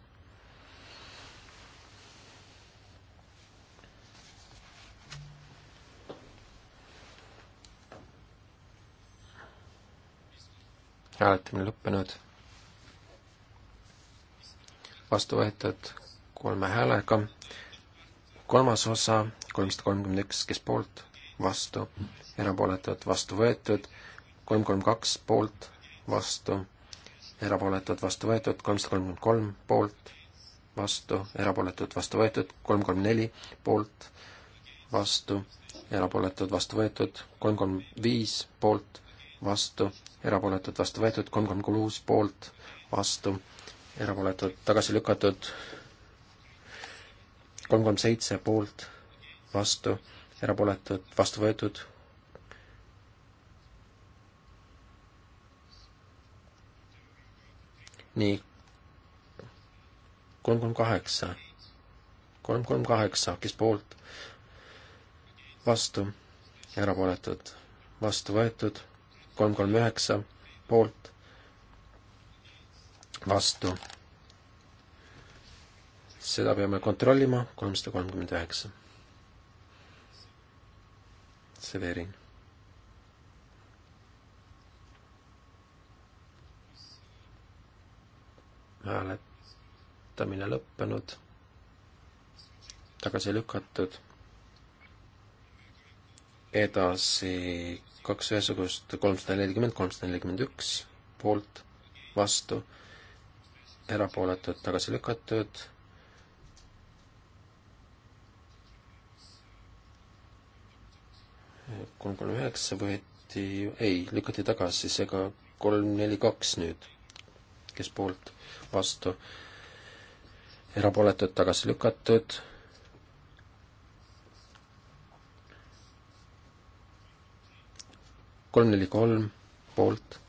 hääletamine lõppenud. vastu võetud kolme häälega. kolmas osa, kolmsada kolmkümmend üks, kes poolt, vastu, erapooletud, vastu võetud, kolm kolm kaks poolt, vastu, erapooletud, vastu võetud, kolmsada kolmkümmend kolm poolt, vastu, erapooletud, vastu võetud, kolm kolm neli poolt, vastu, erapooletud, vastu võetud, kolm kolm viis poolt vastu, erapooletud, vastu võetud, kolm kolm kuus poolt, vastu, erapooletud, tagasi lükatud, kolm kolm seitse poolt, vastu, erapooletud, vastu võetud, nii, kolm kolm kaheksa, kolm kolm kaheksa, kes poolt, vastu, erapooletud, vastu võetud kolm, kolm, üheksa poolt, vastu. seda peame kontrollima, kolmsada kolmkümmend üheksa. serveerin. hääletamine lõppenud, tagasi lükatud edasi kaks ühesugust, kolmsada nelikümmend, kolmsada nelikümmend üks, poolt, vastu, erapooletud, tagasi lükatud, kolm kolm üheksa võeti, ei, lükati tagasi, seega kolm neli kaks nüüd, kes poolt, vastu, erapooletud, tagasi lükatud kolm, neli, kolm poolt,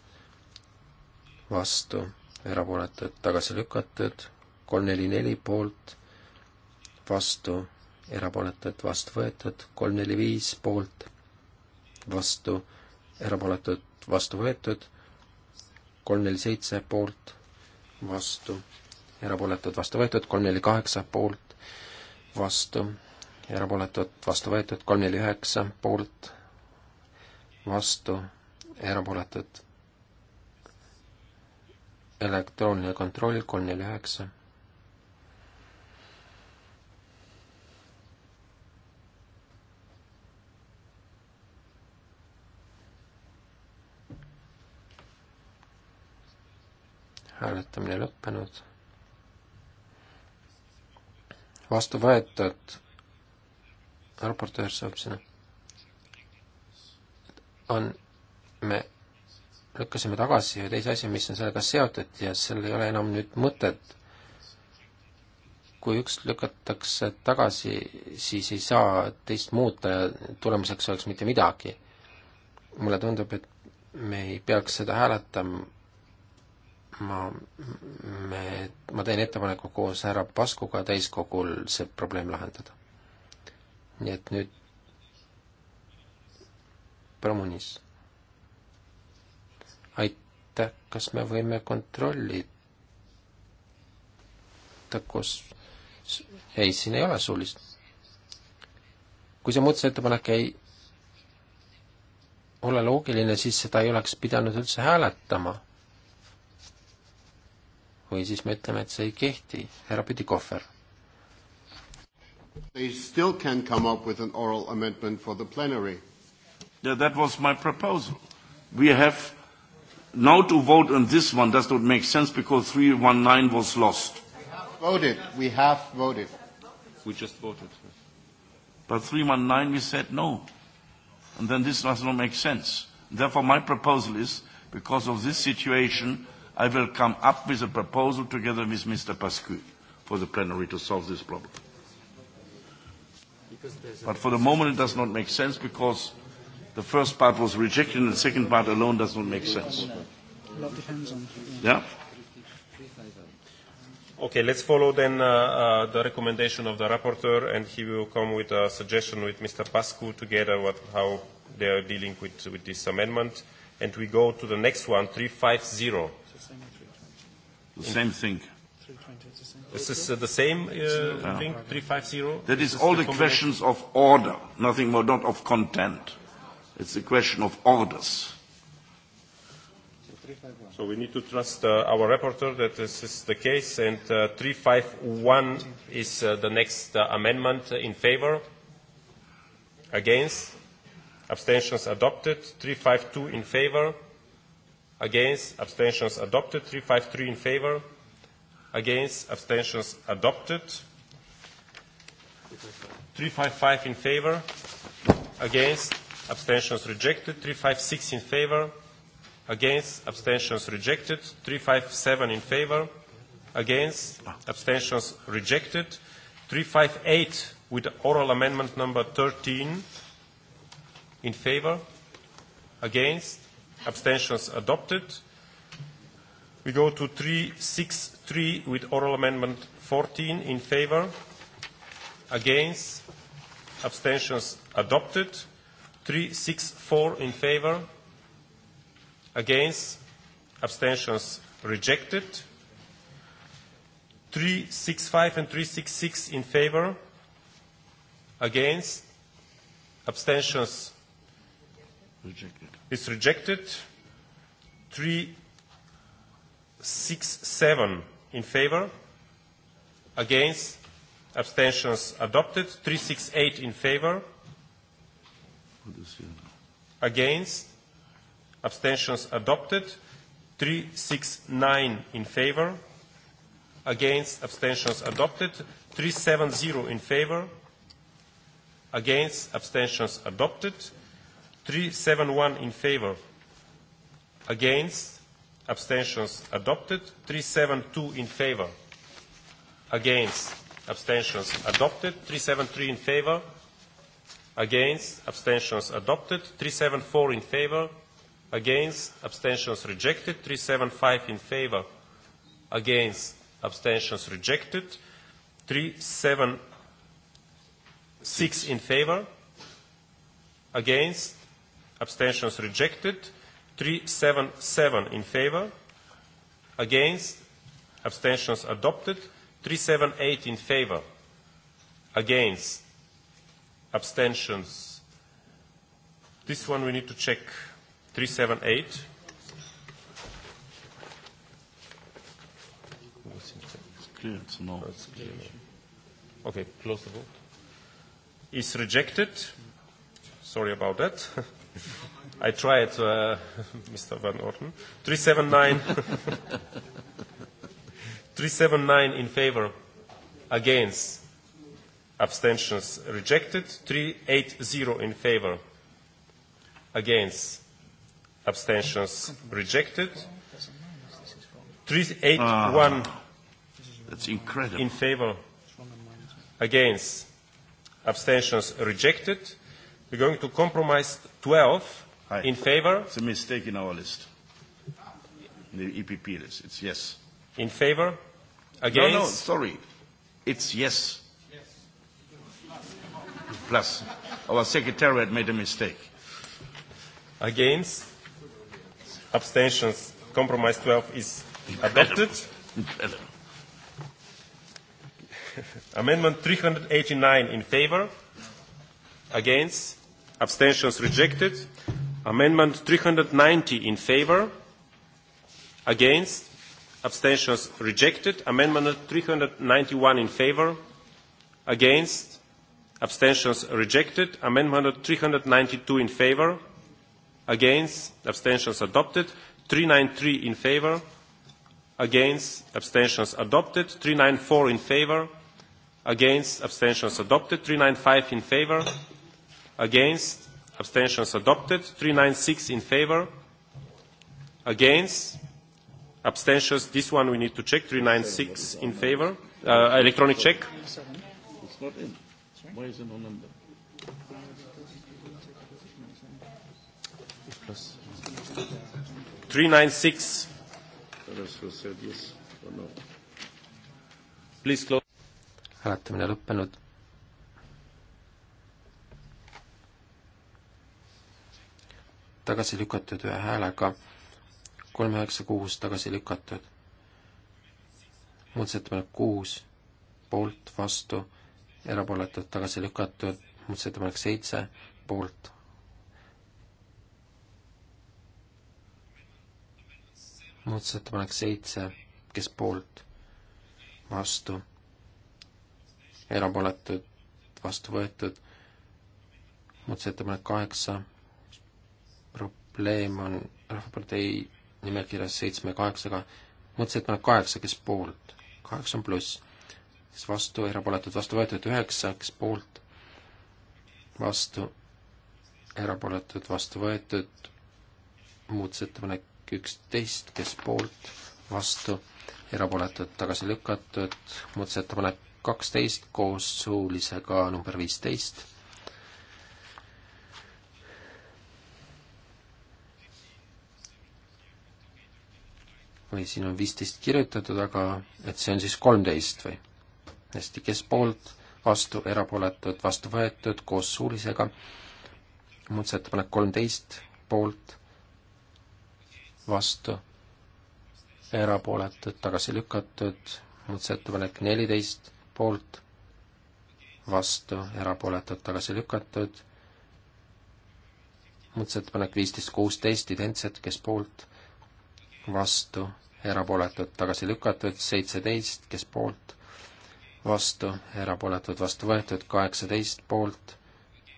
vastu, erapooletud, tagasi lükatud, kolm, neli, neli poolt, vastu, erapooletud, vastu võetud, kolm, neli, viis poolt, vastu, erapooletud, vastu võetud, kolm, neli, seitse poolt, vastu, erapooletud, vastu võetud, kolm, neli, kaheksa poolt, vastu, erapooletud, vastu võetud, kolm, neli, üheksa poolt, vastu, erapooletud. elektrooniline kontroll kolm neli üheksa. hääletamine lõppenud. vastu võetud, raportöör saab sõna on, me lükkasime tagasi ühe teise asja, mis on sellega seotud ja seal ei ole enam nüüd mõtet. kui üks lükatakse tagasi, siis ei saa teist muuta ja tulemuseks oleks mitte midagi. mulle tundub, et me ei peaks seda hääletama, ma, me, ma teen ettepaneku koos härra Paskuga täiskogul see probleem lahendada. nii et nüüd Pramunis. aitäh, kas me võime kontrollida koos, ei, siin ei ole suulist. kui see muudatusettepanek ei ole loogiline, siis seda ei oleks pidanud üldse hääletama. või siis me ütleme, et see ei kehti, härra Püdikohver. They still can come up with an oral amendment for the plenary Yeah, that was my proposal. We have now to vote on this one does not make sense because 319 was lost. Voted. We have voted. We just voted. But 319 we said no. And then this does not make sense. Therefore my proposal is, because of this situation, I will come up with a proposal together with Mr. Pascu for the plenary to solve this problem. But for the moment it does not make sense because The first part was rejected, and the second part alone does not make sense. A lot depends on. Yeah. Okay, let's follow then uh, uh, the recommendation of the rapporteur, and he will come with a suggestion with Mr. Pascu together what, how they are dealing with, with this amendment. And we go to the next one, 350. The same thing. This is uh, the same uh, yeah. thing, 350? That is, is all the questions of order, nothing more, not of content. It's a question of orders. So we need to trust uh, our rapporteur that this is the case, and uh, 351 is uh, the next uh, amendment in favor, against, abstentions adopted, 352 in favor, against, abstentions adopted, 353 in favor, against, abstentions adopted, 355 in favor, against, abstentions rejected. 356 in favor, against, abstentions rejected. 357 in favor, against, abstentions rejected. 358 with oral amendment number 13 in favor, against, abstentions adopted. We go to 363 with oral amendment 14 in favor, against, abstentions adopted. 364 in favor, against, abstentions rejected. 365 and 366 in favor, against, abstentions rejected. It's rejected. 367 in favor, against, abstentions adopted. 368 in favor, against, Against? Abstentions adopted. 369 in favor. Against? Abstentions adopted. 370 in favor. Against? Abstentions adopted. 371 in favor. Against? Abstentions adopted. 372 in favor. Against? Abstentions adopted. 373 in favor against, abstentions adopted, 374 in favor, against, abstentions rejected, 375 in favor, against, abstentions rejected, 376 in favor, against, abstentions rejected, 377 in favor, against, abstentions adopted, 378 in favor, against, Abstentions. This one we need to check. 378. It's clear. It's no. It's clear. Okay, close the vote. Is rejected. Sorry about that. I tried, uh, Mr. Van Orten. 379. 379 in favor. Against abstentions rejected. 380 in favor, against, abstentions rejected. 381 ah, that's incredible. in favor, against, abstentions rejected. We're going to compromise 12 Hi. in favor. It's a mistake in our list, in the EPP list. It's yes. In favor, against. No, no, sorry. It's yes plus. Our secretariat made a mistake. Against? Abstentions? Compromise 12 is adopted. Amendment 389 in favor. Against? Abstentions rejected. Amendment 390 in favor. Against? Abstentions rejected. Amendment 391 in favor. Against? abstentions rejected. Amendment 392 in favor, against, abstentions adopted. 393 in favor, against, abstentions adopted. 394 in favor, against, abstentions adopted. 395 in favor, against, abstentions adopted. 396 in favor, against, abstentions. This one we need to check. 396 in favor. Uh, electronic check. It's not in. Sorry? Where is the no number? Plus. 396. Yes no. Please close. hääletamine lõppenud. tagasi lükatud ühe häälega, kolm üheksa kuus tagasi lükatud. muudatusettepanek kuus, poolt, vastu erapooletud, tagasi lükatud, muudatusettepanek seitse, poolt. muudatusettepanek seitse, kes poolt, vastu, erapooletud, vastu võetud, muudatusettepanek kaheksa, probleem on Rahvapartei nimekirjas seitsme ja kaheksaga, muudatusettepanek kaheksa, kes poolt, kaheksa on pluss siis vastu, erapooletud, vastu võetud üheksaks poolt, vastu, erapooletud, vastu võetud, muudatusettepanek üksteist, kes poolt, vastu, erapooletud, tagasi lükatud, muudatusettepanek kaksteist koos suulisega number viisteist või siin on viisteist kirjutatud, aga et see on siis kolmteist või? hästi, kes poolt, vastu, erapooletud, vastu võetud, koos suulisega, muudatusettepanek kolmteist, poolt, vastu, erapooletud, tagasi lükatud, muudatusettepanek neliteist, poolt, vastu, erapooletud, tagasi lükatud, muudatusettepanek viisteist, kuusteist, identsed, kes poolt, vastu, erapooletud, tagasi lükatud, seitseteist, kes poolt, vastu, erapooletud, vastu võetud, kaheksateist poolt,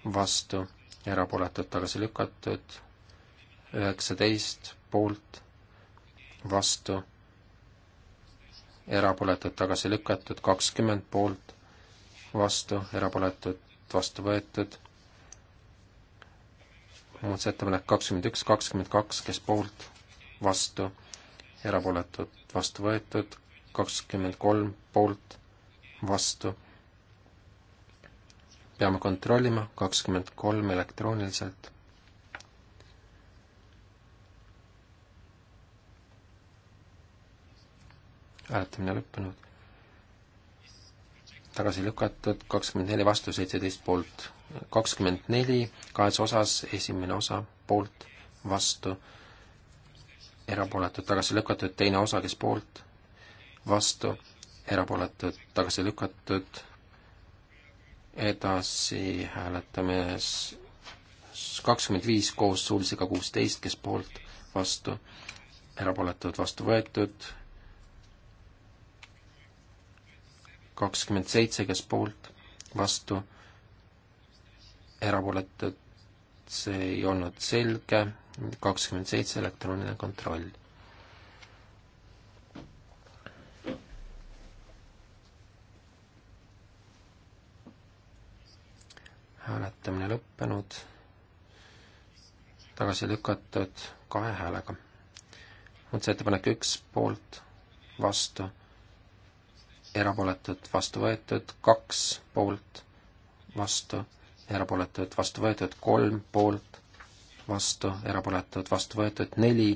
vastu, erapooletud, tagasi lükatud, üheksateist poolt, vastu, erapooletud, tagasi lükatud, kakskümmend poolt, vastu, erapooletud, vastu võetud, muudatusettepanek kakskümmend üks, kakskümmend kaks, kes poolt, vastu, erapooletud, vastu võetud, kakskümmend kolm poolt vastu. peame kontrollima, kakskümmend kolm elektrooniliselt. hääletamine lõppenud. tagasi lükatud, kakskümmend neli vastu, seitseteist poolt. kakskümmend neli kahes osas, esimene osa poolt, vastu, erapooletud, tagasi lükatud, teine osa, kes poolt, vastu erapooletud, tagasi lükatud. edasi hääletame kakskümmend viis koos suulisega kuusteist, kes poolt, vastu, erapooletud, vastu võetud. kakskümmend seitse, kes poolt, vastu, erapooletud, see ei olnud selge, kakskümmend seitse, elektrooniline kontroll hääletamine lõppenud, tagasi lükatud kahe häälega. muudatusettepanek üks poolt, vastu, erapooletud, vastu võetud, kaks poolt, vastu, erapooletud, vastu võetud, kolm poolt, vastu, erapooletud, vastu võetud, neli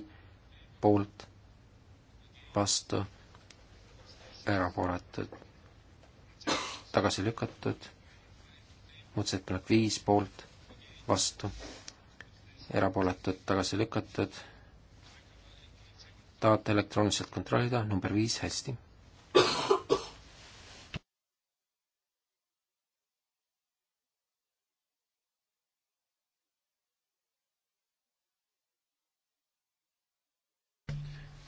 poolt, vastu, erapooletud, tagasi lükatud muudatusettepanek viis poolt, vastu, erapooletud, tagasi lükatud. tahate elektrooniliselt kontrollida, number viis, hästi.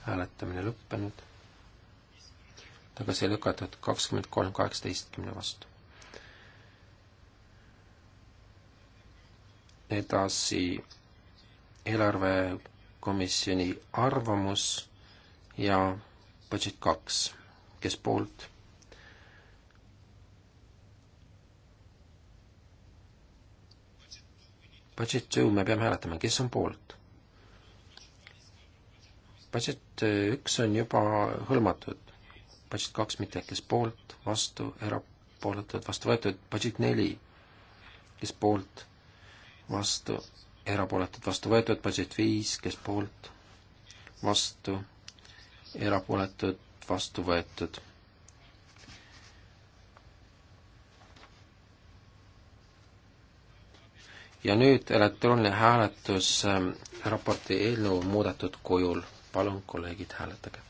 hääletamine lõppenud, tagasi lükatud kakskümmend kolm kaheksateistkümne vastu. edasi eelarvekomisjoni arvamus ja budget kaks, kes poolt budget two me peame hääletama, kes on poolt? budget äh, üks on juba hõlmatud, budget kaks mitte, kes poolt, vastu, erapooletud, vastu võetud, budget neli, kes poolt, vastu, erapooletud, vastu võetud, budget viis, kes poolt, vastu, erapooletud, vastu võetud. ja nüüd elektrooniline hääletus ähm, raporti eelnõu muudetud kujul. palun, kolleegid, hääletage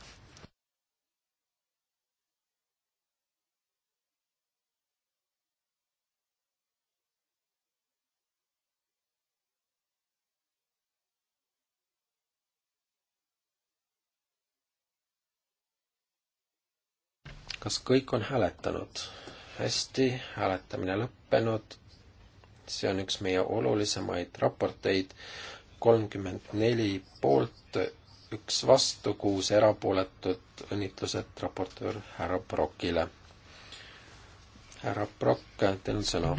kas kõik on hääletanud? hästi, hääletamine lõppenud. see on üks meie olulisemaid raporteid. kolmkümmend neli poolt, üks vastu, kuus erapooletut. õnnitlused raportöör härra Brokile. härra Brokk, teil on sõna.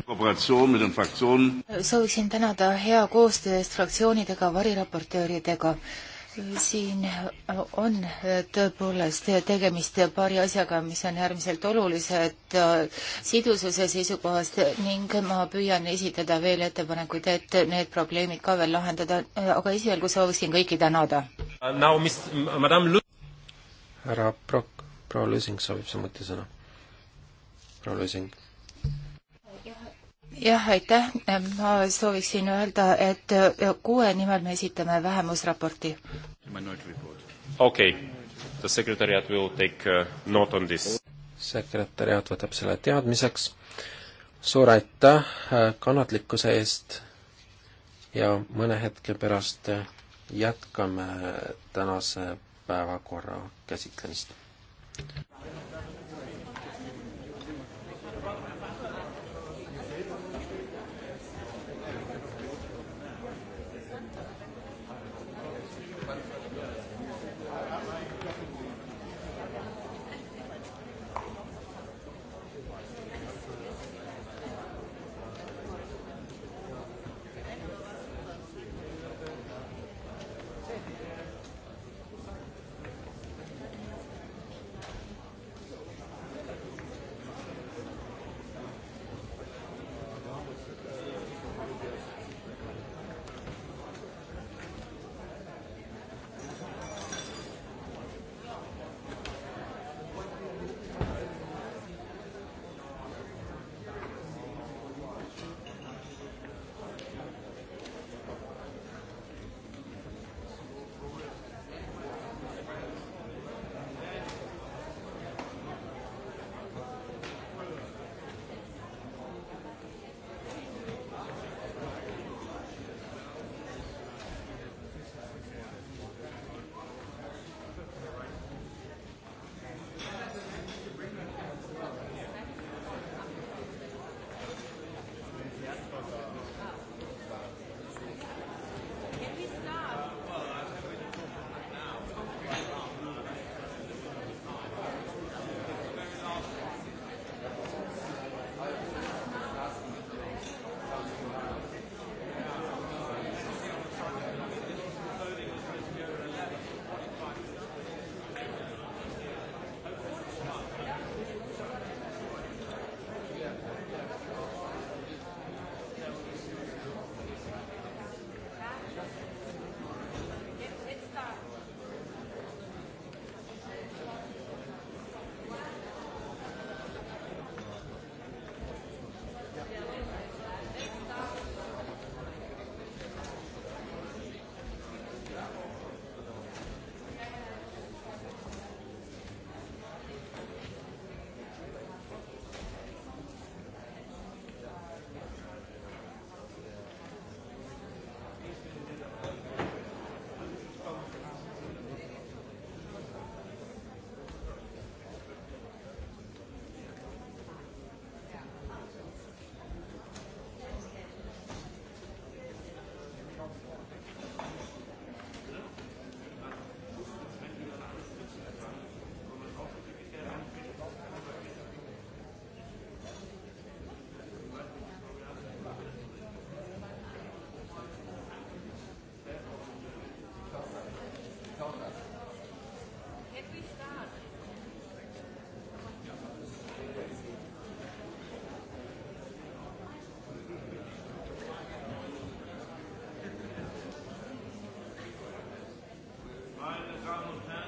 sooviksin tänada hea koostöö eest fraktsioonidega, variraportööridega siin on tõepoolest tegemist paari asjaga, mis on äärmiselt olulised äh, sidususe seisukohast ning ma püüan esitada veel ettepanekuid, et need probleemid ka veel lahendada, äh, aga esialgu sooviksin kõiki tänada. Uh, härra Prok-, proua Lüsing soovib samuti sõna. proua Lüsing jah, aitäh, ma sooviksin öelda, et kuue nimel me esitame vähemusraporti. okei okay., the secretariat will take uh, note on this. sekretäriaat võtab selle teadmiseks. suur aitäh uh, kannatlikkuse eest ja mõne hetke pärast uh, jätkame tänase päevakorra käsitlemist.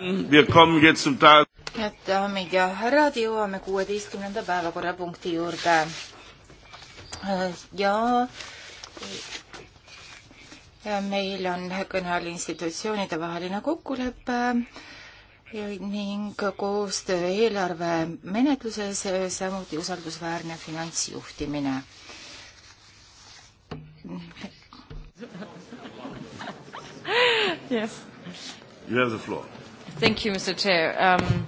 head daamid ja härrad, jõuame kuueteistkümnenda päevakorrapunkti juurde. ja ja meil on kõneal institutsioonide vaheline kokkulepe ning koostöö eelarve menetluses, samuti usaldusväärne finantsjuhtimine. Yes. You have the floor Thank you, Mr Chair um,.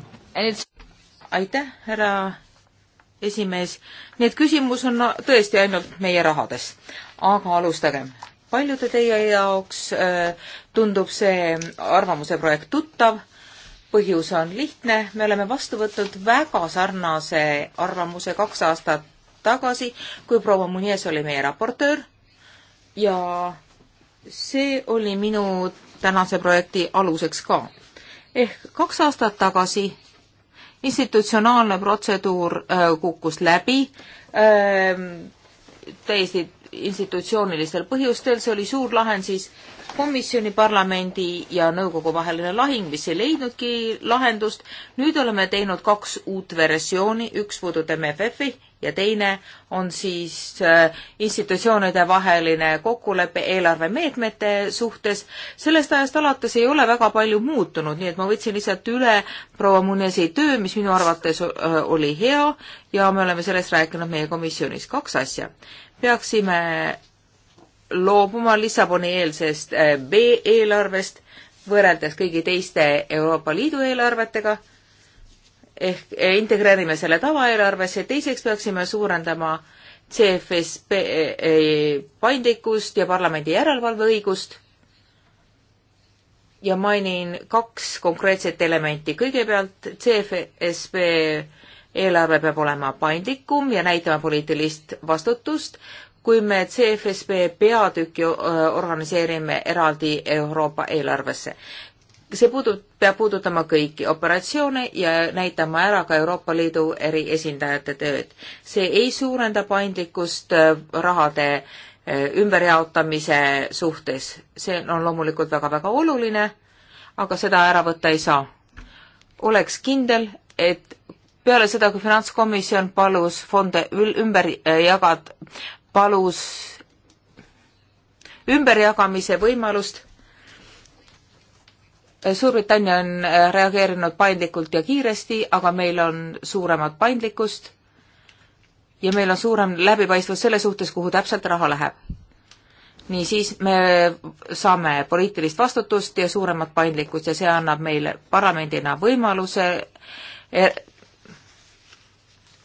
aitäh, härra esimees. nii et küsimus on tõesti ainult meie rahades, aga alustagem. paljude teie jaoks äh, tundub see arvamuse projekt tuttav põhjus on lihtne, me oleme vastu võtnud väga sarnase arvamuse kaks aastat tagasi, kui proua Munies oli meie raportöör ja see oli minu tänase projekti aluseks ka ehk kaks aastat tagasi institutsionaalne protseduur äh, kukkus läbi, ähm, täiesti institutsioonilistel põhjustel, see oli suur lahend siis komisjoni, parlamendi ja nõukogu vaheline lahing, mis ei leidnudki lahendust. nüüd oleme teinud kaks uut versiooni, üks puudutab MFF-i ja teine on siis äh, institutsioonide vaheline kokkulepe eelarvemeetmete suhtes. sellest ajast alates ei ole väga palju muutunud, nii et ma võtsin lihtsalt üle proua Munesi töö, mis minu arvates äh, oli hea ja me oleme sellest rääkinud meie komisjonis. kaks asja peaksime loobuma Lissaboni eelsest eh, B-eelarvest võrreldes kõigi teiste Euroopa Liidu eelarvetega ehk eh, integreerime selle tavaeelarvesse, teiseks peaksime suurendama CFSP eh, paindlikkust ja parlamendi järelevalveõigust ja mainin kaks konkreetset elementi. kõigepealt CFSB eelarve peab olema paindlikum ja näitama poliitilist vastutust, kui me CFSB peatüki organiseerime eraldi Euroopa eelarvesse. see puudub, peab puudutama kõiki operatsioone ja näitama ära ka Euroopa Liidu eri esindajate tööd. see ei suurenda paindlikkust rahade ümberjaotamise suhtes, see on loomulikult väga-väga oluline, aga seda ära võtta ei saa. oleks kindel, et peale seda, kui finantskomisjon palus fonde ümber äh, jagada, palus ümberjagamise võimalust. Äh, Suurbritannia on äh, reageerinud paindlikult ja kiiresti, aga meil on suuremat paindlikkust ja meil on suurem läbipaistvus selle suhtes, kuhu täpselt raha läheb. niisiis me saame poliitilist vastutust ja suuremat paindlikkust ja see annab meile parlamendina võimaluse eh,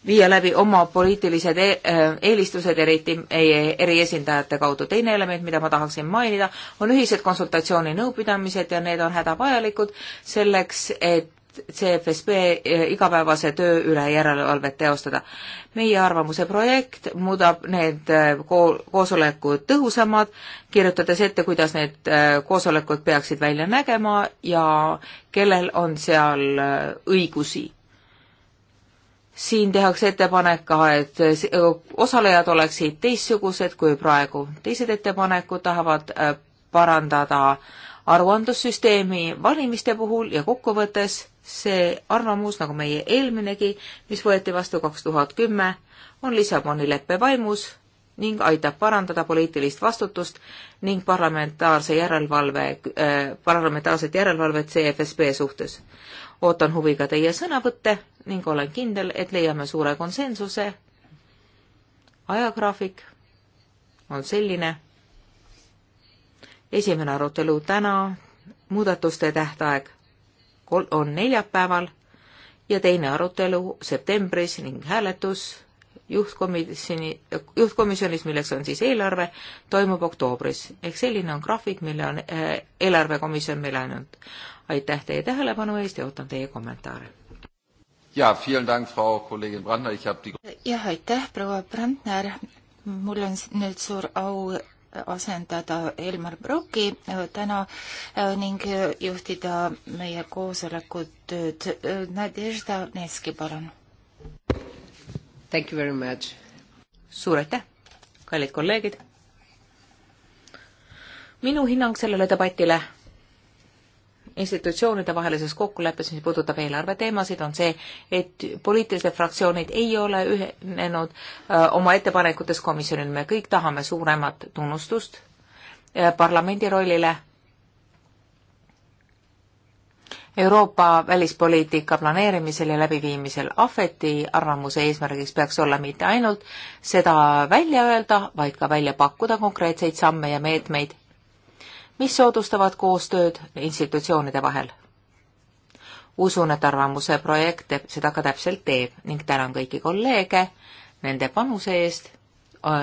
viia läbi oma poliitilised e-, äh, eelistused, eriti meie eriesindajate kaudu. teine element, mida ma tahaksin mainida, on ühised konsultatsiooninõupidamised ja need on hädavajalikud selleks, et CFSB äh, igapäevase töö üle järelevalvet teostada. meie arvamuse projekt muudab need äh, koosolekud tõhusamad, kirjutades ette, kuidas need koosolekud peaksid välja nägema ja kellel on seal õigusi siin tehakse ettepanek ka, et osalejad oleksid teistsugused kui praegu. teised ettepanekud tahavad äh, parandada aruandlussüsteemi valimiste puhul ja kokkuvõttes see arvamus, nagu meie eelminegi, mis võeti vastu kaks tuhat kümme, on Lissaboni leppe vaimus ning aitab parandada poliitilist vastutust ning parlamentaarse järelevalve äh,, parlamentaarset järelevalvet CFSB suhtes. ootan huviga teie sõnavõtte ning olen kindel, et leiame suure konsensuse. ajagraafik on selline. esimene arutelu täna, muudatuste tähtaeg on neljapäeval ja teine arutelu septembris ning hääletus juhtkomisjoni, juhtkomisjonis, milleks on siis eelarve, toimub oktoobris. ehk selline on graafik, mille on eh, eelarvekomisjon meile andnud. aitäh teie tähelepanu eest ja ootan teie kommentaare ja, vielen Dank, Frau Kollegin Brandner, ich habe die jah, aitäh, proua Brandner, mul on nüüd suur au äh, asendada Elmar Broki äh, täna äh, ning juhtida meie koosolekut tööd. Nadežda Neski, palun. Thank you very much. suur aitäh, kallid kolleegid. minu hinnang sellele debatile institutsioonide vahelises kokkuleppes, mis puudutab eelarveteemasid, on see, et poliitilised fraktsioonid ei ole ühinenud äh, oma ettepanekutes komisjonil, me kõik tahame suuremat tunnustust äh, parlamendi rollile. Euroopa välispoliitika planeerimisel ja läbiviimisel ahveti arvamuse eesmärgiks peaks olla mitte ainult seda välja öelda, vaid ka välja pakkuda konkreetseid samme ja meetmeid mis soodustavad koostööd institutsioonide vahel. usun, et arvamuse projekt seda ka täpselt teeb ning tänan kõiki kolleege nende panuse eest,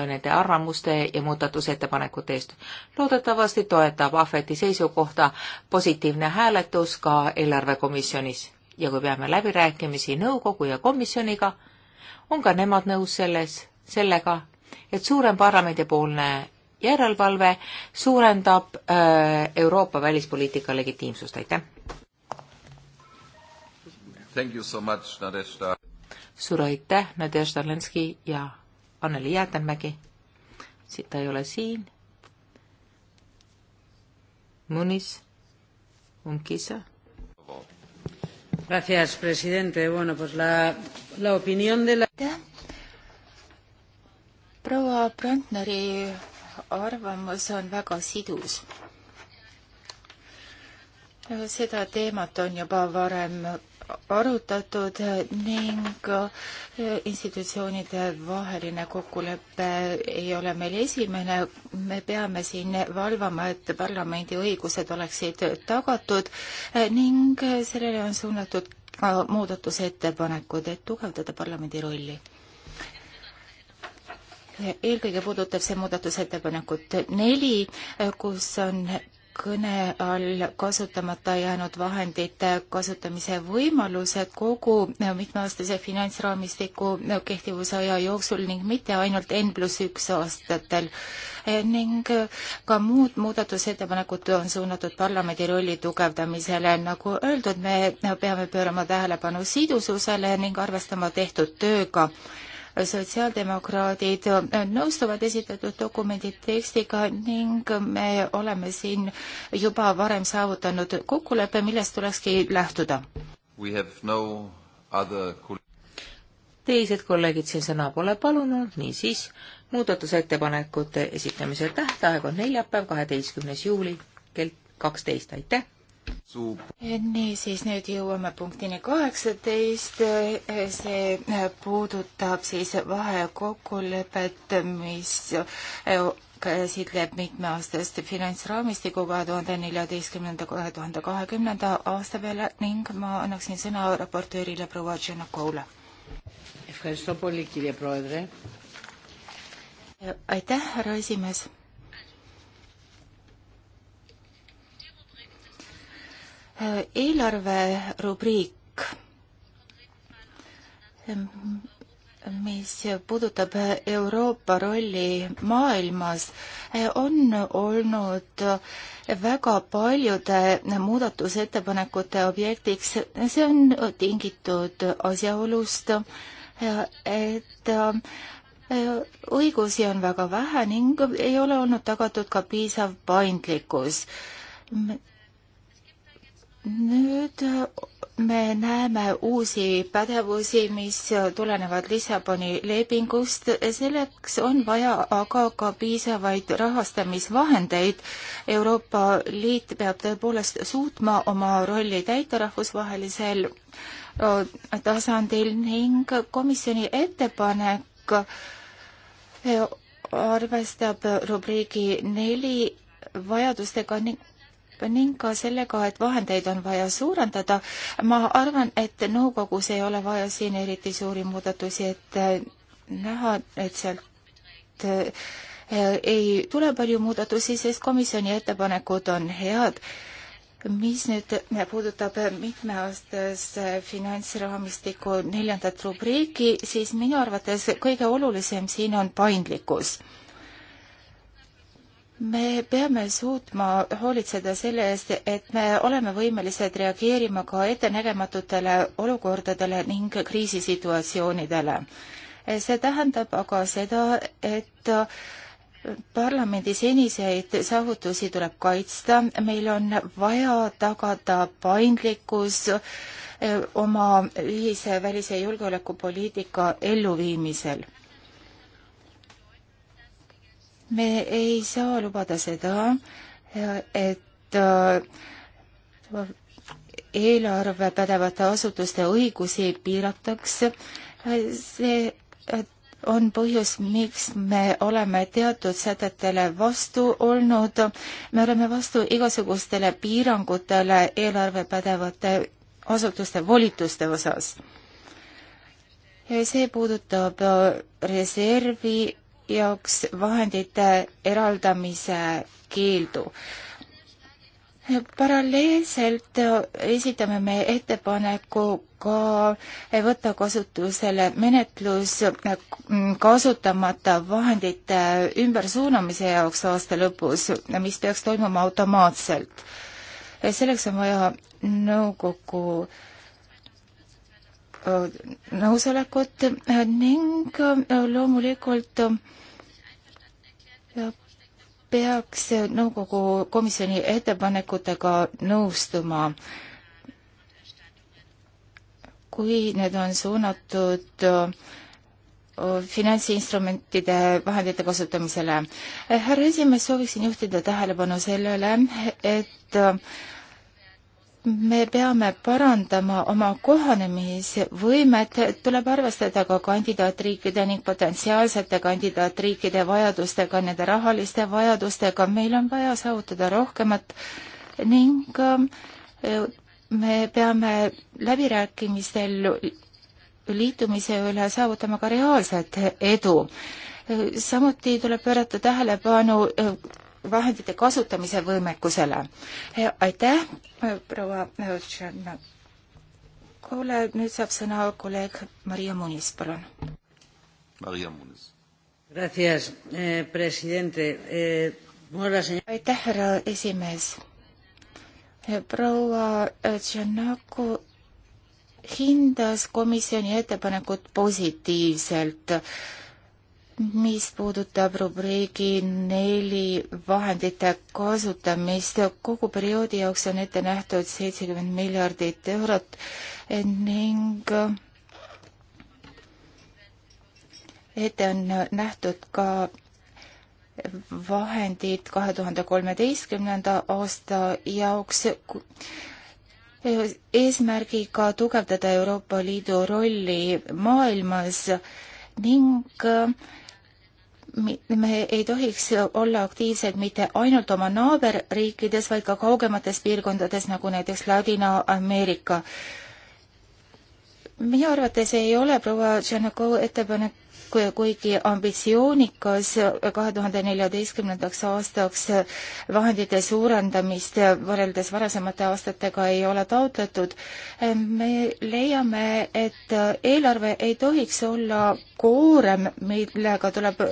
nende arvamuste ja muudatusettepanekute eest. loodetavasti toetab Ahveti seisukohta positiivne hääletus ka eelarvekomisjonis ja kui peame läbirääkimisi nõukogu ja komisjoniga, on ka nemad nõus selles, sellega, et suurem parlamendipoolne järelevalve suurendab äh, Euroopa välispoliitika legitiimsust, aitäh! suur aitäh, Nadežda Lenski ja Anneli Jäätemägi. siit ta ei ole siin. Munis, Unkisa. Gracias, presidente. Bueno, pues la, la opinión de la... proua Brandneri arvamus on väga sidus. seda teemat on juba varem arutatud ning institutsioonide vaheline kokkulepe ei ole meil esimene. me peame siin valvama, et parlamendi õigused oleksid tagatud ning sellele on suunatud ka muudatusettepanekud, et tugevdada parlamendi rolli eelkõige puudutab see muudatusettepanekut neli, kus on kõne all kasutamata jäänud vahendite kasutamise võimalused kogu mitmeaastase finantsraamistiku kehtivusaja jooksul ning mitte ainult N pluss üks aastatel. ning ka muud muudatusettepanekud on suunatud parlamendi rolli tugevdamisele. nagu öeldud, me peame pöörama tähelepanu sidususele ning arvestama tehtud tööga sotsiaaldemokraadid nõustuvad esitatud dokumendi tekstiga ning me oleme siin juba varem saavutanud kokkuleppe, millest tulekski lähtuda. No other... teised kolleegid siin sõna pole palunud, niisiis muudatusettepanekute esitamise tähtaeg on neljapäev, kaheteistkümnes juuli kell kaksteist, aitäh! nii, siis nüüd jõuame punktini kaheksateist. see puudutab siis vahekokkulepet, mis käsitleb mitmeaastast finantsraamistikku kahe tuhande neljateistkümnenda, kahe tuhande kahekümnenda aasta peale ning ma annaksin sõna raportöörile proua Tšernokovule. aitäh, härra esimees eelarverubriik, mis puudutab Euroopa rolli maailmas, on olnud väga paljude muudatusettepanekute objektiks. see on tingitud asjaolust, et õigusi on väga vähe ning ei ole olnud tagatud ka piisav paindlikkus nüüd äh, me näeme uusi pädevusi, mis tulenevad Lissaboni lepingust, selleks on vaja aga ka piisavaid rahastamisvahendeid. Euroopa Liit peab tõepoolest suutma oma rolli täita rahvusvahelisel äh, tasandil ning komisjoni ettepanek äh, arvestab rubriigi neli vajadustega ning ning ka sellega, et vahendeid on vaja suurendada. ma arvan, et nõukogus ei ole vaja siin eriti suuri muudatusi, et äh, näha, et sealt äh, ei tule palju muudatusi, sest komisjoni ettepanekud on head. mis nüüd puudutab mitmeaastase äh, finantsraamistiku neljandat rubriiki, siis minu arvates kõige olulisem siin on paindlikkus me peame suutma hoolitseda selle eest, et me oleme võimelised reageerima ka ettenägematutele olukordadele ning kriisisituatsioonidele. see tähendab aga seda, et parlamendi seniseid saavutusi tuleb kaitsta, meil on vaja tagada paindlikkus eh, oma ühise välis- ja julgeolekupoliitika elluviimisel me ei saa lubada seda, et äh, eelarve pädevate asutuste õigusi piiratakse. see äh, on põhjus, miks me oleme teatud sätetele vastu olnud. me oleme vastu igasugustele piirangutele eelarve pädevate asutuste volituste osas. see puudutab äh, reservi jaoks vahendite eraldamise keeldu. paralleelselt esitame me ettepaneku ka võtta kasutusele menetlus kasutamata vahendite ümbersuunamise jaoks aasta lõpus, mis peaks toimuma automaatselt. selleks on vaja nõukogu no, Äh, nõusolekut ning äh, loomulikult äh, peaks nõukogu komisjoni ettepanekutega nõustuma, kui need on suunatud finantsinstrumentide vahendite kasutamisele. härra esimees, sooviksin juhtida tähelepanu sellele, et me peame parandama oma kohanemisvõimet, tuleb arvestada ka kandidaatriikide ning potentsiaalsete kandidaatriikide vajadustega, nende rahaliste vajadustega, meil on vaja saavutada rohkemat ning äh, me peame läbirääkimistel liitumise üle saavutama ka reaalset edu äh, samuti tuleb pöörata tähelepanu äh, vahendite kasutamise võimekusele. aitäh, proua Tšernak. kuule, nüüd saab sõna kolleeg Maria Munis, palun. Maria Munis. Gracias, eh, presidente. Eh, aitäh, härra esimees. Eh, proua Tšernaku hindas komisjoni ettepanekut positiivselt mis puudutab rubriigi neli vahendite kasutamist, kogu perioodi jaoks on ette nähtud seitsekümmend miljardit eurot ning ette on nähtud ka vahendid kahe tuhande kolmeteistkümnenda aasta jaoks eesmärgiga tugevdada Euroopa Liidu rolli maailmas ning me ei tohiks olla aktiivsed mitte ainult oma naaberriikides, vaid ka kaugemates piirkondades, nagu näiteks Ladina-Ameerika. minu arvates ei ole proua Tšernoko ettepanek kuigi ambitsioonikas kahe tuhande neljateistkümnendaks aastaks vahendite suurendamist võrreldes varasemate aastatega ei ole taotletud. me leiame, et eelarve ei tohiks olla koorem, millega tuleb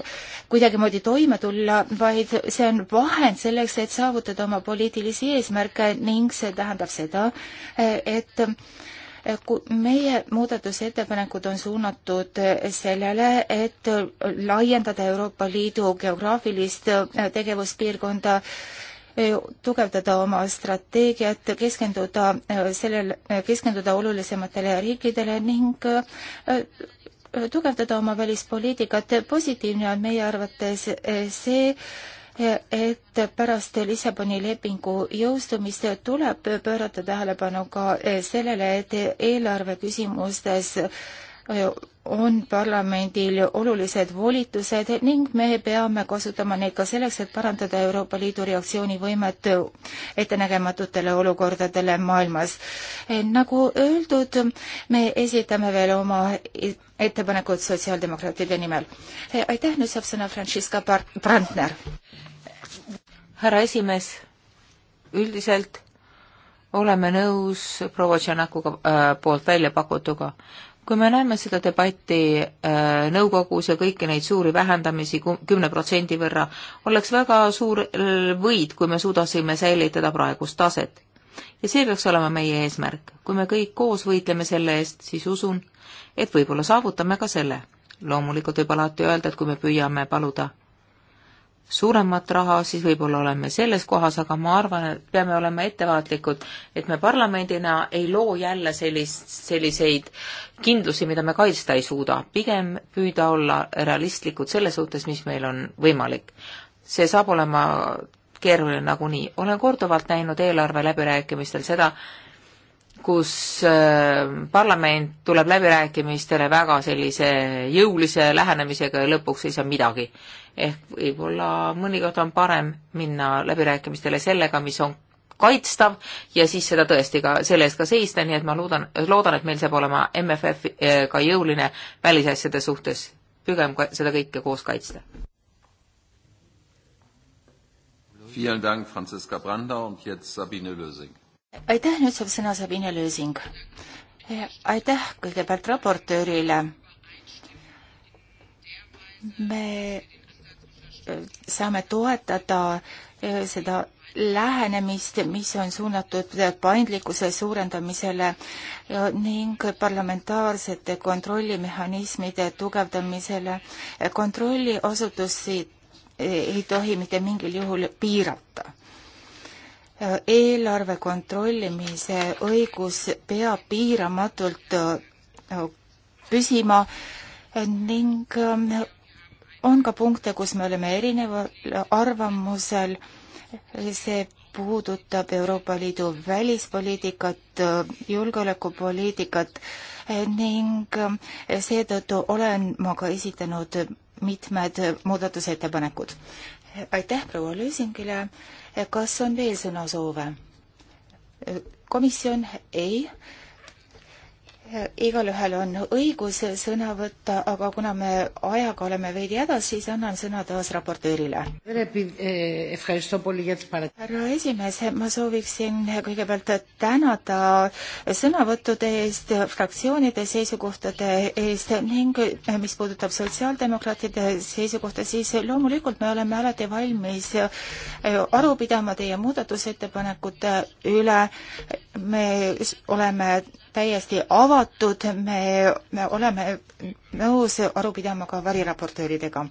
kuidagimoodi toime tulla, vaid see on vahend selleks, et saavutada oma poliitilisi eesmärke ning see tähendab seda, et Eh, meie muudatusettepanekud on suunatud eh, sellele, et laiendada Euroopa Liidu geograafilist eh, tegevuspiirkonda tugevdada oma strateegiat, keskenduda sellel, keskenduda olulisematele riikidele ning tugevdada oma välispoliitikat. positiivne on meie arvates see, et pärast Lissaboni lepingu jõustumist tuleb pöörata tähelepanu ka sellele, et eelarve küsimustes on parlamendil olulised volitused ning me peame kasutama neid ka selleks, et parandada Euroopa Liidu reaktsioonivõimet ettenägematutele olukordadele maailmas. nagu öeldud, me esitame veel oma ettepanekud sotsiaaldemokraatide nimel. aitäh, nüüd saab sõna Franziska Brandner. härra esimees, üldiselt oleme nõus proua Tšanakuga äh, poolt välja pakutuga kui me näeme seda debatti äh, nõukogus ja kõiki neid suuri vähendamisi kümne protsendi võrra, oleks väga suur võit, kui me suudaksime säilitada praegust taset. ja see peaks olema meie eesmärk. kui me kõik koos võitleme selle eest, siis usun, et võib-olla saavutame ka selle. loomulikult võib alati öelda, et kui me püüame paluda suuremat raha, siis võib-olla oleme selles kohas, aga ma arvan, et peame olema ettevaatlikud, et me parlamendina ei loo jälle sellist, selliseid kindlusi, mida me kaitsta ei suuda, pigem püüda olla realistlikud selles suhtes, mis meil on võimalik. see saab olema keeruline nagunii. olen korduvalt näinud eelarve läbirääkimistel seda, kus äh, parlament tuleb läbirääkimistele väga sellise jõulise lähenemisega ja lõpuks ei saa midagi. ehk võib-olla mõnikord on parem minna läbirääkimistele sellega, mis on kaitstav ja siis seda tõesti ka, selle eest ka seista, nii et ma loodan, loodan, et meil saab olema MFF äh, ka jõuline välisasjade suhtes, pigem seda kõike koos kaitsta. Vielen Dank, Franziska Brandau und jetzt Sabine Lösing aitäh, nüüd saab sõna Sabine Lösing. Eh, aitäh kõigepealt raportöörile. me eh, saame toetada eh, seda lähenemist, mis on suunatud paindlikkuse suurendamisele ning parlamentaarsete kontrollimehhanismide tugevdamisele. kontrolliasutusi ei tohi mitte mingil juhul piirata eelarve kontrollimise õigus peab piiramatult äh, püsima ning äh, on ka punkte, kus me oleme erineval arvamusel. see puudutab Euroopa Liidu välispoliitikat, julgeolekupoliitikat ning äh, seetõttu olen ma ka esitanud mitmed muudatusettepanekud. aitäh proua Lüüsingile kas on veel sõnasoove? komisjon ei igalühel on õigus sõna võtta, aga kuna me ajaga oleme veidi hädas, siis annan sõna taas raportöörile. härra esimees, ma sooviksin kõigepealt tänada sõnavõttude eest, fraktsioonide seisukohtade eest ning mis puudutab sotsiaaldemokraatide seisukohta, siis loomulikult me oleme alati valmis aru pidama teie muudatusettepanekute üle. me oleme täiesti avatud, me, me oleme nõus aru pidama ka variraportööridega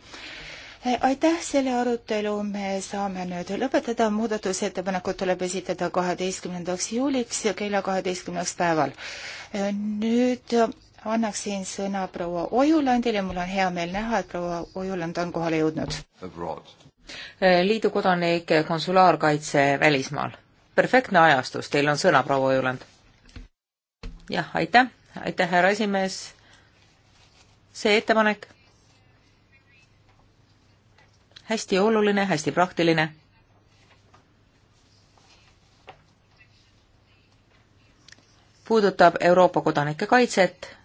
aitäh selle arutelu, me saame nüüd lõpetada, muudatusettepanekud tuleb esitada kaheteistkümnendaks juuliks kella kaheteistkümneks päeval. nüüd annaksin sõna proua Ojulandile, mul on hea meel näha, et proua Ojuland on kohale jõudnud. liidu kodanik konsulaarkaitse välismaal. perfektne ajastus, teil on sõna, proua Ojuland jah, aitäh, aitäh, härra esimees. see ettepanek, hästi oluline, hästi praktiline. puudutab Euroopa kodanike kaitset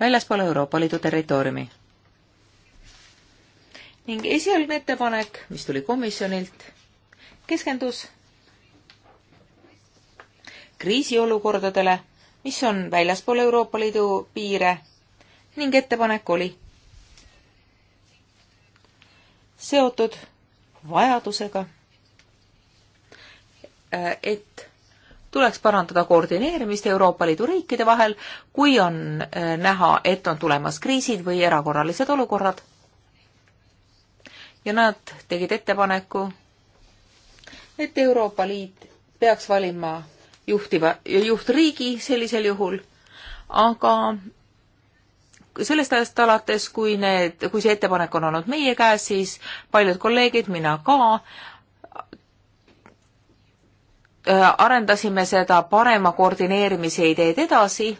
väljaspool Euroopa Liidu territooriumi. ning esialgne ettepanek, mis tuli komisjonilt, keskendus kriisiolukordadele, mis on väljaspool Euroopa Liidu piire ning ettepanek oli seotud vajadusega, äh, et tuleks parandada koordineerimist Euroopa Liidu riikide vahel, kui on äh, näha, et on tulemas kriisid või erakorralised olukorrad. ja nad tegid ettepaneku, et Euroopa Liit peaks valima juhtiva, juhtriigi sellisel juhul, aga sellest ajast alates, kui need, kui see ettepanek on olnud meie käes, siis paljud kolleegid, mina ka, äh, arendasime seda parema koordineerimise ideed edasi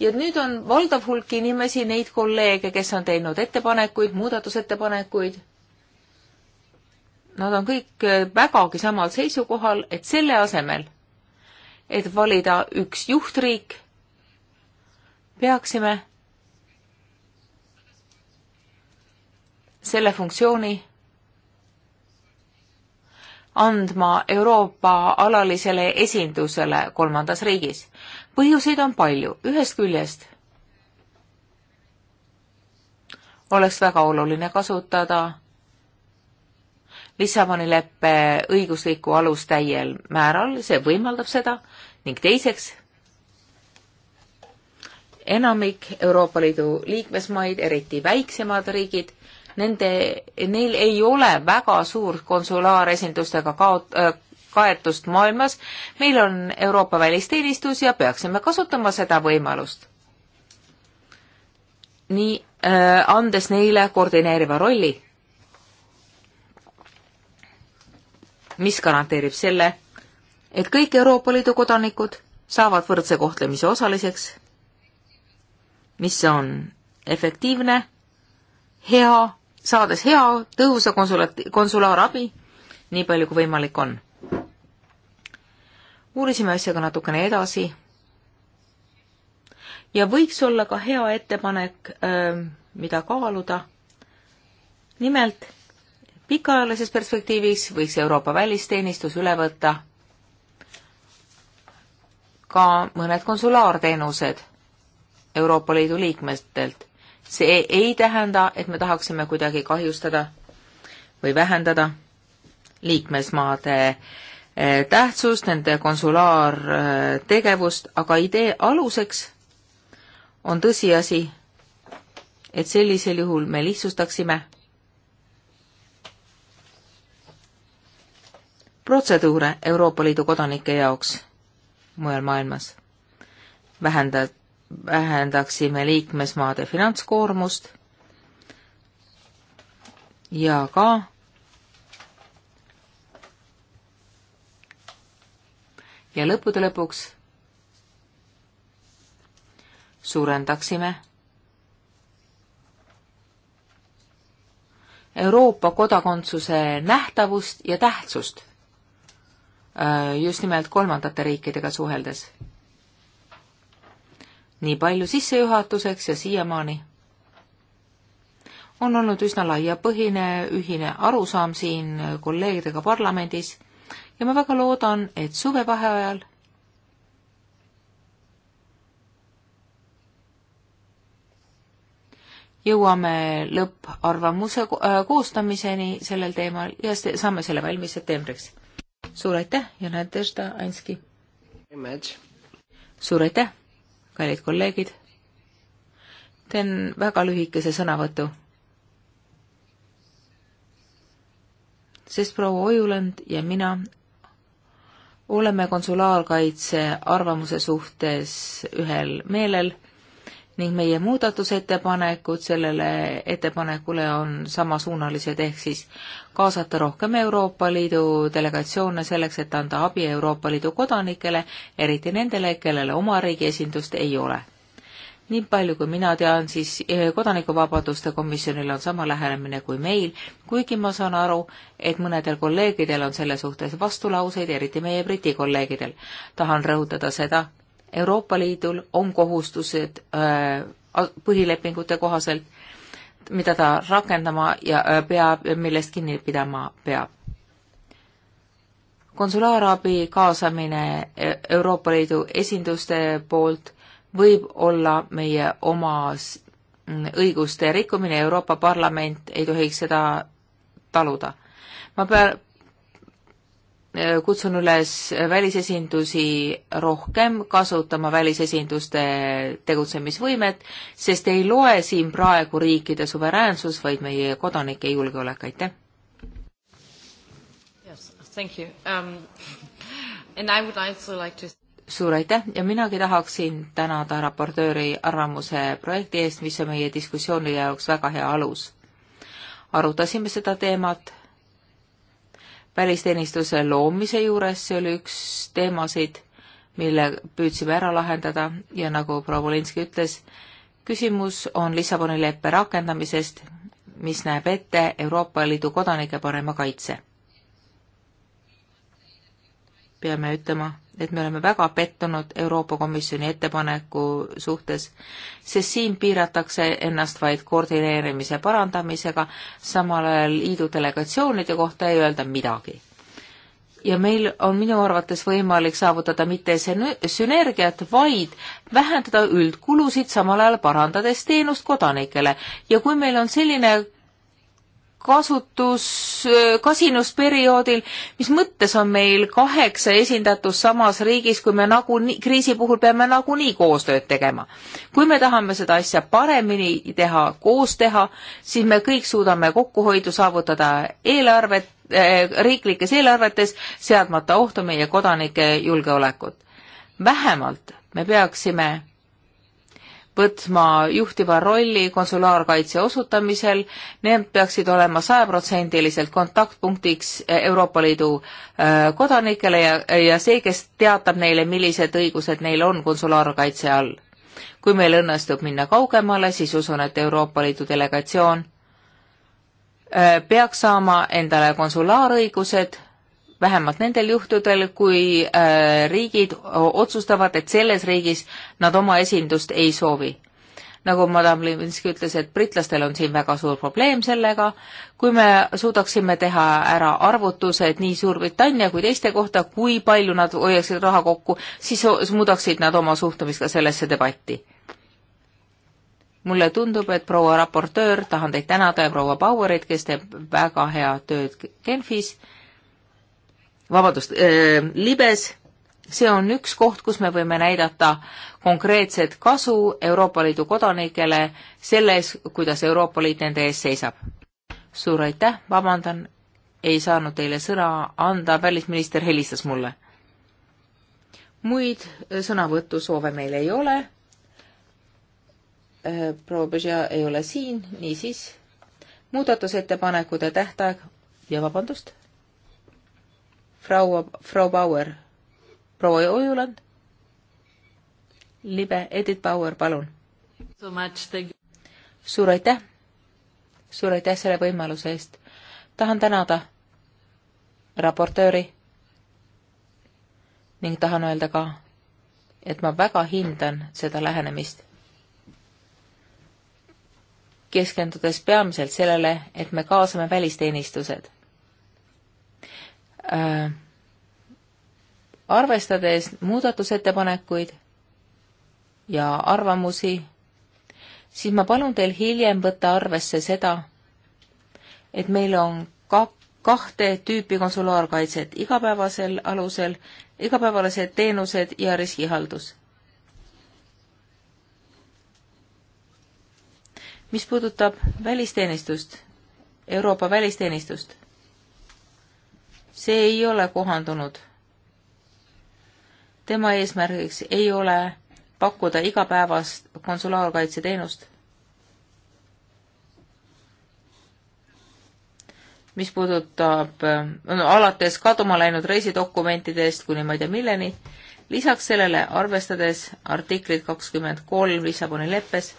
ja nüüd on valdav hulk inimesi, neid kolleege, kes on teinud ettepanekuid, muudatusettepanekuid. Nad on kõik äh, vägagi samal seisukohal, et selle asemel et valida üks juhtriik, peaksime selle funktsiooni andma Euroopa alalisele esindusele kolmandas riigis. põhjuseid on palju, ühest küljest oleks väga oluline kasutada Lissaboni leppe õiguslikku alust täiel määral, see võimaldab seda, ning teiseks, enamik Euroopa Liidu liikmesmaid, eriti väiksemad riigid, nende, neil ei ole väga suurt konsulaaresindustega kaot- äh,, kaetust maailmas, meil on Euroopa välisteenistus ja peaksime kasutama seda võimalust. nii äh,, andes neile koordineeriva rolli, mis garanteerib selle, et kõik Euroopa Liidu kodanikud saavad võrdse kohtlemise osaliseks, mis on efektiivne, hea, saades hea tõhusa konsulat-, konsulaarabi, nii palju kui võimalik on. uurisime asjaga natukene edasi ja võiks olla ka hea ettepanek, ähm, mida kaaluda, nimelt pikaajalises perspektiivis võiks Euroopa välisteenistus üle võtta ka mõned konsulaarteenused Euroopa Liidu liikmetelt. see ei tähenda, et me tahaksime kuidagi kahjustada või vähendada liikmesmaade eh, tähtsust, nende konsulaartegevust, aga idee aluseks on tõsiasi, et sellisel juhul me lihtsustaksime protseduure Euroopa Liidu kodanike jaoks mujal maailmas. vähenda-, vähendaksime liikmesmaade finantskoormust ja ka ja lõppude lõpuks suurendaksime Euroopa kodakondsuse nähtavust ja tähtsust Äh, just nimelt kolmandate riikidega suheldes. nii palju sissejuhatuseks ja siiamaani on olnud üsna laiapõhine ühine arusaam siin kolleegidega parlamendis ja ma väga loodan, et suvevaheajal jõuame lõpparvamuse äh, koostamiseni sellel teemal ja saame selle valmis septembriks suur aitäh ja Nadežda Anski! suur aitäh, kallid kolleegid! teen väga lühikese sõnavõtu. sest proua Ojuland ja mina oleme konsulaarkaitse arvamuse suhtes ühel meelel ning meie muudatusettepanekud sellele ettepanekule on samasuunalised, ehk siis kaasata rohkem Euroopa Liidu delegatsioone selleks, et anda abi Euroopa Liidu kodanikele, eriti nendele, kellele oma riigi esindust ei ole. nii palju, kui mina tean, siis eh, Kodanikuvabaduste komisjonil on sama lähenemine kui meil, kuigi ma saan aru, et mõnedel kolleegidel on selle suhtes vastulauseid, eriti meie Briti kolleegidel. tahan rõhutada seda, Euroopa Liidul on kohustused äh, põhilepingute kohaselt, mida ta rakendama ja äh, peab ja millest kinni pidama peab. konsulaarabi kaasamine e, Euroopa Liidu esinduste poolt võib olla meie oma mm, õiguste rikkumine, Euroopa Parlament ei tohiks seda taluda. ma pea, kutsun üles välisesindusi rohkem kasutama välisesinduste tegutsemisvõimet, sest ei loe siin praegu riikide suveräänsus, vaid meie kodanike julgeolek, aitäh! Um, suur aitäh ja minagi tahaksin tänada raportööri arvamuse projekti eest, mis on meie diskussioonide jaoks väga hea alus. arutasime seda teemat välisteenistuse loomise juures, see oli üks teemasid, mille püüdsime ära lahendada ja nagu proua Volinski ütles, küsimus on Lissaboni leppe rakendamisest, mis näeb ette Euroopa Liidu kodanike parema kaitse. peame ütlema et me oleme väga pettunud Euroopa Komisjoni ettepaneku suhtes, sest siin piiratakse ennast vaid koordineerimise parandamisega, samal ajal liidu delegatsioonide kohta ei öelda midagi. ja meil on minu arvates võimalik saavutada mitte sünergiat, vaid vähendada üldkulusid, samal ajal parandades teenust kodanikele ja kui meil on selline kasutus äh, kasinusperioodil, mis mõttes on meil kaheksa esindatus samas riigis, kui me nagunii, kriisi puhul peame nagunii koostööd tegema. kui me tahame seda asja paremini teha, koos teha, siis me kõik suudame kokkuhoidu saavutada eelarvet eh,, riiklikes eelarvetes, seadmata ohtu meie kodanike julgeolekut. vähemalt me peaksime võtma juhtiva rolli konsulaarkaitse osutamisel, need peaksid olema sajaprotsendiliselt kontaktpunktiks Euroopa Liidu äh, kodanikele ja, ja see, kes teatab neile, millised õigused neil on konsulaarkaitse all. kui meil õnnestub minna kaugemale, siis usun, et Euroopa Liidu delegatsioon äh, peaks saama endale konsulaarõigused vähemalt nendel juhtudel, kui äh, riigid otsustavad, et selles riigis nad oma esindust ei soovi. nagu madam Levinski ütles, et britlastel on siin väga suur probleem sellega, kui me suudaksime teha ära arvutused nii Suurbritannia kui teiste kohta, kui palju nad hoiaksid raha kokku, siis muudaksid nad oma suhtumist ka sellesse debatti mulle tundub, et proua raportöör, tahan teid tänada ja proua Bauerit, kes teeb väga head tööd Genfis vabandust, libes, see on üks koht, kus me võime näidata konkreetset kasu Euroopa Liidu kodanikele selles, kuidas Euroopa Liit nende ees seisab. suur aitäh, vabandan, ei saanud teile sõna anda, välisminister helistas mulle. muid sõnavõtusoove meil ei ole. proua Bežia ei ole siin, niisiis muudatusettepanekute tähtaeg ja vabandust Frau, Frau Bauer, proua Ojuland, libe Edith Bauer, palun. suur aitäh, suur aitäh selle võimaluse eest. tahan tänada raportööri ning tahan öelda ka, et ma väga hindan seda lähenemist. keskendudes peamiselt sellele, et me kaasame välisteenistused Äh, arvestades muudatusettepanekuid ja arvamusi, siis ma palun teil hiljem võtta arvesse seda, et meil on ka kahte tüüpi konsulaarkaitset, igapäevasel alusel, igapäevased teenused ja riskihaldus. mis puudutab välisteenistust, Euroopa välisteenistust, see ei ole kohandunud. tema eesmärgiks ei ole pakkuda igapäevast konsulaarkaitseteenust. mis puudutab no, alates kaduma läinud reisidokumentidest kuni ma ei tea milleni, lisaks sellele arvestades artiklit kakskümmend kolm Lissaboni leppes,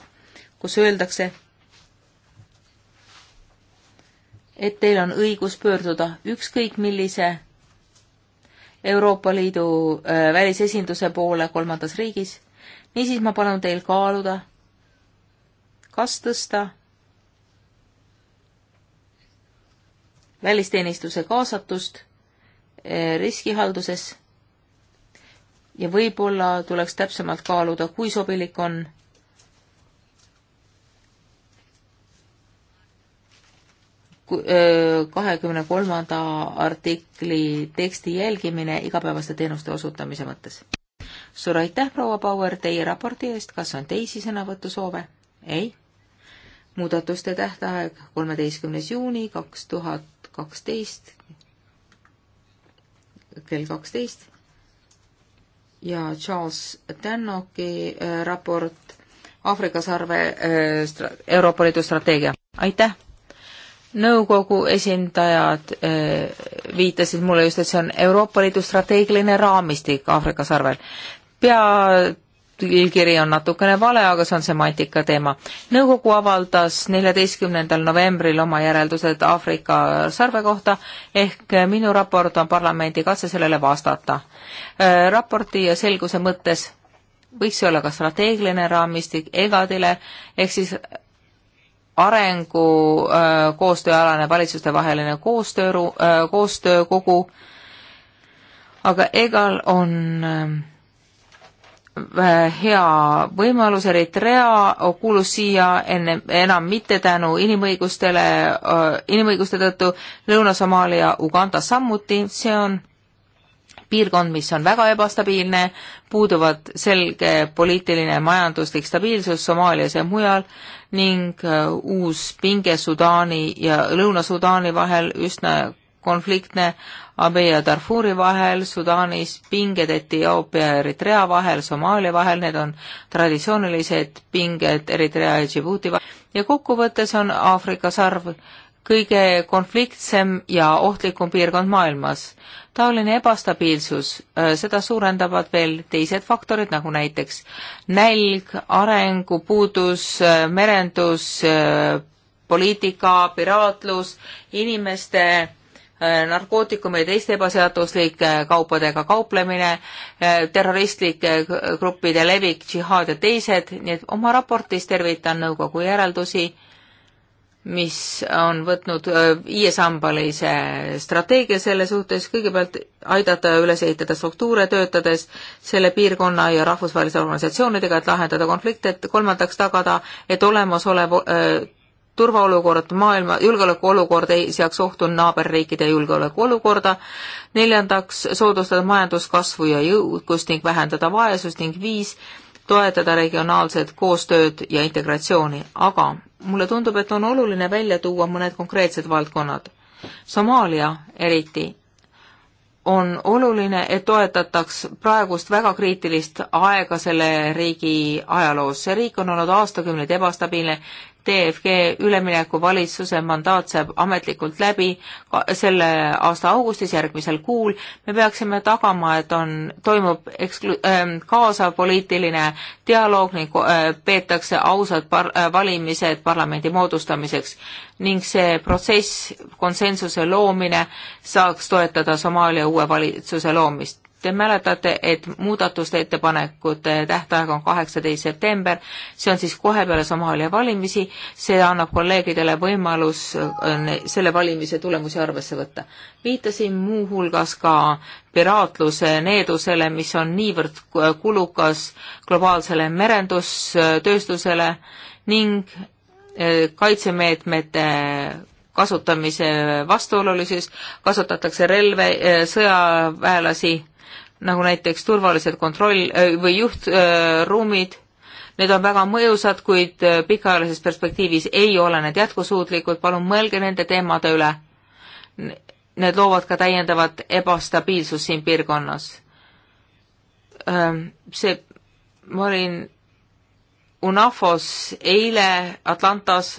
kus öeldakse, et teil on õigus pöörduda ükskõik millise Euroopa Liidu äh, välisesinduse poole kolmandas riigis. niisiis ma palun teil kaaluda, kas tõsta välisteenistuse kaasatust äh, riskihalduses ja võib-olla tuleks täpsemalt kaaluda, kui sobilik on kahekümne kolmanda artikli teksti jälgimine igapäevaste teenuste osutamise mõttes. suur aitäh, proua Bauer, teie raporti eest, kas on teisi sõnavõtusoove? ei? muudatuste tähtaeg kolmeteistkümnes juuni kaks tuhat kaksteist kell kaksteist ja Charles Tannoki raport Aafrika sarve Euroopa Liidu strateegia. aitäh! nõukogu esindajad eh, viitasid mulle just, et see on Euroopa Liidu strateegiline raamistik Aafrika sarvel. pealkiri on natukene vale, aga see on semantika teema. nõukogu avaldas neljateistkümnendal novembril oma järeldused Aafrika sarve kohta ehk minu raport on parlamendi katse sellele vastata. Eh, raporti ja selguse mõttes võiks see olla ka strateegiline raamistik EGADile ehk siis arengu äh, koostööalane valitsustevaheline koostöö, äh, koostöökogu, aga EGAL on äh, hea võimalus, Eritrea kuulus siia enne, enam mitte tänu inimõigustele, inimõiguste tõttu, Lõuna-Somaalia, Uganda samuti, see on piirkond, mis on väga ebastabiilne, puuduvad selge poliitiline ja majanduslik stabiilsus Somaalias ja mujal ning äh, uus pinge Sudaani ja Lõuna-Sudaani vahel üsna konfliktne Abe ja Darfuri vahel, Sudaanis pinged Etioopia ja Eritrea vahel, Somaalia vahel, need on traditsioonilised pinged Eritrea ja Djibouti vahel ja kokkuvõttes on Aafrika sarv kõige konfliktsem ja ohtlikum piirkond maailmas taoline ebastabiilsus, äh, seda suurendavad veel teised faktorid, nagu näiteks nälg, arengupuudus, äh, merendus, äh, poliitika, piraatlus, inimeste narkootikumide ja teiste ebaseaduslike kaupadega kauplemine, terroristlike gruppide levik, džihaad ja teised, nii et oma raportis tervitan nõukogu järeldusi mis on võtnud äh, viiesambalise strateegia selle suhtes, kõigepealt aidata üles ehitada struktuure, töötades selle piirkonna ja rahvusvahelise organisatsioonidega, et lahendada konflikte, et kolmandaks tagada, et olemasolev äh, turvaolukord maailma, julgeolekuolukord ei seaks ohtu naaberriikide julgeolekuolukorda, neljandaks soodustada majanduskasvu ja jõukust ning vähendada vaesust ning viis, toetada regionaalset koostööd ja integratsiooni, aga mulle tundub, et on oluline välja tuua mõned konkreetsed valdkonnad. Somaalia eriti on oluline, et toetataks praegust väga kriitilist aega selle riigi ajaloos. see riik on olnud aastakümneid ebastabiilne DFG üleminekuvalitsuse mandaat saab ametlikult läbi selle aasta augustis, järgmisel kuul, me peaksime tagama, et on, toimub eksklu-, ähm, kaasav poliitiline dialoog ning äh, peetakse ausad par-, äh, valimised parlamendi moodustamiseks ning see protsess, konsensuse loomine, saaks toetada Somaalia uue valitsuse loomist Te mäletate, et muudatuste ettepanekute tähtaeg on kaheksateist september, see on siis kohe peale Somaalia valimisi, see annab kolleegidele võimalus äh, selle valimise tulemusi arvesse võtta. viitasin muuhulgas ka piraatluse needusele, mis on niivõrd kulukas globaalsele merendustööstusele ning äh, kaitsemeetmete kasutamise vastuolulisus, kasutatakse relve, äh, sõjaväelasi nagu näiteks turvalised kontroll- äh, või juhtruumid, äh, need on väga mõjusad, kuid äh, pikaajalises perspektiivis ei ole need jätkusuutlikud, palun mõelge nende teemade üle. Need loovad ka täiendavat ebastabiilsust siin piirkonnas. Ähm, see, ma olin UNAFOS eile Atlantas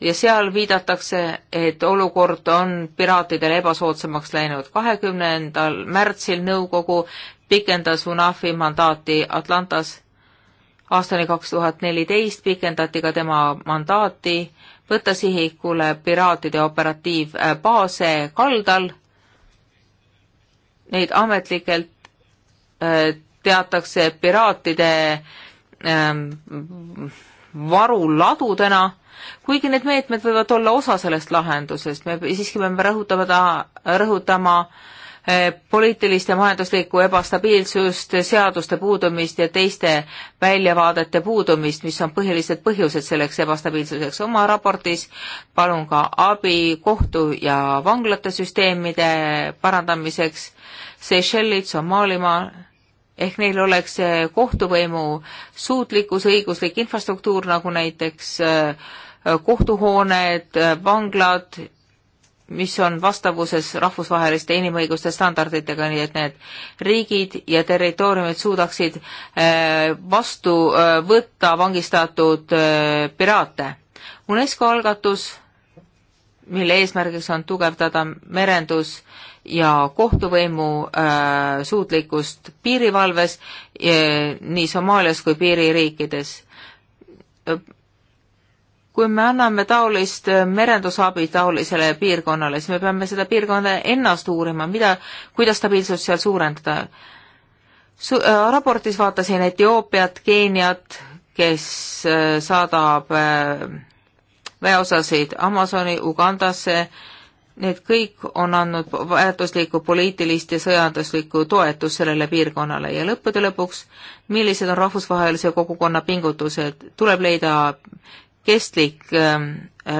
ja seal viidatakse, et olukord on piraatidele ebasoodsamaks läinud. kahekümnendal märtsil nõukogu pikendas UNAF-i mandaati Atlantas aastani kaks tuhat neliteist, pikendati ka tema mandaati võtta sihikule piraatide operatiivbaase kaldal. Neid ametlikelt äh, teatakse piraatide ähm, varuladudena kuigi need meetmed võivad olla osa sellest lahendusest, me siiski peame rõhutama, rõhutama eh, poliitilist ja majanduslikku ebastabiilsust, seaduste puudumist ja teiste väljavaadete puudumist, mis on põhilised põhjused selleks ebastabiilsuseks. oma raportis palun ka abi kohtu- ja vanglate süsteemide parandamiseks Seychellid, Somaalimaa, ehk neil oleks eh, kohtuvõimu suutlikkus, õiguslik infrastruktuur, nagu näiteks äh, kohtuhooned, vanglad, mis on vastavuses rahvusvaheliste inimõiguste standarditega, nii et need riigid ja territooriumid suudaksid eh, vastu eh, võtta vangistatud eh, piraate. UNESCO algatus, mille eesmärgiks on tugevdada merendus ja kohtuvõimu äh, suutlikkust piirivalves nii Somaalias kui piiririikides kui me anname taolist äh, merendusabi taolisele piirkonnale, siis me peame seda piirkonda ennast uurima, mida, kuidas stabiilsust seal suurendada. Su- äh,, raportis vaatasin Etioopiat, Keeniat, kes äh, saadab äh, väeosasid Amazoni, Ugandasse, need kõik on andnud väärtuslikku poliitilist ja sõjanduslikku toetust sellele piirkonnale ja lõppude lõpuks, millised on rahvusvahelise kogukonna pingutused, tuleb leida kestlik ähm,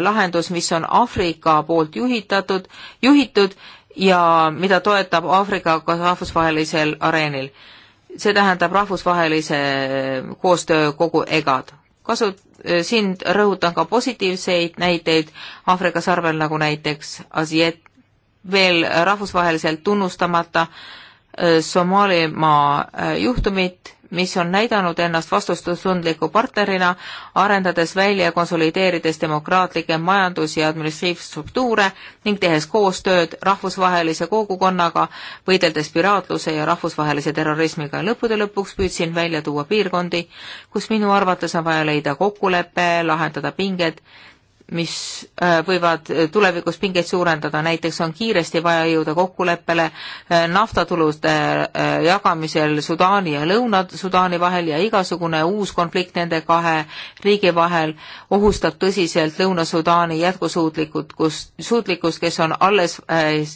lahendus, mis on Aafrika poolt juhitatud, juhitud ja mida toetab Aafrika rahvusvahelisel areenil. see tähendab rahvusvahelise ähm, koostöö kogu EGAD. kasu, äh, siin rõhutan ka positiivseid näiteid Aafrika sarvel, nagu näiteks Asiet, veel rahvusvaheliselt tunnustamata äh, Somaalimaa äh, juhtumit mis on näidanud ennast vastutustundliku partnerina, arendades välja ja konsolideerides demokraatlikke majandus- ja administratiivstruktuure ning tehes koostööd rahvusvahelise kogukonnaga, võideldes piraatluse ja rahvusvahelise terrorismiga. lõppude lõpuks püüdsin välja tuua piirkondi, kus minu arvates on vaja leida kokkulepe, lahendada pinged mis äh, võivad tulevikus pingeid suurendada, näiteks on kiiresti vaja jõuda kokkuleppele äh, naftatulude äh, jagamisel Sudaani ja Lõuna-Sudaani vahel ja igasugune uus konflikt nende kahe riigi vahel ohustab tõsiselt Lõuna-Sudaani jätkusuutlikud, kus, suutlikkust, kes on alles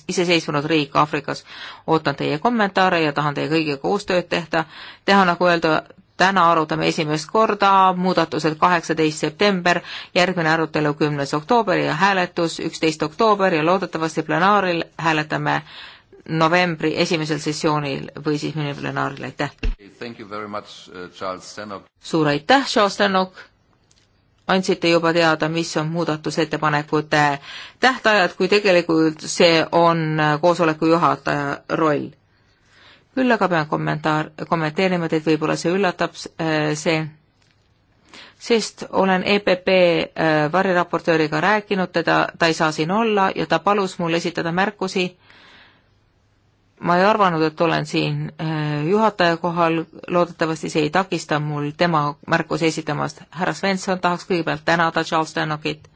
iseseisvunud riik Aafrikas. ootan teie kommentaare ja tahan teie kõigiga koostööd tehta, teha, nagu öelda, täna arutame esimest korda, muudatused kaheksateist september, järgmine arutelu kümnes oktoober ja hääletus üksteist oktoober ja loodetavasti plenaaril hääletame novembri esimesel sessioonil või siis minu plenaaril, aitäh! Uh, suur aitäh, Charles Stenok! andsite juba teada, mis on muudatusettepanekute tähtajad, kui tegelikult see on uh, koosoleku juhataja roll küll aga pean kommentaar, kommenteerima teid, võib-olla see üllatab äh, see, sest olen EPP äh, variraportööriga rääkinud, teda, ta ei saa siin olla ja ta palus mul esitada märkusi. ma ei arvanud, et olen siin äh, juhataja kohal, loodetavasti see ei takista mul tema märkusi esitamast. härra Svensson tahaks kõigepealt tänada Charles Stenokit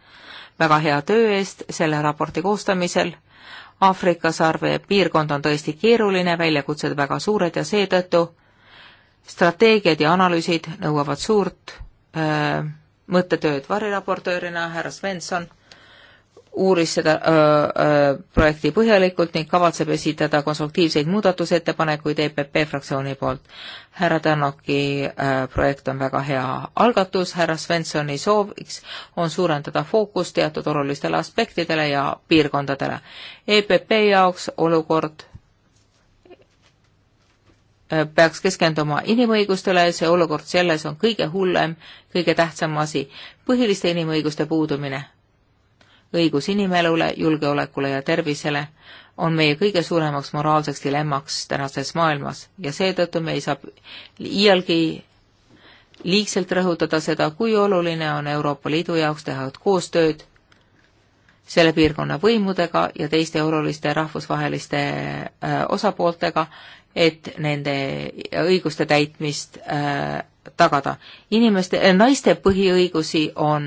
väga hea töö eest selle raporti koostamisel Aafrika sarve piirkond on tõesti keeruline, väljakutsed väga suured ja seetõttu strateegiad ja analüüsid nõuavad suurt öö, äh, mõttetööd. variraportöörina härra Svensson uuris seda öö, öö, projekti põhjalikult ning kavatseb esitada konstruktiivseid muudatusettepanekuid EPP fraktsiooni poolt. härra Tannoki projekt on väga hea algatus, härra Svenssoni sooviks on suurendada fookust teatud olulistele aspektidele ja piirkondadele. EPP jaoks olukord peaks keskenduma inimõigustele, see olukord selles on kõige hullem, kõige tähtsam asi, põhiliste inimõiguste puudumine õigus inimelule, julgeolekule ja tervisele on meie kõige suuremaks moraalseks dilemmaks tänases maailmas ja seetõttu me ei saa iialgi liigselt rõhutada seda, kui oluline on Euroopa Liidu jaoks teha koostööd selle piirkonna võimudega ja teiste oluliste rahvusvaheliste osapooltega, et nende õiguste täitmist tagada. inimeste, eh, naiste põhiõigusi on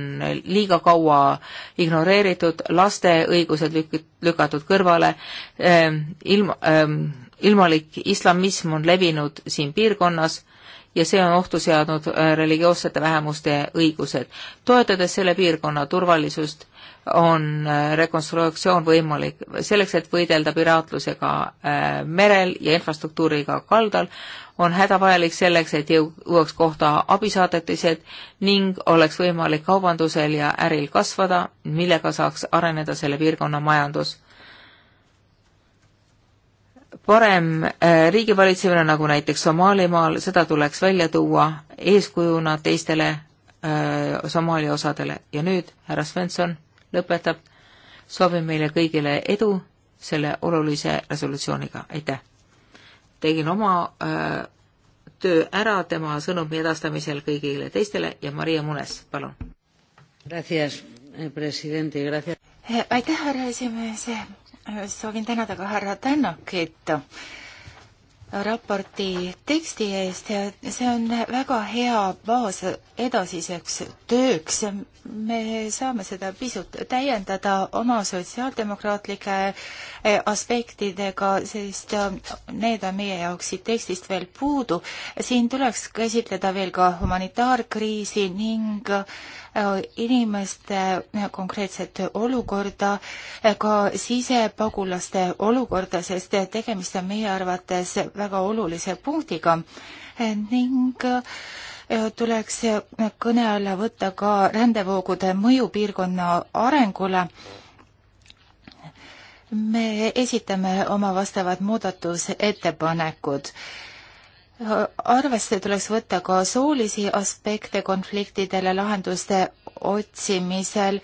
liiga kaua ignoreeritud, laste õigused lük-, lükatud kõrvale, ehm, ilma, ehm, ilmalik islamism on levinud siin piirkonnas ja see on ohtu seadnud eh, religioossete vähemuste õigused. toetades selle piirkonna turvalisust, on äh, rekonstruktsioon võimalik. selleks, et võidelda piraatlusega äh, merel ja infrastruktuuriga kaldal, on hädavajalik selleks, et jõuaks kohta abisaadetised ning oleks võimalik kaubandusel ja äril kasvada, millega saaks areneda selle piirkonna majandus parem äh, riigivalitsemine, nagu näiteks Somaalimaal, seda tuleks välja tuua eeskujuna teistele Somaalia osadele ja nüüd, härra Svensson lõpetab. soovin meile kõigile edu selle olulise resolutsiooniga, aitäh! tegin oma öö, äh, töö ära tema sõnumi edastamisel kõigile teistele ja Maria Munes, palun. Eh, eh, aitäh, härra esimees, eh, soovin tänada ka härra Tänakit raporti teksti eest ja see on väga hea baas edasiseks tööks. me saame seda pisut täiendada oma sotsiaaldemokraatlike eh, aspektidega, sest eh, need on meie jaoks siit tekstist veel puudu. siin tuleks käsitleda veel ka humanitaarkriisi ning äh, Äh, inimeste äh, konkreetset olukorda, äh, ka sisepagulaste olukorda, sest tegemist on meie arvates väga olulise punktiga ning tuleks kõne alla võtta ka rändevoogude mõju piirkonna arengule me esitame oma vastavad muudatusettepanekud arvesse tuleks võtta ka soolisi aspekte konfliktidele lahenduste otsimisel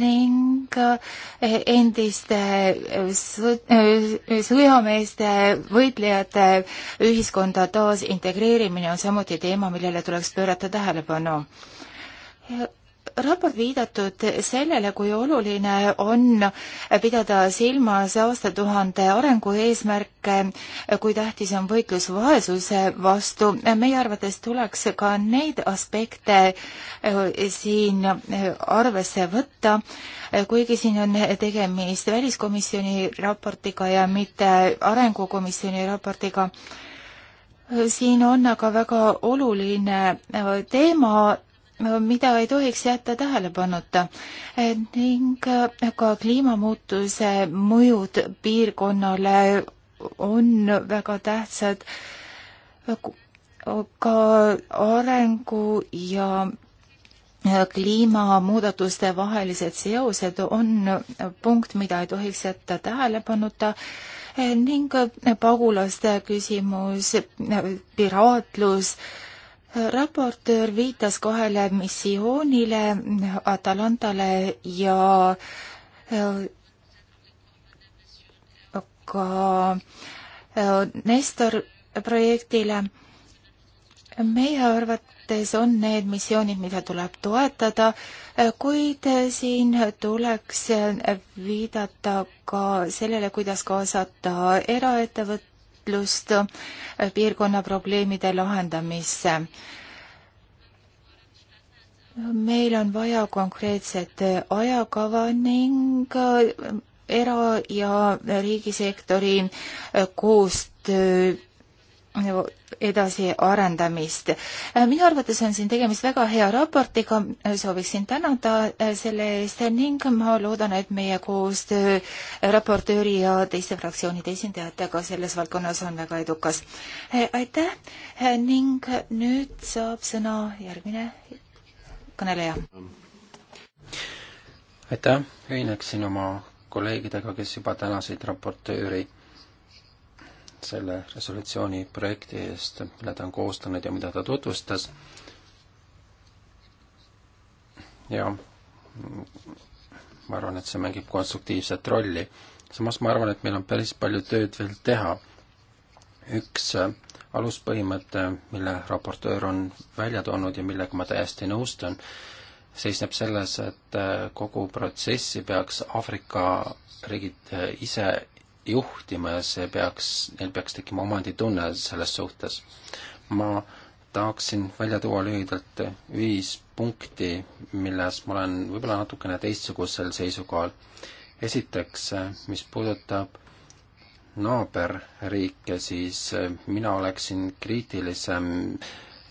ning eh, endiste eh, eh, sõjameeste võitlejate ühiskonda taasintegreerimine on samuti teema, millele tuleks pöörata tähelepanu raport viidatud sellele, kui oluline on pidada silmas aastatuhande arengueesmärke, kui tähtis on võitlus vaesuse vastu. meie arvates tuleks ka neid aspekte äh, siin äh, arvesse võtta, äh, kuigi siin on tegemist väliskomisjoni raportiga ja mitte arengukomisjoni raportiga siin on aga väga oluline teema mida ei tohiks jätta tähelepanuta ning ka kliimamuutuse mõjud piirkonnale on väga tähtsad ka arengu ja kliimamuudatuste vahelised seosed on punkt, mida ei tohiks jätta tähelepanuta ning pagulaste küsimus, piraatlus äh, raportöör viitas kahele missioonile, Atalantale ja äh, ka äh, Nestor projektile. meie arvates on need missioonid, mida tuleb toetada, äh, kuid siin tuleks viidata ka sellele, kuidas kaasata eraettevõtteid, nähtlust äh, piirkonna probleemide lahendamisse. meil on vaja konkreetset äh, ajakava ning äh, era- ja riigisektori koostöö edasiarendamist. minu arvates on siin tegemist väga hea raportiga, sooviksin tänada äh, selle eest ning ma loodan, et meie koostöö raportööri ja teiste fraktsioonide esindajatega selles valdkonnas on väga edukas. Äh, aitäh äh, ning nüüd saab sõna järgmine kõneleja. aitäh, ühineksin oma kolleegidega, kes juba tänasid raportööri selle resolutsiooni projekti eest, mille ta on koostanud ja mida ta tutvustas. ja ma arvan, et see mängib konstruktiivset rolli. samas ma arvan, et meil on päris palju tööd veel teha. üks aluspõhimõte, mille raportöör on välja toonud ja millega ma täiesti nõustun, seisneb selles, et kogu protsessi peaks Aafrika riigid ise juhtima ja see peaks, neil peaks tekkima omanditunne selles suhtes. ma tahaksin välja tuua lühidalt viis punkti, milles ma olen võib-olla natukene teistsugusel seisukohal. esiteks, mis puudutab naaberriike, siis mina oleksin kriitilisem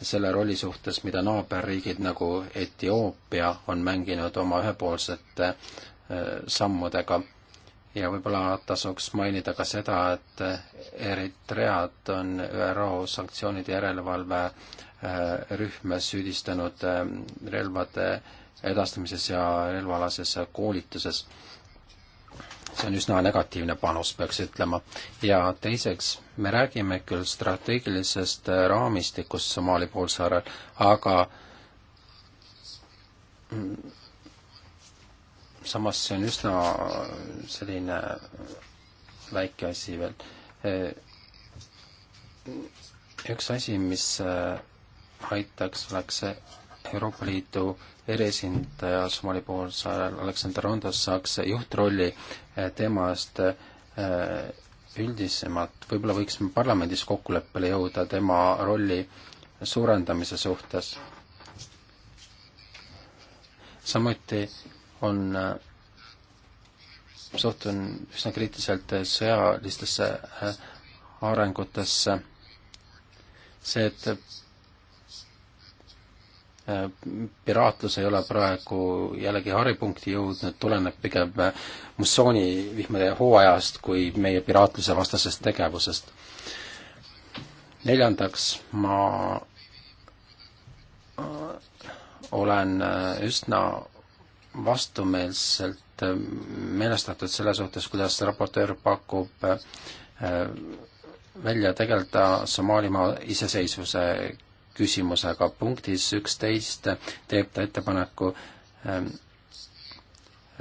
selle rolli suhtes, mida naaberriigid nagu Etioopia on mänginud oma ühepoolsete eh, sammudega ja võib-olla tasuks mainida ka seda, et Eritread on ÜRO sanktsioonide järelevalve äh, rühm süüdistanud äh, relvade edastamises ja relvaalases koolituses. see on üsna negatiivne panus, peaks ütlema. ja teiseks, me räägime küll strateegilisest äh, raamistikust Somaali poolsaarel, aga mm, samas see on üsna selline väike asi veel. üks asi, mis äh, aitaks, oleks Euroopa Liidu eriesindaja Somali poolsaarel Aleksander Rondos saaks juhtrolli äh, tema eest äh, üldisemalt, võib-olla võiksime parlamendis kokkuleppele jõuda tema rolli suurendamise suhtes. samuti on, äh, suhtun üsna kriitiliselt äh, sõjalistesse äh, arengutesse. see, et piraatlus ei ole praegu jällegi haripunkti jõudnud, tuleneb pigem mussoonivihmade hooajast kui meie piraatluse vastasest tegevusest. neljandaks, ma olen üsna vastumeelselt äh, meelestatud selle suhtes, kuidas raportöör pakub äh, välja tegeleda Somaalimaa iseseisvuse küsimusega. punktis üksteist teeb ta ettepaneku ähm,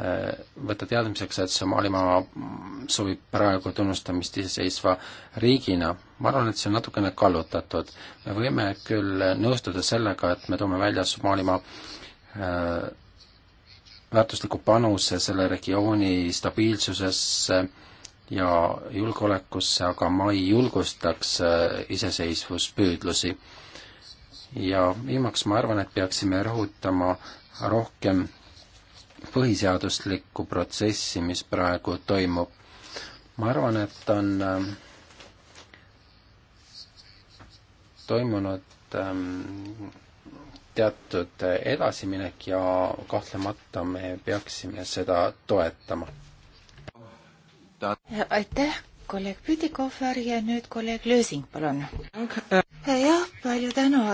äh, võtta teadmiseks, et Somaalimaa soovib praegu tunnustamist iseseisva riigina. ma arvan, et see on natukene kallutatud. me võime küll nõustuda sellega, et me toome välja Somaalimaa väärtusliku panuse selle regiooni stabiilsusesse ja julgeolekusse, aga ma ei julgustaks äh, iseseisvuspüüdlusi. ja viimaks ma arvan, et peaksime rõhutama rohkem põhiseaduslikku protsessi, mis praegu toimub. ma arvan, et on ähm, toimunud ähm, teatud edasiminek ja kahtlemata me peaksime seda toetama. aitäh, kolleeg Püdikohver ja nüüd kolleeg Lüüsing, palun. jah, palju tänu,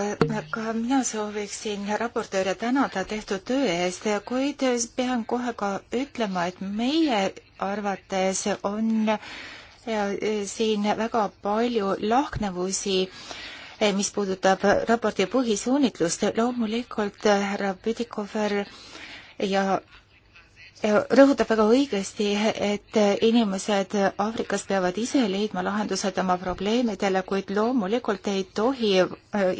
ka mina sooviksin raportööre tänada tehtud töö eest, kuid pean kohe ka ütlema, et meie arvates on siin väga palju lahknevusi äh, Eh, mis puudutab raporti põhisuunitlust, loomulikult eh, härra Pidikover eh, ja rõhutab väga õigesti, et inimesed Aafrikas peavad ise leidma lahendused oma probleemidele, kuid loomulikult ei tohi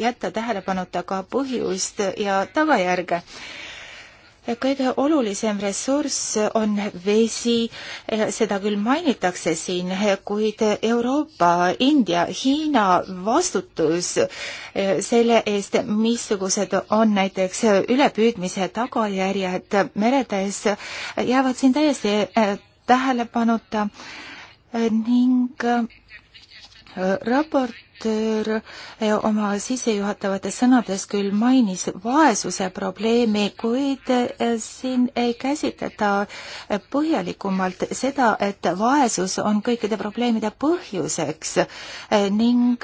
jätta tähelepanuta ka põhjust ja tagajärge kõige olulisem ressurss on vesi, seda küll mainitakse siin, kuid Euroopa, India, Hiina vastutus selle eest, missugused on näiteks ülepüüdmise tagajärjed meredes, jäävad siin täiesti äh, tähelepanuta ning äh, raport raportöör eh, oma sissejuhatavates sõnades küll mainis vaesuse probleemi, kuid eh, siin ei käsitleta eh, põhjalikumalt seda, et vaesus on kõikide probleemide põhjuseks ning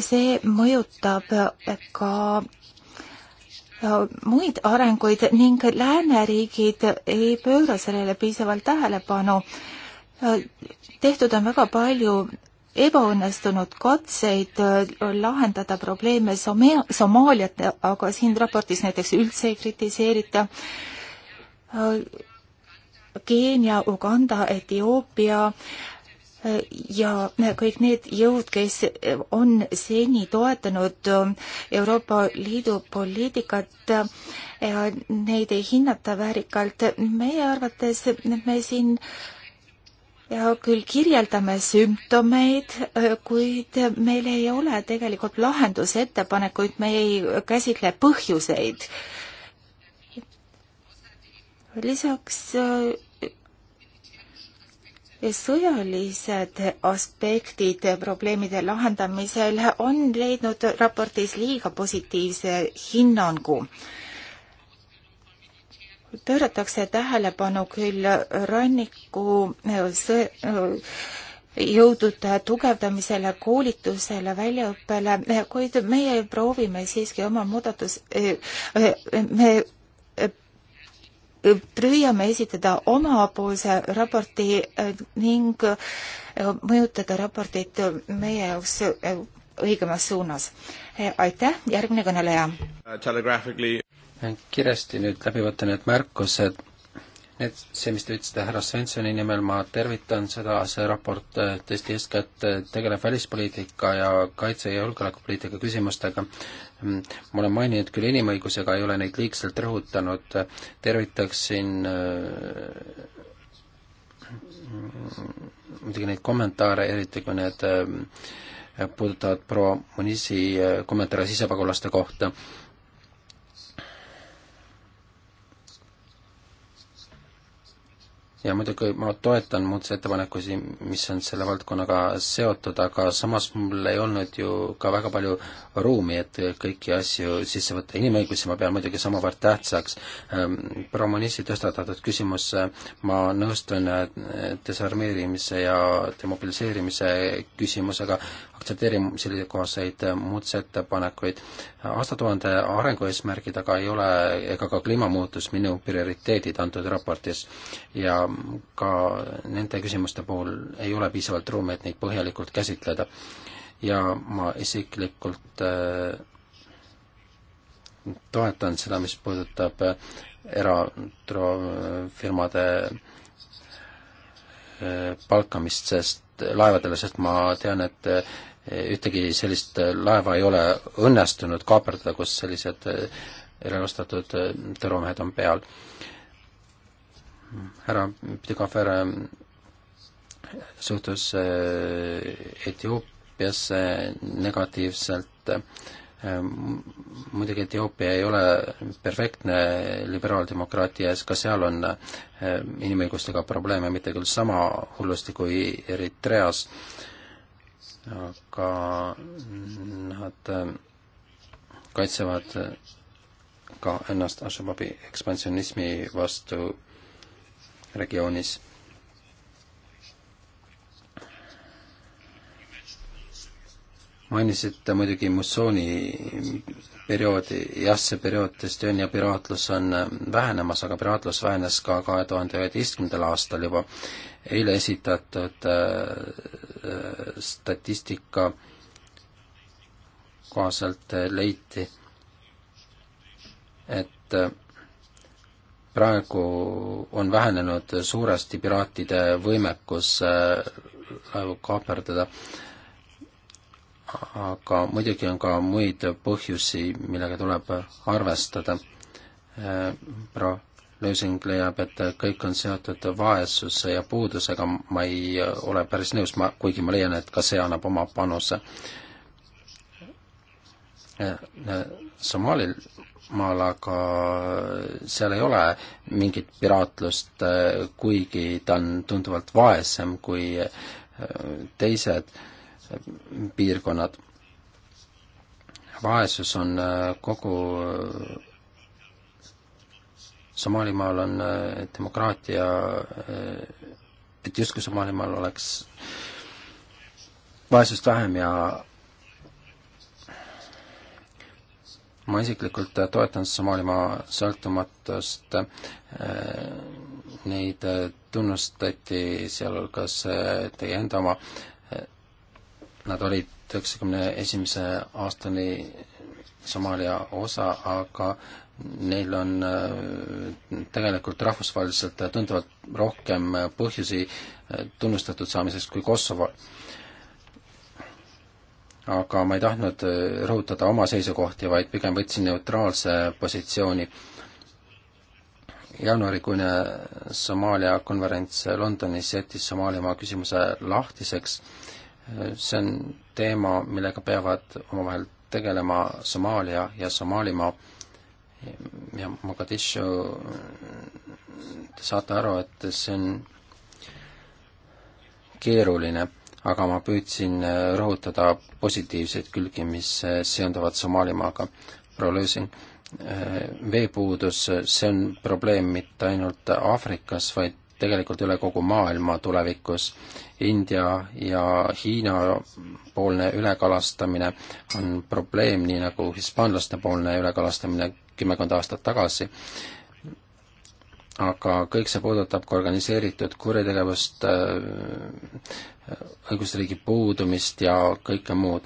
see mõjutab ka muid arenguid ning lääneriigid ei pööra sellele piisavalt tähelepanu. tehtud on väga palju ebaõnnestunud katseid äh, lahendada probleeme Somaaliat, aga siin raportis näiteks üldse ei kritiseerita. Äh, Keenia, Uganda, Etioopia äh, ja kõik need jõud, kes on seni toetanud Euroopa Liidu poliitikat, neid ei hinnata väärikalt. meie arvates me siin äh, ja küll kirjeldame sümptomeid, kuid meil ei ole tegelikult lahendusettepanekuid, me ei käsitle põhjuseid. lisaks äh, sõjalised aspektid probleemide lahendamisel on leidnud raportis liiga positiivse hinnangu pööratakse tähelepanu küll ranniku äh, see, äh, jõudude tugevdamisele, koolitusele, väljaõppele, äh, kuid meie proovime siiski oma muudatus, me püüame esitada omapoolse raporti ning mõjutada raportit meie jaoks õigemas suunas. aitäh, järgmine kõneleja. Uh, kiiresti nüüd läbi võtta need märkused. Need, see, mis te ütlesite härra Svensoni nimel, ma tervitan seda, see raport äh, tõesti eeskätt äh, tegeleb välispoliitika ja kaitse- ja julgeolekupoliitika küsimustega. Mm, ma olen maininud küll inimõigusi, aga ei ole neid liigselt rõhutanud, tervitaksin äh, muidugi neid kommentaare, eriti kui need puudutavad proua Munisi kommentaare sisepagulaste kohta ja muidugi ma toetan muudatusettepanekusi, mis on selle valdkonnaga seotud, aga samas mul ei olnud ju ka väga palju ruumi, et kõiki asju sisse võtta. inimõigusi ma pean muidugi samavõrd tähtsaks. Ähm, Promonissi tõstatatud küsimus, ma nõustun äh, desarmeerimise ja demobiliseerimise küsimusega, aktsepteerin sellekohaseid äh, muudatusettepanekuid. aastatuhande arengueesmärgid aga ei ole, ega ka kliimamuutus minu prioriteedid antud raportis ja ka nende küsimuste puhul ei ole piisavalt ruumi, et neid põhjalikult käsitleda. ja ma isiklikult äh, toetan seda, mis puudutab äh, eraturufirmade äh, palkamist, sest laevadele, sest ma tean, et ühtegi sellist laeva ei ole õnnestunud kaaperdada, kus sellised relvastatud tõrumehed on peal härra Ptikofer suhtus äh, Etioopiasse negatiivselt. Äh, muidugi Etioopia ei ole perfektne liberaaldemokraatia ees, ka seal on äh, inimõigustega probleeme, mitte küll sama hullusti kui Eritreas, aga nad kaitsevad ka ennast Ashababi ekspansionismi vastu regioonis. mainisite muidugi mussooni perioodi, jah, see periood tõesti on ja piraatlus on äh, vähenemas, aga piraatlus vähenes ka kahe tuhande üheteistkümnendal aastal juba. eile esitatud äh, äh statistika kohaselt leiti, et äh, praegu on vähenenud suuresti piraatide võimekus äh, laevu kaaperdada, aga muidugi on ka muid põhjusi, millega tuleb arvestada. Äh, Pro Lösing leiab, et kõik on seotud vaesuse ja puudusega, ma ei ole päris nõus, ma, kuigi ma leian, et ka see annab oma panuse. Äh, Somaalil maal, aga seal ei ole mingit piraatlust, kuigi ta on tunduvalt vaesem kui äh, teised äh, piirkonnad. vaesus on äh, kogu Somaalimaal on demokraatia, et justkui Somaalimaal oleks vaesust vähem ja ma isiklikult toetan Somaalimaa sõltumatust, äh, neid äh, tunnustati sealhulgas äh, teie enda oma, nad olid üheksakümne esimese aastani Somaalia osa, aga neil on tegelikult rahvusvaheliselt tunduvalt rohkem põhjusi tunnustatud saamiseks kui Kosovol aga ma ei tahtnud äh, rõhutada oma seisukohti, vaid pigem võtsin neutraalse positsiooni. jaanuarikuine Somaalia konverents Londonis jättis Somaaliamaa küsimuse lahtiseks. Äh, see on teema, millega peavad omavahel tegelema Somaalia ja Somaalimaa ja Mogadishu, te saate aru, et see on keeruline aga ma püüdsin äh, rõhutada positiivseid külgi, mis äh, seonduvad Somaalimaaga. Prolöösin, äh, veepuudus, see on probleem mitte ainult Aafrikas, vaid tegelikult üle kogu maailma tulevikus. India ja Hiina poolne ülekalastamine on probleem, nii nagu hispaanlaste poolne ülekalastamine kümmekond aastat tagasi aga kõik see puudutab ka organiseeritud kuritegevust, äh, õigusriigi puudumist ja kõike muud.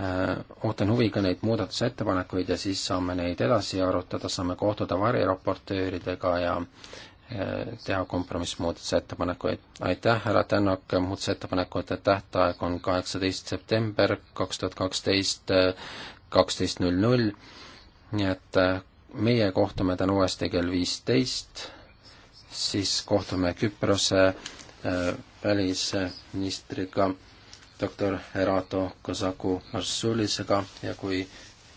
Äh, ootan huviga neid muudatusettepanekuid ja siis saame neid edasi arutada, saame kohtuda variraportööridega ja äh, teha kompromissmuudatusettepanekuid. aitäh, härra Tänak, muudatusettepanekute tähtaeg on kaheksateist september kaks tuhat kaksteist, kaksteist null null, nii et meie kohtume täna uuesti kell viisteist, siis kohtume Küprose äh, välisministriga, doktor Erato Kosaku Marsulisega ja kui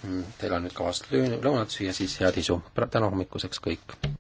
mm, teil on nüüd kavas lõunat süüa, siis head isu. täna hommikuseks kõik!